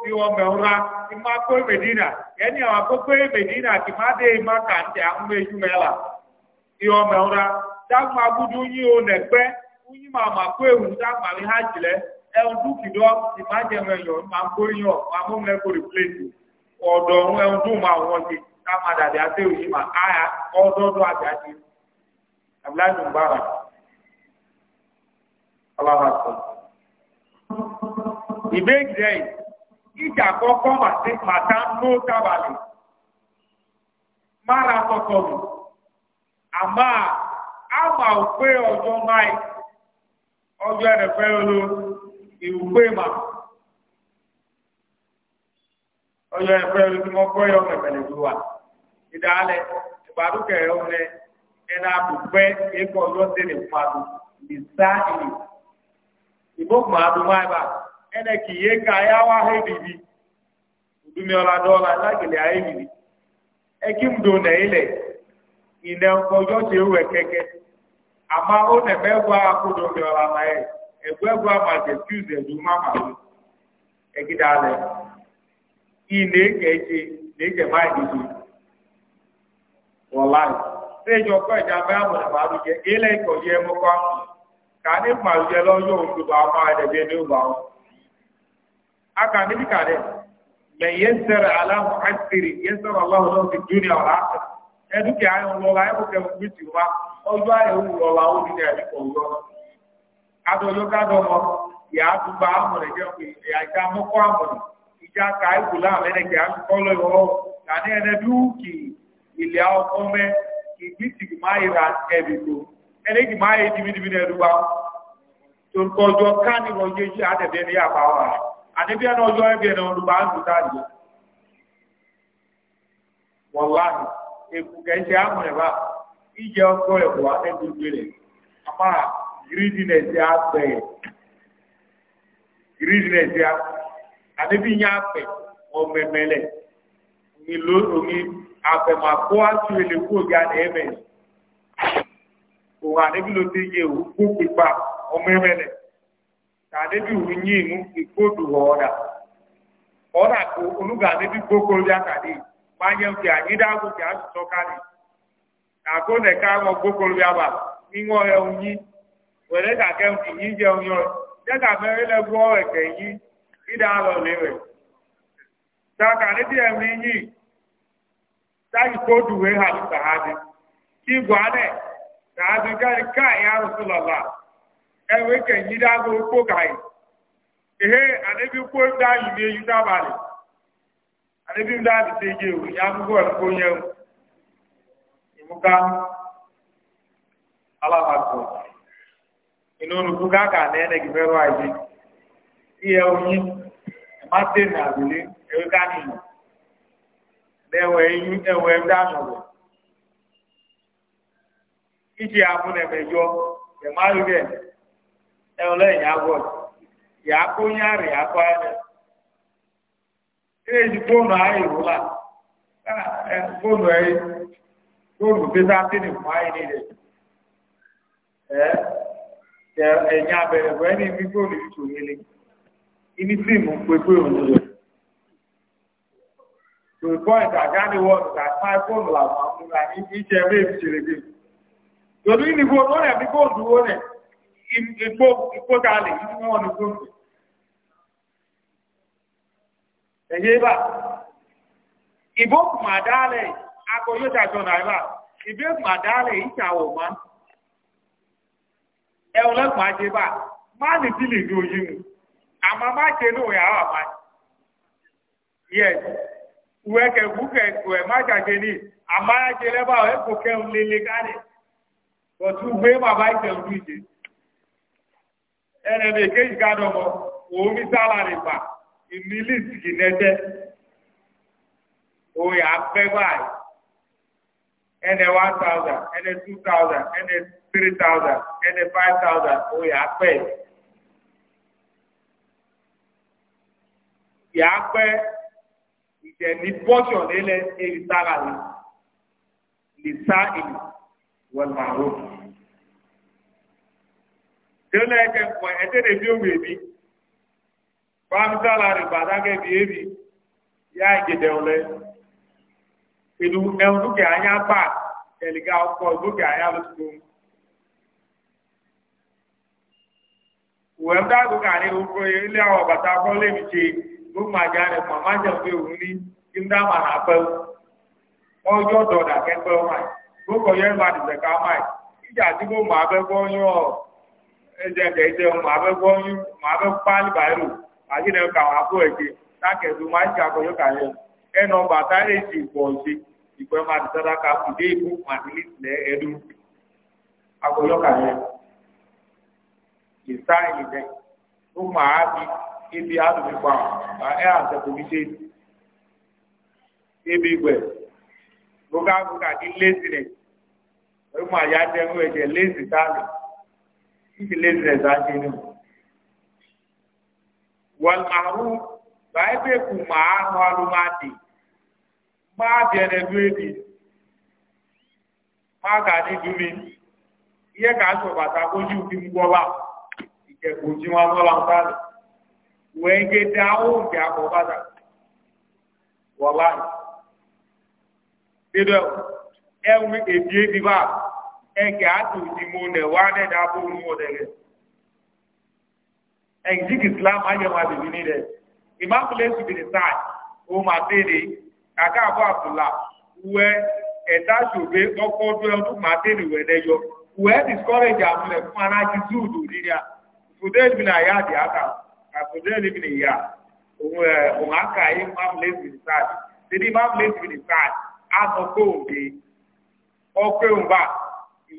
iwọ mẹwura ima ko medina ma àwọn akoko medina kì má dé ima kà ń tẹ àwọn o nẹgbẹ unyi ma ma ko ewu ha ẹun dọ ẹyọ ma ko yọ ma mo mẹ ko ọdọ ẹun dùn wọn ti dagba dàdí àti ewu ma aya ọdọọdọ àti àti abúlé àti Allah ìbéèjì rẹ̀ ìjà àkọ́kọ́ màtá ló dábàlẹ̀ mára tọkọ̀ mù àmọ́ àmà òpé ọjọ́ máì ọjọ́ ẹ̀rẹ̀ fẹ́ ló ìwúgbé mà ọjọ́ ẹ̀rẹ̀ fẹ́ ló tí wọ́n kọ́ yọ mẹ̀mẹ̀lẹ̀ ló wà ìdálẹ̀ ìgbàdúkẹ̀ ọ̀rẹ́ ẹ̀rọ àbùpẹ́ ẹ̀kọ́ ọjọ́ tẹ̀lé ene ihe ka ya wa ha bibi udumi ola dola na gele ayi bibi ekim do na ile ine nkojo ti e keke ama o ne mi ola na e, e ma te excuse edu mama e ine ne ke ma wallahi se jo ko ja ba mo na ba du ile ko ka ni ma je lo yo ba ma de aka níbi e e ya ka ẹ̀kú láàmì ẹ̀kẹ́ akọ́lọ́ ìwọ́ kàní ẹ̀rẹ́ dúkì ilẹ̀ ọkọ́ mẹ́ ìgbì tìgì máa yẹ ra ẹ̀bì tó ẹni kì máa yẹ dìbìdìbì náà dùgbà tó kọjọ àníbí ẹ̀nà ọjọ́ ẹbí ẹ̀nà olùgbà àdùn dáàjẹ́ wọ̀láhì èkù kẹ́ẹ̀ṣẹ́ àmúrẹ̀bá ìjẹ ọkọ̀ ẹ̀kọ́ àtẹ́gbẹ̀rẹ̀ àmára gírídìnẹ̀sì àpẹ̀ gírídìnẹ̀sì àníbí yẹn àpẹ̀ ọ̀mẹ̀mẹ̀lẹ̀ ìlú omi àpẹ̀màkọ́ àti ìlẹ̀kú ọ̀gá ní ẹ̀mẹ̀ òun àníbí ló ti yẹ òun kú pípa ọmọ ẹ̀mẹ̀lẹ̀ tàdébí wù nyí mú ìkóòdù ọ̀ọ́dà ọ̀ọ́dà kó olúga bí ń fi a sì tọ́ka ní àgó gbókòrò bí àbà níwọ̀n ẹ̀hún yí wẹ̀rẹ́ kàkẹ́ ń fi yín jẹun yọ jẹ́ka mẹ́rin lẹ́gbọ́ ẹ̀kẹ́ yí ìdá lọ lérè ẹ̀mí wẹ̀ kí ewe ka nyiri agụ kpogaghị ihe anabi kwo ndị anyị na-eyi n'abalị anabi ndị anyị na-eji ewu ya onye imuka alamakụ inonu kuka ka na-ene gị merụ anyị ihe onye mmasị na abili ewe ka anyị iji na ẹ̀hún lẹ́yìn agbọ̀ yàá kó nyárì yàá kó ayẹlẹ. Ilé ìdí fóònù ayé ìwò la, fóònù ẹ̀yìn, fóònù pété átìní fún ayé nílẹ̀. Ẹ ẹ̀yìn abẹ̀rẹ̀ bọ̀ ẹni bí fóònù yìí tò yẹlẹ. Ibi fíìmù pépé òun lọ. To the point that igbó igbó tá a lè yí fún wọn ní gbòòrò ẹyẹ bá ìbò kùmà dálẹ akọ yóò tàjọ náírà ìbí kùmà dálẹ ìṣàwọ mọ ẹwọn lẹkùn ajé bá má lè ti lè ní oyin mu àmọ́ má ṣe ní òyà wà má yẹ wẹkẹ wúkẹ wẹ má ṣàṣe ní àmọ́ ajé lẹbàá ẹ kò kẹun lélẹ kálẹ bọtú gbé bàbá ìṣẹ̀lú ìṣẹ̀lú ẹnẹ̀dẹ̀ kéjì kádọ̀mọ́ òun ní sálárì pa ìmílísìkì nẹ́tẹ́ òun yà pẹ́ báyìí ẹnẹ̀ one thousand ẹnẹ̀ two thousand ẹnẹ̀ three thousand ẹnẹ̀ five thousand òun yà pẹ́ yà pẹ́ ìjẹ̀ni nílẹ̀ èyí sálárì lè sá ìlú wọ́n máa rò tí ó lẹ́ẹ̀kẹ́ pọ̀ ẹ̀tẹ́lẹ̀ bí òwe bí bí ebi yá ìgbèdè ọ̀lẹ́ ìlú ẹ̀hún dúkìá yá bà ẹ̀lìgá ọkọ̀ dúkìá yá ló tó. wẹ̀m dáàbò ọkọ̀ òkú ilé àwọn bàtà kọ́ lèmi ṣe gbogbo àjà rẹ̀ òun ní kí dá màá nà pẹ́ dọ̀dà kẹ́gbẹ́ gbogbo yẹn bá dìbẹ̀ ká máa ìjà ẹjẹ kẹjẹ ọmọ abẹ́gbọ́ yín mọ abẹ́gbọ́ alìbàárù àti ìnáwó kàwọn àpò ẹ̀jẹ̀ tákẹ̀tù máa ń ṣe àkọyọ kàyẹ ẹnu ọgbà táyé ti pọ̀ ṣe ìpẹ́ máa ti ká ẹdún àkọyọ ìsá máa ibi àtúntò pa ẹ mi ṣe ibi gbogbo àgùkà máa yá village residents ni wal ma'ruf baibe ku ma'a malumati ma bere duedi ma ga ni dumi iye ka so bata ko ju ti ngwo ba ike ko ji wa mo lan tale we ge dawo ja ko bata wallahi bido e wi e bi ba ẹgẹ àti ìdìmọ̀ nẹ̀ wá nẹ́dà bó ń islam ayọ̀mọ̀ àbìbí ní rẹ̀ ìmáàmùlẹ̀ ṣùgbìnì sáà ó máa tẹ̀lé kàkà àbọ̀ àbùlà wẹ́ ẹ̀dá ṣòbẹ́ ọkọ̀ ọdún ọdún ụwa tẹ̀lé wẹ̀ ụwa wẹ́ discourage àmúlẹ̀ fún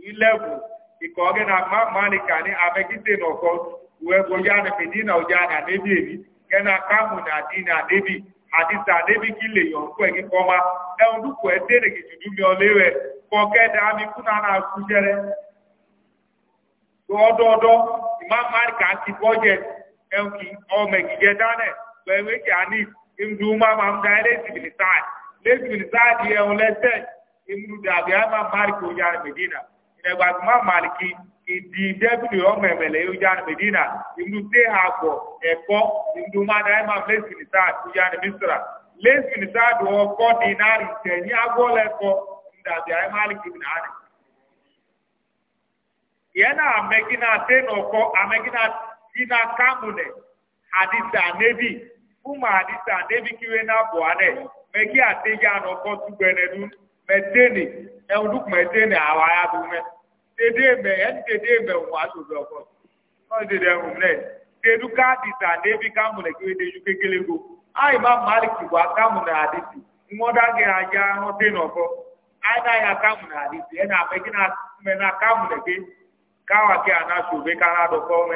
11 ikoge na mamani kani abegite noko uwe goja na medina uja na nebi ebi gena kamu na dina nebi hadisa nebi kile yon kwe ki koma e undu kwe tere ki jujumi olewe koke da ami kuna na kujere to odo odo imam malik anti budget e unki ome gige dane kwe weke ani imdu umam amda ele zibilisani le zibilisani ye unlete imdu dabi ama malik uja na medina ìdẹ̀gbàgbọ́n màmàlìkì ìdí dẹ́bìlì ọmọ ẹ̀mẹ̀lẹ̀ yóò jáde medina ìlú tẹ́ àgbọ̀ ẹ̀kọ́ ìlú mada lẹ́sìn nìsáàd tó jáde misra lẹ́sìn nìsáàd wọ́n kọ́ dị tẹ̀yìn agbọ́lẹ̀kọ́ ìdàbí àmàlìkì nìhánì. ìyẹn náà amẹ́gínà tẹ́nà ọkọ amẹ́gínà jìnnà kámúnẹ̀ àdìsá nẹ́bì àdìsá nẹ́bì kíwé náà bọ̀ mẹtẹni ẹwọn dúkù mẹtẹni àwọn arábìnrin dédé mẹ ẹni dédé mẹ wọn ọkọ wọn dédé ẹwọn mẹ dédú káàdì tà débi kámù lẹ kéwé déjú kékeré go àyè má màlìkì wá àdìsí ajá wọn dé nọkọ àyè náà yà àdìsí náà mẹ náà káwà kí àná káná dọkọ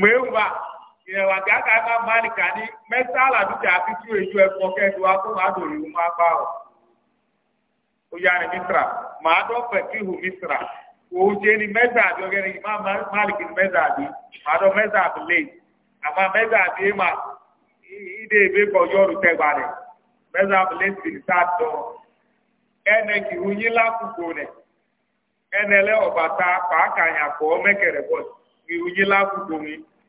mẹ òun ìrẹ̀wà gàgà máa máa nìkan ní mẹ́tàlá dúkìá fífi èyí ẹ̀fọn kẹ́ẹ̀dù wa fún àdòrí wọn apá ọ̀. ó yá ni mísírà màá dọ́fẹ̀ kí hù mísírà òòjé ni mẹ́tà àbí ọ̀gẹ́ ni má máa nìkan ní mẹ́tà àbí màá dọ́ mẹ́tà àbí lè àmà mẹ́tà àbí ẹ̀ máa ìdè ìbí kọ yọ̀ọ̀rù tẹ̀gbà rẹ̀ mẹ́tà àbí lè sì sá dọ̀ ẹnẹ kì hù yín lákòókò rẹ̀ ẹnẹ lẹ́ ọ̀bàtà pàákàyàn kọ́ mẹ́kẹ̀rẹ̀ bọ̀ kì hù yín lákòókò rẹ̀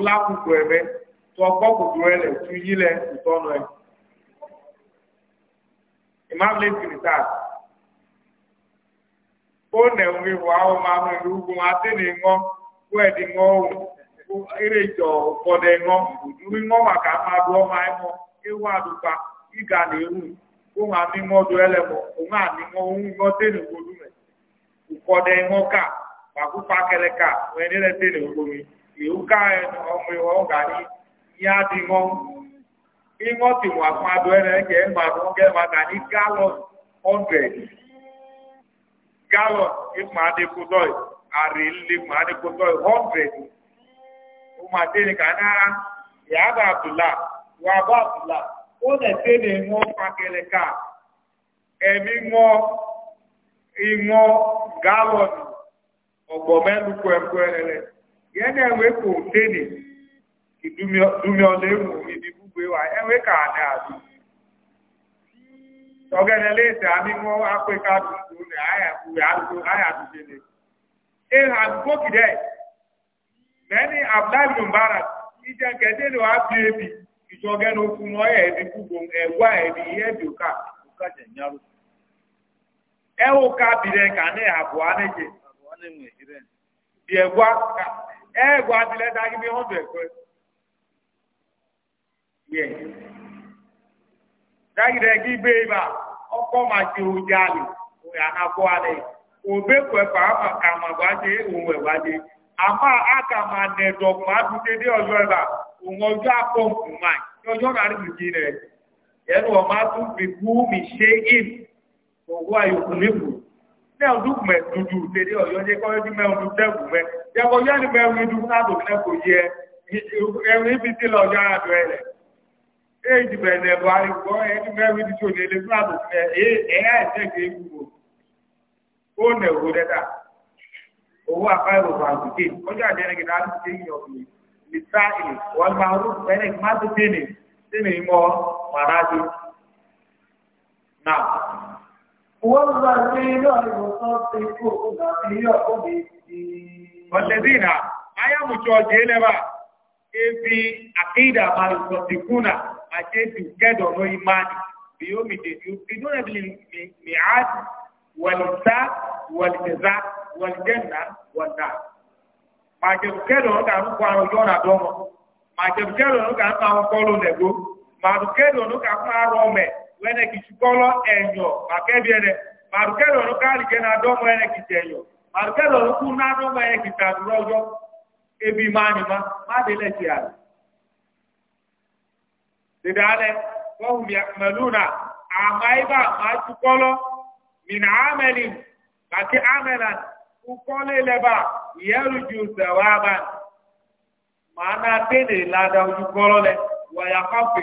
wò kuku ɛmɛ tɔ kɔ kuku yɛ lɛ tu yi le fili ta o nɛ ŋu ihu awo ma ŋu ma te ne ŋɔ ko ɛdi ŋɔ o ko ere dzɔ kɔ ɖe ŋɔ du ŋɔ ma ka ma do ɔma yɛ ewu aduka iga ewu ko ma mi ŋɔ do yɛ lɛ mɔ o ma mi ŋɔ ŋu ŋɔ ka kpaku pa ka ìhúká ẹnu ọmọ ìwọ ọ̀gá ní yá ti mọ́ ìmọ̀ tí wọ́n fún adó ẹ̀rẹ́ ẹ̀kẹ́ ẹ̀ máa fún kẹ́ máa kà ní gallon hundred gallon ìpò adékòtò àrè ìpò adékòtò hundred ó máa dé ní kanára ìyáàbà àbùlà wà bá àbùlà ó lè tẹ́lẹ̀ ká ẹ̀mí wọ́n ya na-enwepụ teni ibi gbogbo ewa enwe ka e a na-adụ ọgẹnẹlẹ ìtẹ àmìmọ apẹka àdúgbò rẹ àyàkùrẹ àdúgbò àyàdùgbèlè ìhà àdúgbòkìdẹ mẹni abdul bí ebi ẹ gbogbo ẹwà òkà òkà kàní àbọ anẹjẹ bí ẹwà ẹ̀ẹ́gbọ́ abilẹ̀ dagi bí wọ́n bẹ̀ pẹ́. Yẹ. Dagi ṣe oúnjẹ àlè òun yà náà kọ́ alẹ̀. Òbẹ́ pẹ̀ pàápàá kà wá dé òun ẹ̀ wá dé. Àmọ́ àkà máa nẹ̀ dọ̀gbọ̀n adùn dédé òun ọjọ́ ní ọjọ́ rẹ̀. ẹ̀ọ̀dún mẹ́ dúdú tèrè ọ̀yọ́ yẹ kọ́ ẹ̀dún mẹ́ ọdún tẹ́kù mẹ́ yàgò yá ni mẹ́ ẹ̀rùn idun sáàdùn náà kò yẹ ẹ̀rùn ibi tí lọ yọ ara dùn ẹ̀rẹ̀ éèdì bẹ̀rẹ̀ ẹ̀bọ̀ àríwọ̀ ẹ̀dún mẹ́ ẹ̀rùn idun tó lè lè sáàdùn fún ẹ̀ ẹ̀ ẹ̀ ẹ̀ẹ́dẹ́gbẹ̀ ewu o ó nà owó dẹ́ta owó àfáìrò fàǹtìkì ọjọ́ àjẹnìkì náà ti ń yọ̀ mí ìsáàlì wọn máa rú ẹnìkì má ti tẹ̀lé tẹ̀lé mọ́ màrájú náà. Ọ̀lẹ́dínà, ayámùtú ọjẹ́ ẹlẹ́bà, ebi àkídà máa lùsọ̀ sí kúnà àti ètù kẹ́dọ̀ ló ìmáàdì, bí ó mìdè tí ó fi dúnrẹ̀ bí mìíàdì, wọ̀lìsá, wọ̀lìjẹ̀zá, wọ̀lìjẹ̀nà, wọ̀dà. Màjẹ̀bù kẹ́dọ̀ ló kà ń kọ àrùn yọ́ ọ̀nà dọ́mọ. Màjẹ̀bù kẹ́dọ̀ wene kichukolo enyo makebiene marukelo nukali gena domo ene kitenyo marukelo nukuna domo ene kitadurojo ebi mani ma madele tiari dedale wahum yakmaluna amaiba machukolo min amelin kati amelan ukole leba yeruju sawaban mana tene lada ojukolo le wayakafi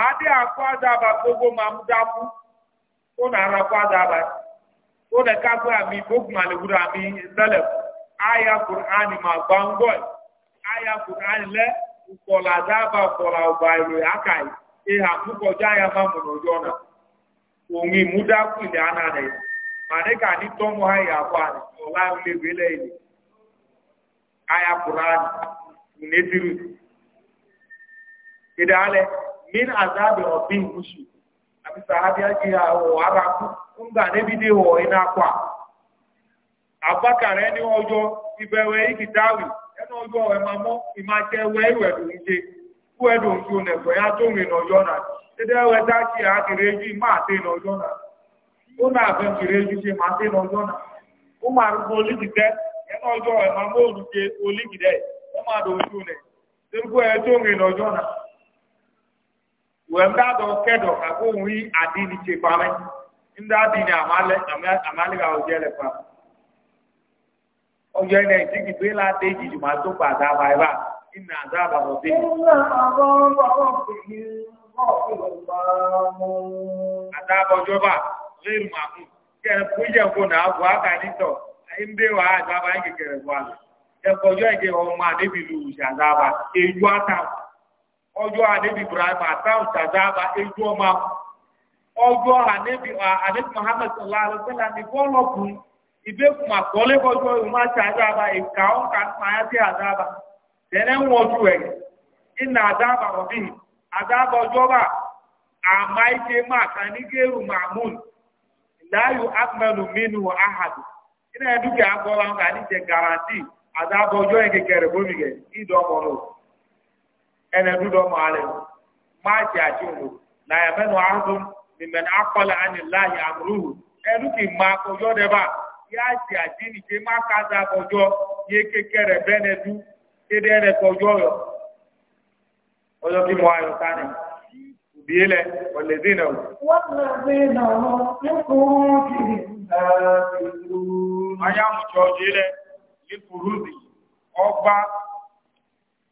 ma adị akụ adaba gbogbo ma m dakwu ụnụ arakwa adaba ụnụ kakwu ami gbogbo ma legburu ami selef aya kwuru anyị ma gbaa ngwọ aya kwuru anyị le ụkọla adaba kọla ụgba ilu aka ịha mụkọjọ anya ma mụrụ ụjọ na onwe mụ dakwu ile anaghị ma dị ka anyị tọmụ ha ya akwa anyị ọla nlebele ile aya kwuru anyị n'etiru ịdị alẹ min azabi ọbin wusu àbí sàhábí àjíyà wọ ara kú ńgbà níbi dé wọ iná kwa àbákàrẹ ní ojo ìbẹwẹ ìkìtàwì ẹnu ọjọ́ ẹmà mọ ìmàjẹwẹ ìwẹdùn ṣe kú ẹdùn ṣe ya tó rìn ọjọ́ náà dédé ẹwẹ dákì àkèrè jù máa tẹ ní wemda do kedo ako wi adini che pame inda dini amale amale ga ojele pa ojo ne tiki be la deji ju ma to pa da ba e ba inna azaba rabbi inna azaba rabbi azaba joba ghairu ma'mum ke kuje ko na abu aka ni to imbe wa azaba ngi e kere kwa ke ko jo e ke o ma debi lu azaba e ju ata ọjọ́ a ibrahim àtàwọn ṣàzáàbà ẹjọ́ ọmọ ọjọ́ ànábì ànábì muhammed sallallahu alayhi ní bọ́ọ̀lọ́pù ìbẹ́kùn àkọọ́lẹ̀ ọjọ́ ìmọ̀ ṣàzáàbà ìka ọ̀nkà máa ti àzáàbà tẹ̀lé ń wọ́n ju ẹ̀ iná àzáàbà ọ̀bí àzáàbà ọjọ́ bá àmà ike máa kà ní gẹ́rù mahmud láyò akmẹ́nu mínú ahadu iná ń ní jẹ garanti àzáàbà ọjọ́ yẹn ene dudo maalem maaci acungu la yamenu ahadun mimmen aqala ani dị amruhu ẹnu kì í máa kọjọ dẹba yá àti àjínìṣe má kàdà kọjọ yé kékeré bẹ́ẹ̀ dú kéde ẹnẹ kọjọ yọ ọjọ kí mo ayọ sani òbí na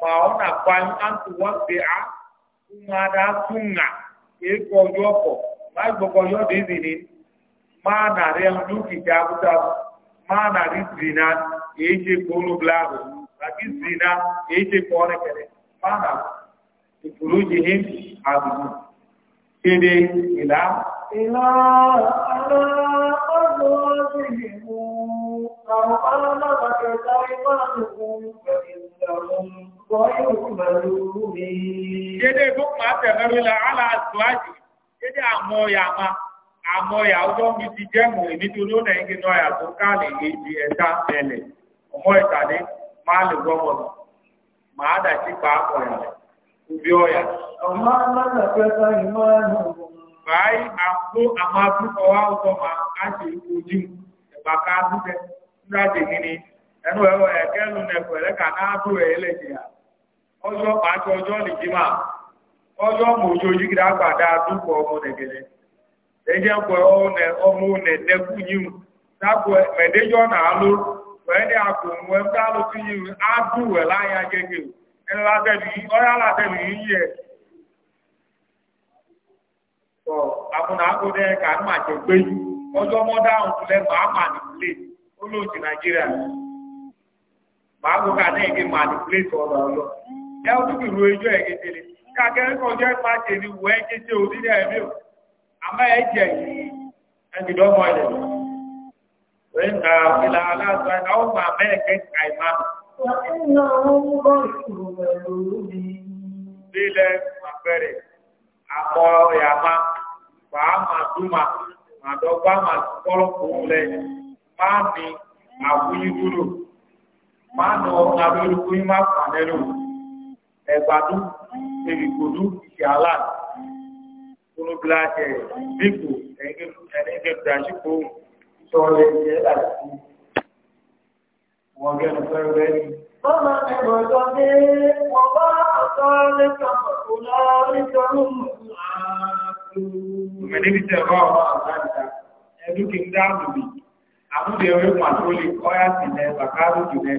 maona kwanyu antu wabia kumada tunga iko yoko maiboko yote hizi ni maana reandu kitabu tabu maana rizina eje kolo blabu lakini zina eje kone kere maana ifurujihim adudu kede ila ila ala Dédé gbogbo àtẹ̀lẹ́rí la á láà síwájú. Dédé àmọ́ ọ̀yà ma. Àmọ́ ọ̀yà ọjọ́ mi ti jẹ́mù nítorí ó lẹ́yìn gínú ọ̀yà tó káàlì èjì ẹ̀ta ẹ̀lẹ̀. Ọmọ ìtàdé máa lè gbọ́mọ̀ lọ. Màá dà sí pàápọ̀ ọ̀yà rẹ̀. Ibi ọ̀yà. Ọmọ alága ẹnu ẹwọ ẹkẹnu nẹkọ ẹlẹka n'adu ẹ ẹlẹdì a ọjọ pàtó ọjọ nìjìmá ọjọ mọjọjú kí n'akpa dá dúpọ ọmọ nẹgẹlẹ ẹdí ẹkọ ọmọ nẹdẹkù yìí mu mẹdẹjọ n'alu wẹẹni yìí adu láyà gẹgẹ o ẹnu latẹbi ọyà latẹbi yìí yẹ àfúnà àjẹgbẹ yìí ọjọ mọdà lẹ olóòtú nàìjíríà. màá sọ ká náà ké manipulate ọ̀dọ̀ ọ̀lọ́ ẹ o tún ìrù ẹjọ́ ẹ̀ kékeré káàkiri kan jẹ́ pàṣẹ ni wọ́n ẹ ama ya ní ẹ̀mí o àmọ́ ẹ na ma ma fáànù abẹ́rùkú yín máa fàánẹ́rù ẹ̀gbàdú èrìgbòdú ìṣẹ́ aláàdì kúrú gíláàsì bíbù ẹ̀ẹ́dẹ́gbẹ̀ dàṣípò sọ̀rọ̀ ẹ̀jẹ̀ àti wọn gẹ́nu fẹ́rẹ́ rẹ́ni. Bọ́lá ni bọ̀dọ̀ dé, wọ́n bá ọ̀tọ́ lẹ́kọ̀ọ́ kò lọ nítorí mùsùlùmí. Mẹ̀lẹ́ bí tẹ̀ bá ọ̀rọ̀ àgbàdìta, ẹ̀dùn kì í dáàbò bì. Àmúdẹ̀ẹ́wé wọn àtúrò lè kọ́ yá sí lẹ́ bàkárù jù lẹ́.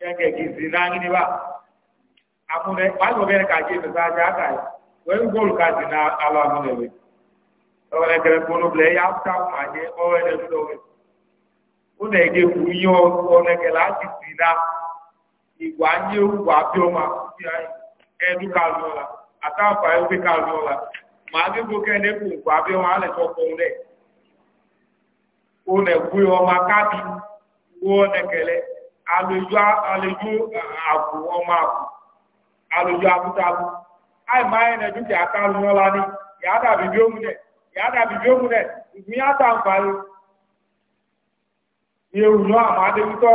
kɛkɛ ki na anyị ba amunɛ wàllu bɛ ka dzi ɛfɛ sadi aka yi wɛn gol ka zina alɔ amunɛ bi ɔwɛlɛ kɛlɛ kpɔnu bilɛ ya ta ma nye ɔwɛ lɛ fi ɔwɛ ɔnɛ yi ku igba nye ugba bi ɔma ɛdu ka lɔ la ata e la màá bí gbókè ne kò ugba bi ɔma alɛ tɔ àlejò àlejò eh, àbù ọmọ àbù àlejò àbútàbù àìmọ̀ ayé nà dúkìá kárù ọlá ní yàá dàbí bí dẹ yàá dàbí bí dẹ ìgbín ni ewu náà àmọ́ adéwútọ́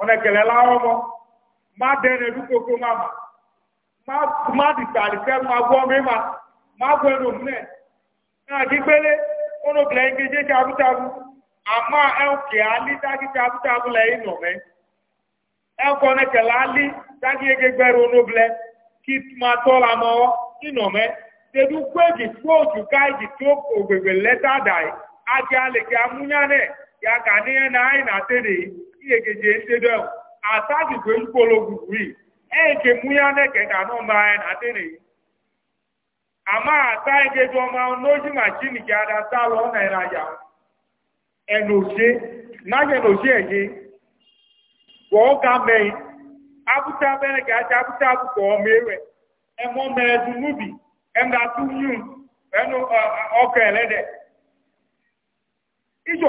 ọ̀nẹ̀kẹ̀lẹ̀ láwọn ọmọ má dẹ́nu ẹ̀dúkòkò má mà má dìtàlì fẹ́ má má ẹnu náà ama elke ali dagi tabu tabu la ino me elko ne ke lali dagi ege gbero no ble kit ma to la mo ino me te tedu kwe gi fo ju kai gi to ko gbegbe leta dai aje ale ke amunya ne ya ka ni na ai na te de ege je te do atagi gbe nkolo gugui e ke munya ne ke ka no ma ai na te de ama ata ege do ma no ji ma chi ni ki ada ta lo na ira ya enose n'anya enose enye kwọọ ka mee abụta mere ka aja abụta abụ kwọọ mewe ẹmọ mẹẹdu n'ubi ẹnga tu nyu ẹnu ọkọ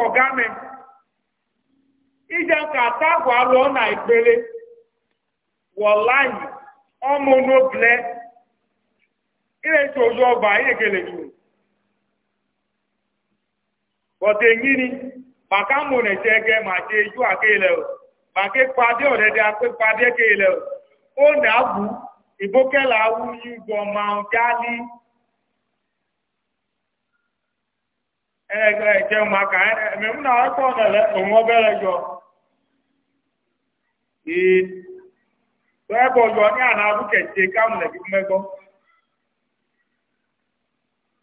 ọga mee ije ka ata na ekpere wọlayi ọmụ n'obilẹ ile ọba bọ̀tẹ̀ yìnyín màkà múnẹ̀tẹ̀ gẹ màtẹ̀ ju àkéèlẹ̀ o màkẹ́ padẹ́ ọ̀dẹ́dẹ́ apẹ́ o ó nà á bù ìbókẹ́là bọ̀ máa ń dálí. ẹ̀ẹ́dẹ́ ìjẹun màkà ẹ̀mẹ̀mú náà ẹ̀kọ́ ọ̀nà rẹ̀ òun ọbẹ̀rẹ̀ yọ. ìtọ́ yọ ní àná ṣe mẹ́gbọ́n.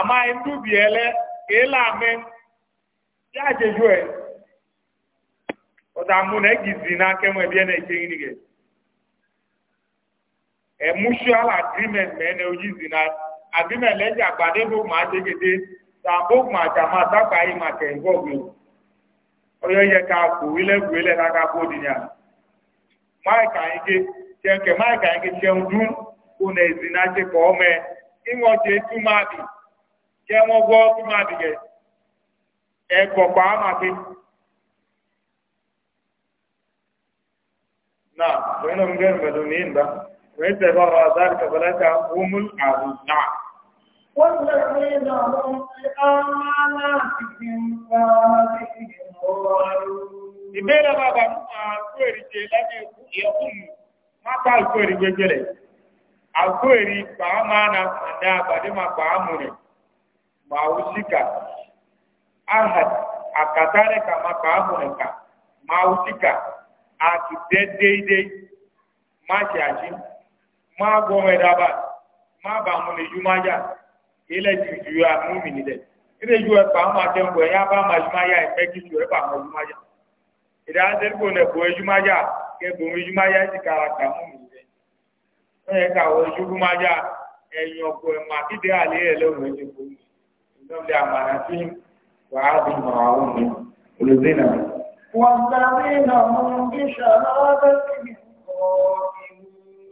amaa ndubiɛ lɛ k'ela amɛ yadzedzɔɛ ɔdamu na egi zina kɛmɛ bi ɛna edze yi nigɛ ɛ mutual agreement mɛ ɛna oyi zina agreement lɛ dza gba de bo ma de gede tambo ma dama dagba yi ma kɛ ɛgbɔ gblo ɔyɔ yɛ ka kowi lɛ goe lɛ k'aka bo di nya mayi ka yi ke tiɛ kɛ mayi ka yi ke tiɛ dun ko na ezina tse kɔɔ mɛ iŋɔ tse tu ma bi jẹ́ wọ́n gbọ́ kí máa dìgẹ̀ ẹ̀kọ́ pa á máa ké. náà wọ́n náà ń gẹ́rù pẹ̀lú ní ìgbà wọ́n ti tẹ̀lé ọ̀rọ̀ àzáàrí kàbọ̀lẹ́kà wọ́múl àrùn náà. wọ́n ti lè rí ìlànà ọ̀hún sí ọmọ aláàfin ní ìbéèrè bàbá fún àkó èrìjẹ lábẹ́ ìyẹ́kùn máa bá àkó èrìjẹ jẹrẹ àkó èrì pàámà náà àdá àbàdé máa pàámù rẹ̀ mahusika ahad akatareka makaamureka mahusika akide deidei machachi magomedaba mabamulejumaja ile juju ya muminide ile ju ẹpa ọmọ atẹnbọ ẹyà bá màjúmáyà ìpẹkìtù ẹpa màjúmáyà ìdá àtẹnbọ nẹbọ ẹjúmáyà kẹbọ ẹjúmáyà ti kára kà múminide ẹ kà wọ ẹjúmáyà ẹyìn ọkọ ẹ màkìdé àlẹ ẹlẹwọn ẹjẹ fún mi. دول أمانتهم وعظم معاونهم ولذين والذين هم بشهادتهم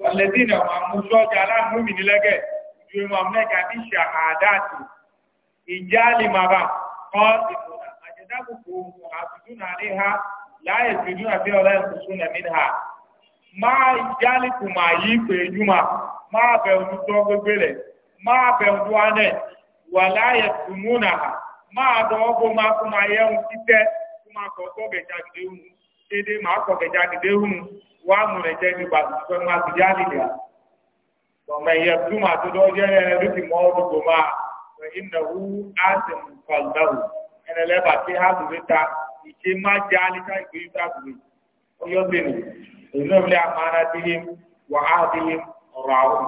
والذين هم مشوج على المؤمن لك يوم لك شهادات إجال مبا قاتلون أجدابكم محافظون عليها لا يسجدون فيها ولا ينقصون منها máa jálìkù máa yí pé jùmọ̀ máa bẹ̀rù tó gbégbé rẹ̀ máa bẹ̀rù wàlá yẹ tùmúnà hà máa dọ̀ ọ́gbó máa kó máa yẹ ohun títẹ́ kó máa kọ̀ ọ́gbọ́ gẹ̀jà dìde hùn dédé máa kọ̀ gẹ̀jà dìde hùn wà á múlẹ̀ jẹ́ ní bàtú fẹ́ máa ti já dìde à. tọ̀mọ̀ ẹ̀yẹ túmọ̀ àtúndọ̀ jẹ́ ẹ̀rẹ́ ló ti máa rẹ̀ ìnáwó á sì mú kọ̀ọ̀dáwò ẹ̀rẹ́ tí á lù ta ìṣe má já níta ìgbéyìí ọyọ́bìnrin ìlú ìlú àmàlà dìhìm wàhálà dìhìm ọ̀rọ̀ àwọn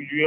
ìjùwé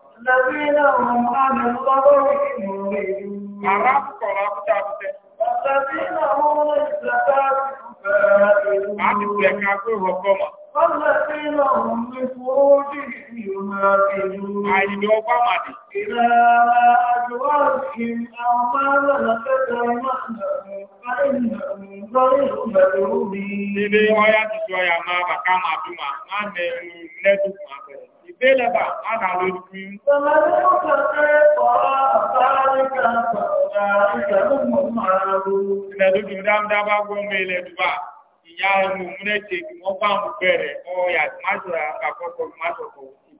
aa ọ a aaaa aaaaọya juuya na-abata a ụma aa eda bélẹ̀bà ánà lórí Ìlẹ̀lógún dáadáa bá gbọ́n mẹ́ ilẹ̀ Dùbà, ìyá ẹnu múnẹ́ tèkì wọ́n bá mú bẹ̀rẹ̀ ọ̀yà máṣọ́ra àkọ́kọ́ máṣọ́kọ́.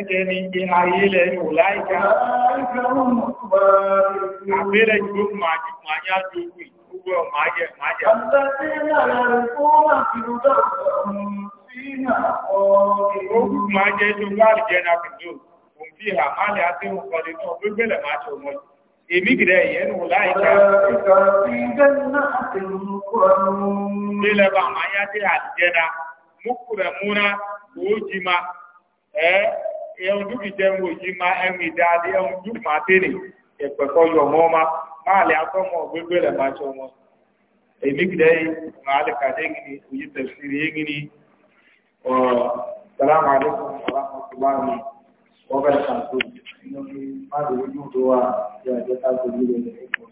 ẹgbẹ́ ni ìhà ilẹ̀ ìwò láìka àbẹ́rẹ̀ ìgbó máa jù máa yá jù ogun ìgbogbo ọmọ ayẹ máa yẹ. Ogun máa jẹ́ tó wáàrì jẹ́ náà kìí lò, òun bí ìhà máa lè àti òun kọlé náà gbégbélẹ̀ máa ṣe ọmọ yìí. Èmi ẹ̀hùn dúkì jẹun òjì ma ẹ̀hùn ìdáadé ẹ̀hùn dúkì máa tẹ̀lé ẹ̀pẹ̀kọ́ yọ̀ mọ́ ma máa lè akọ́mọ gbégbé rẹ̀ máa tọ́ wọn. èmi kìdẹ́ máa lè kàdé gini òjì tẹ̀síri yé gini ọ̀ sàlámù àdékùn sàlámù àtúbáyé wọ́n bẹ̀rẹ̀ kàtó nínú bí má lè ojú tó wà yóò jẹ́ ká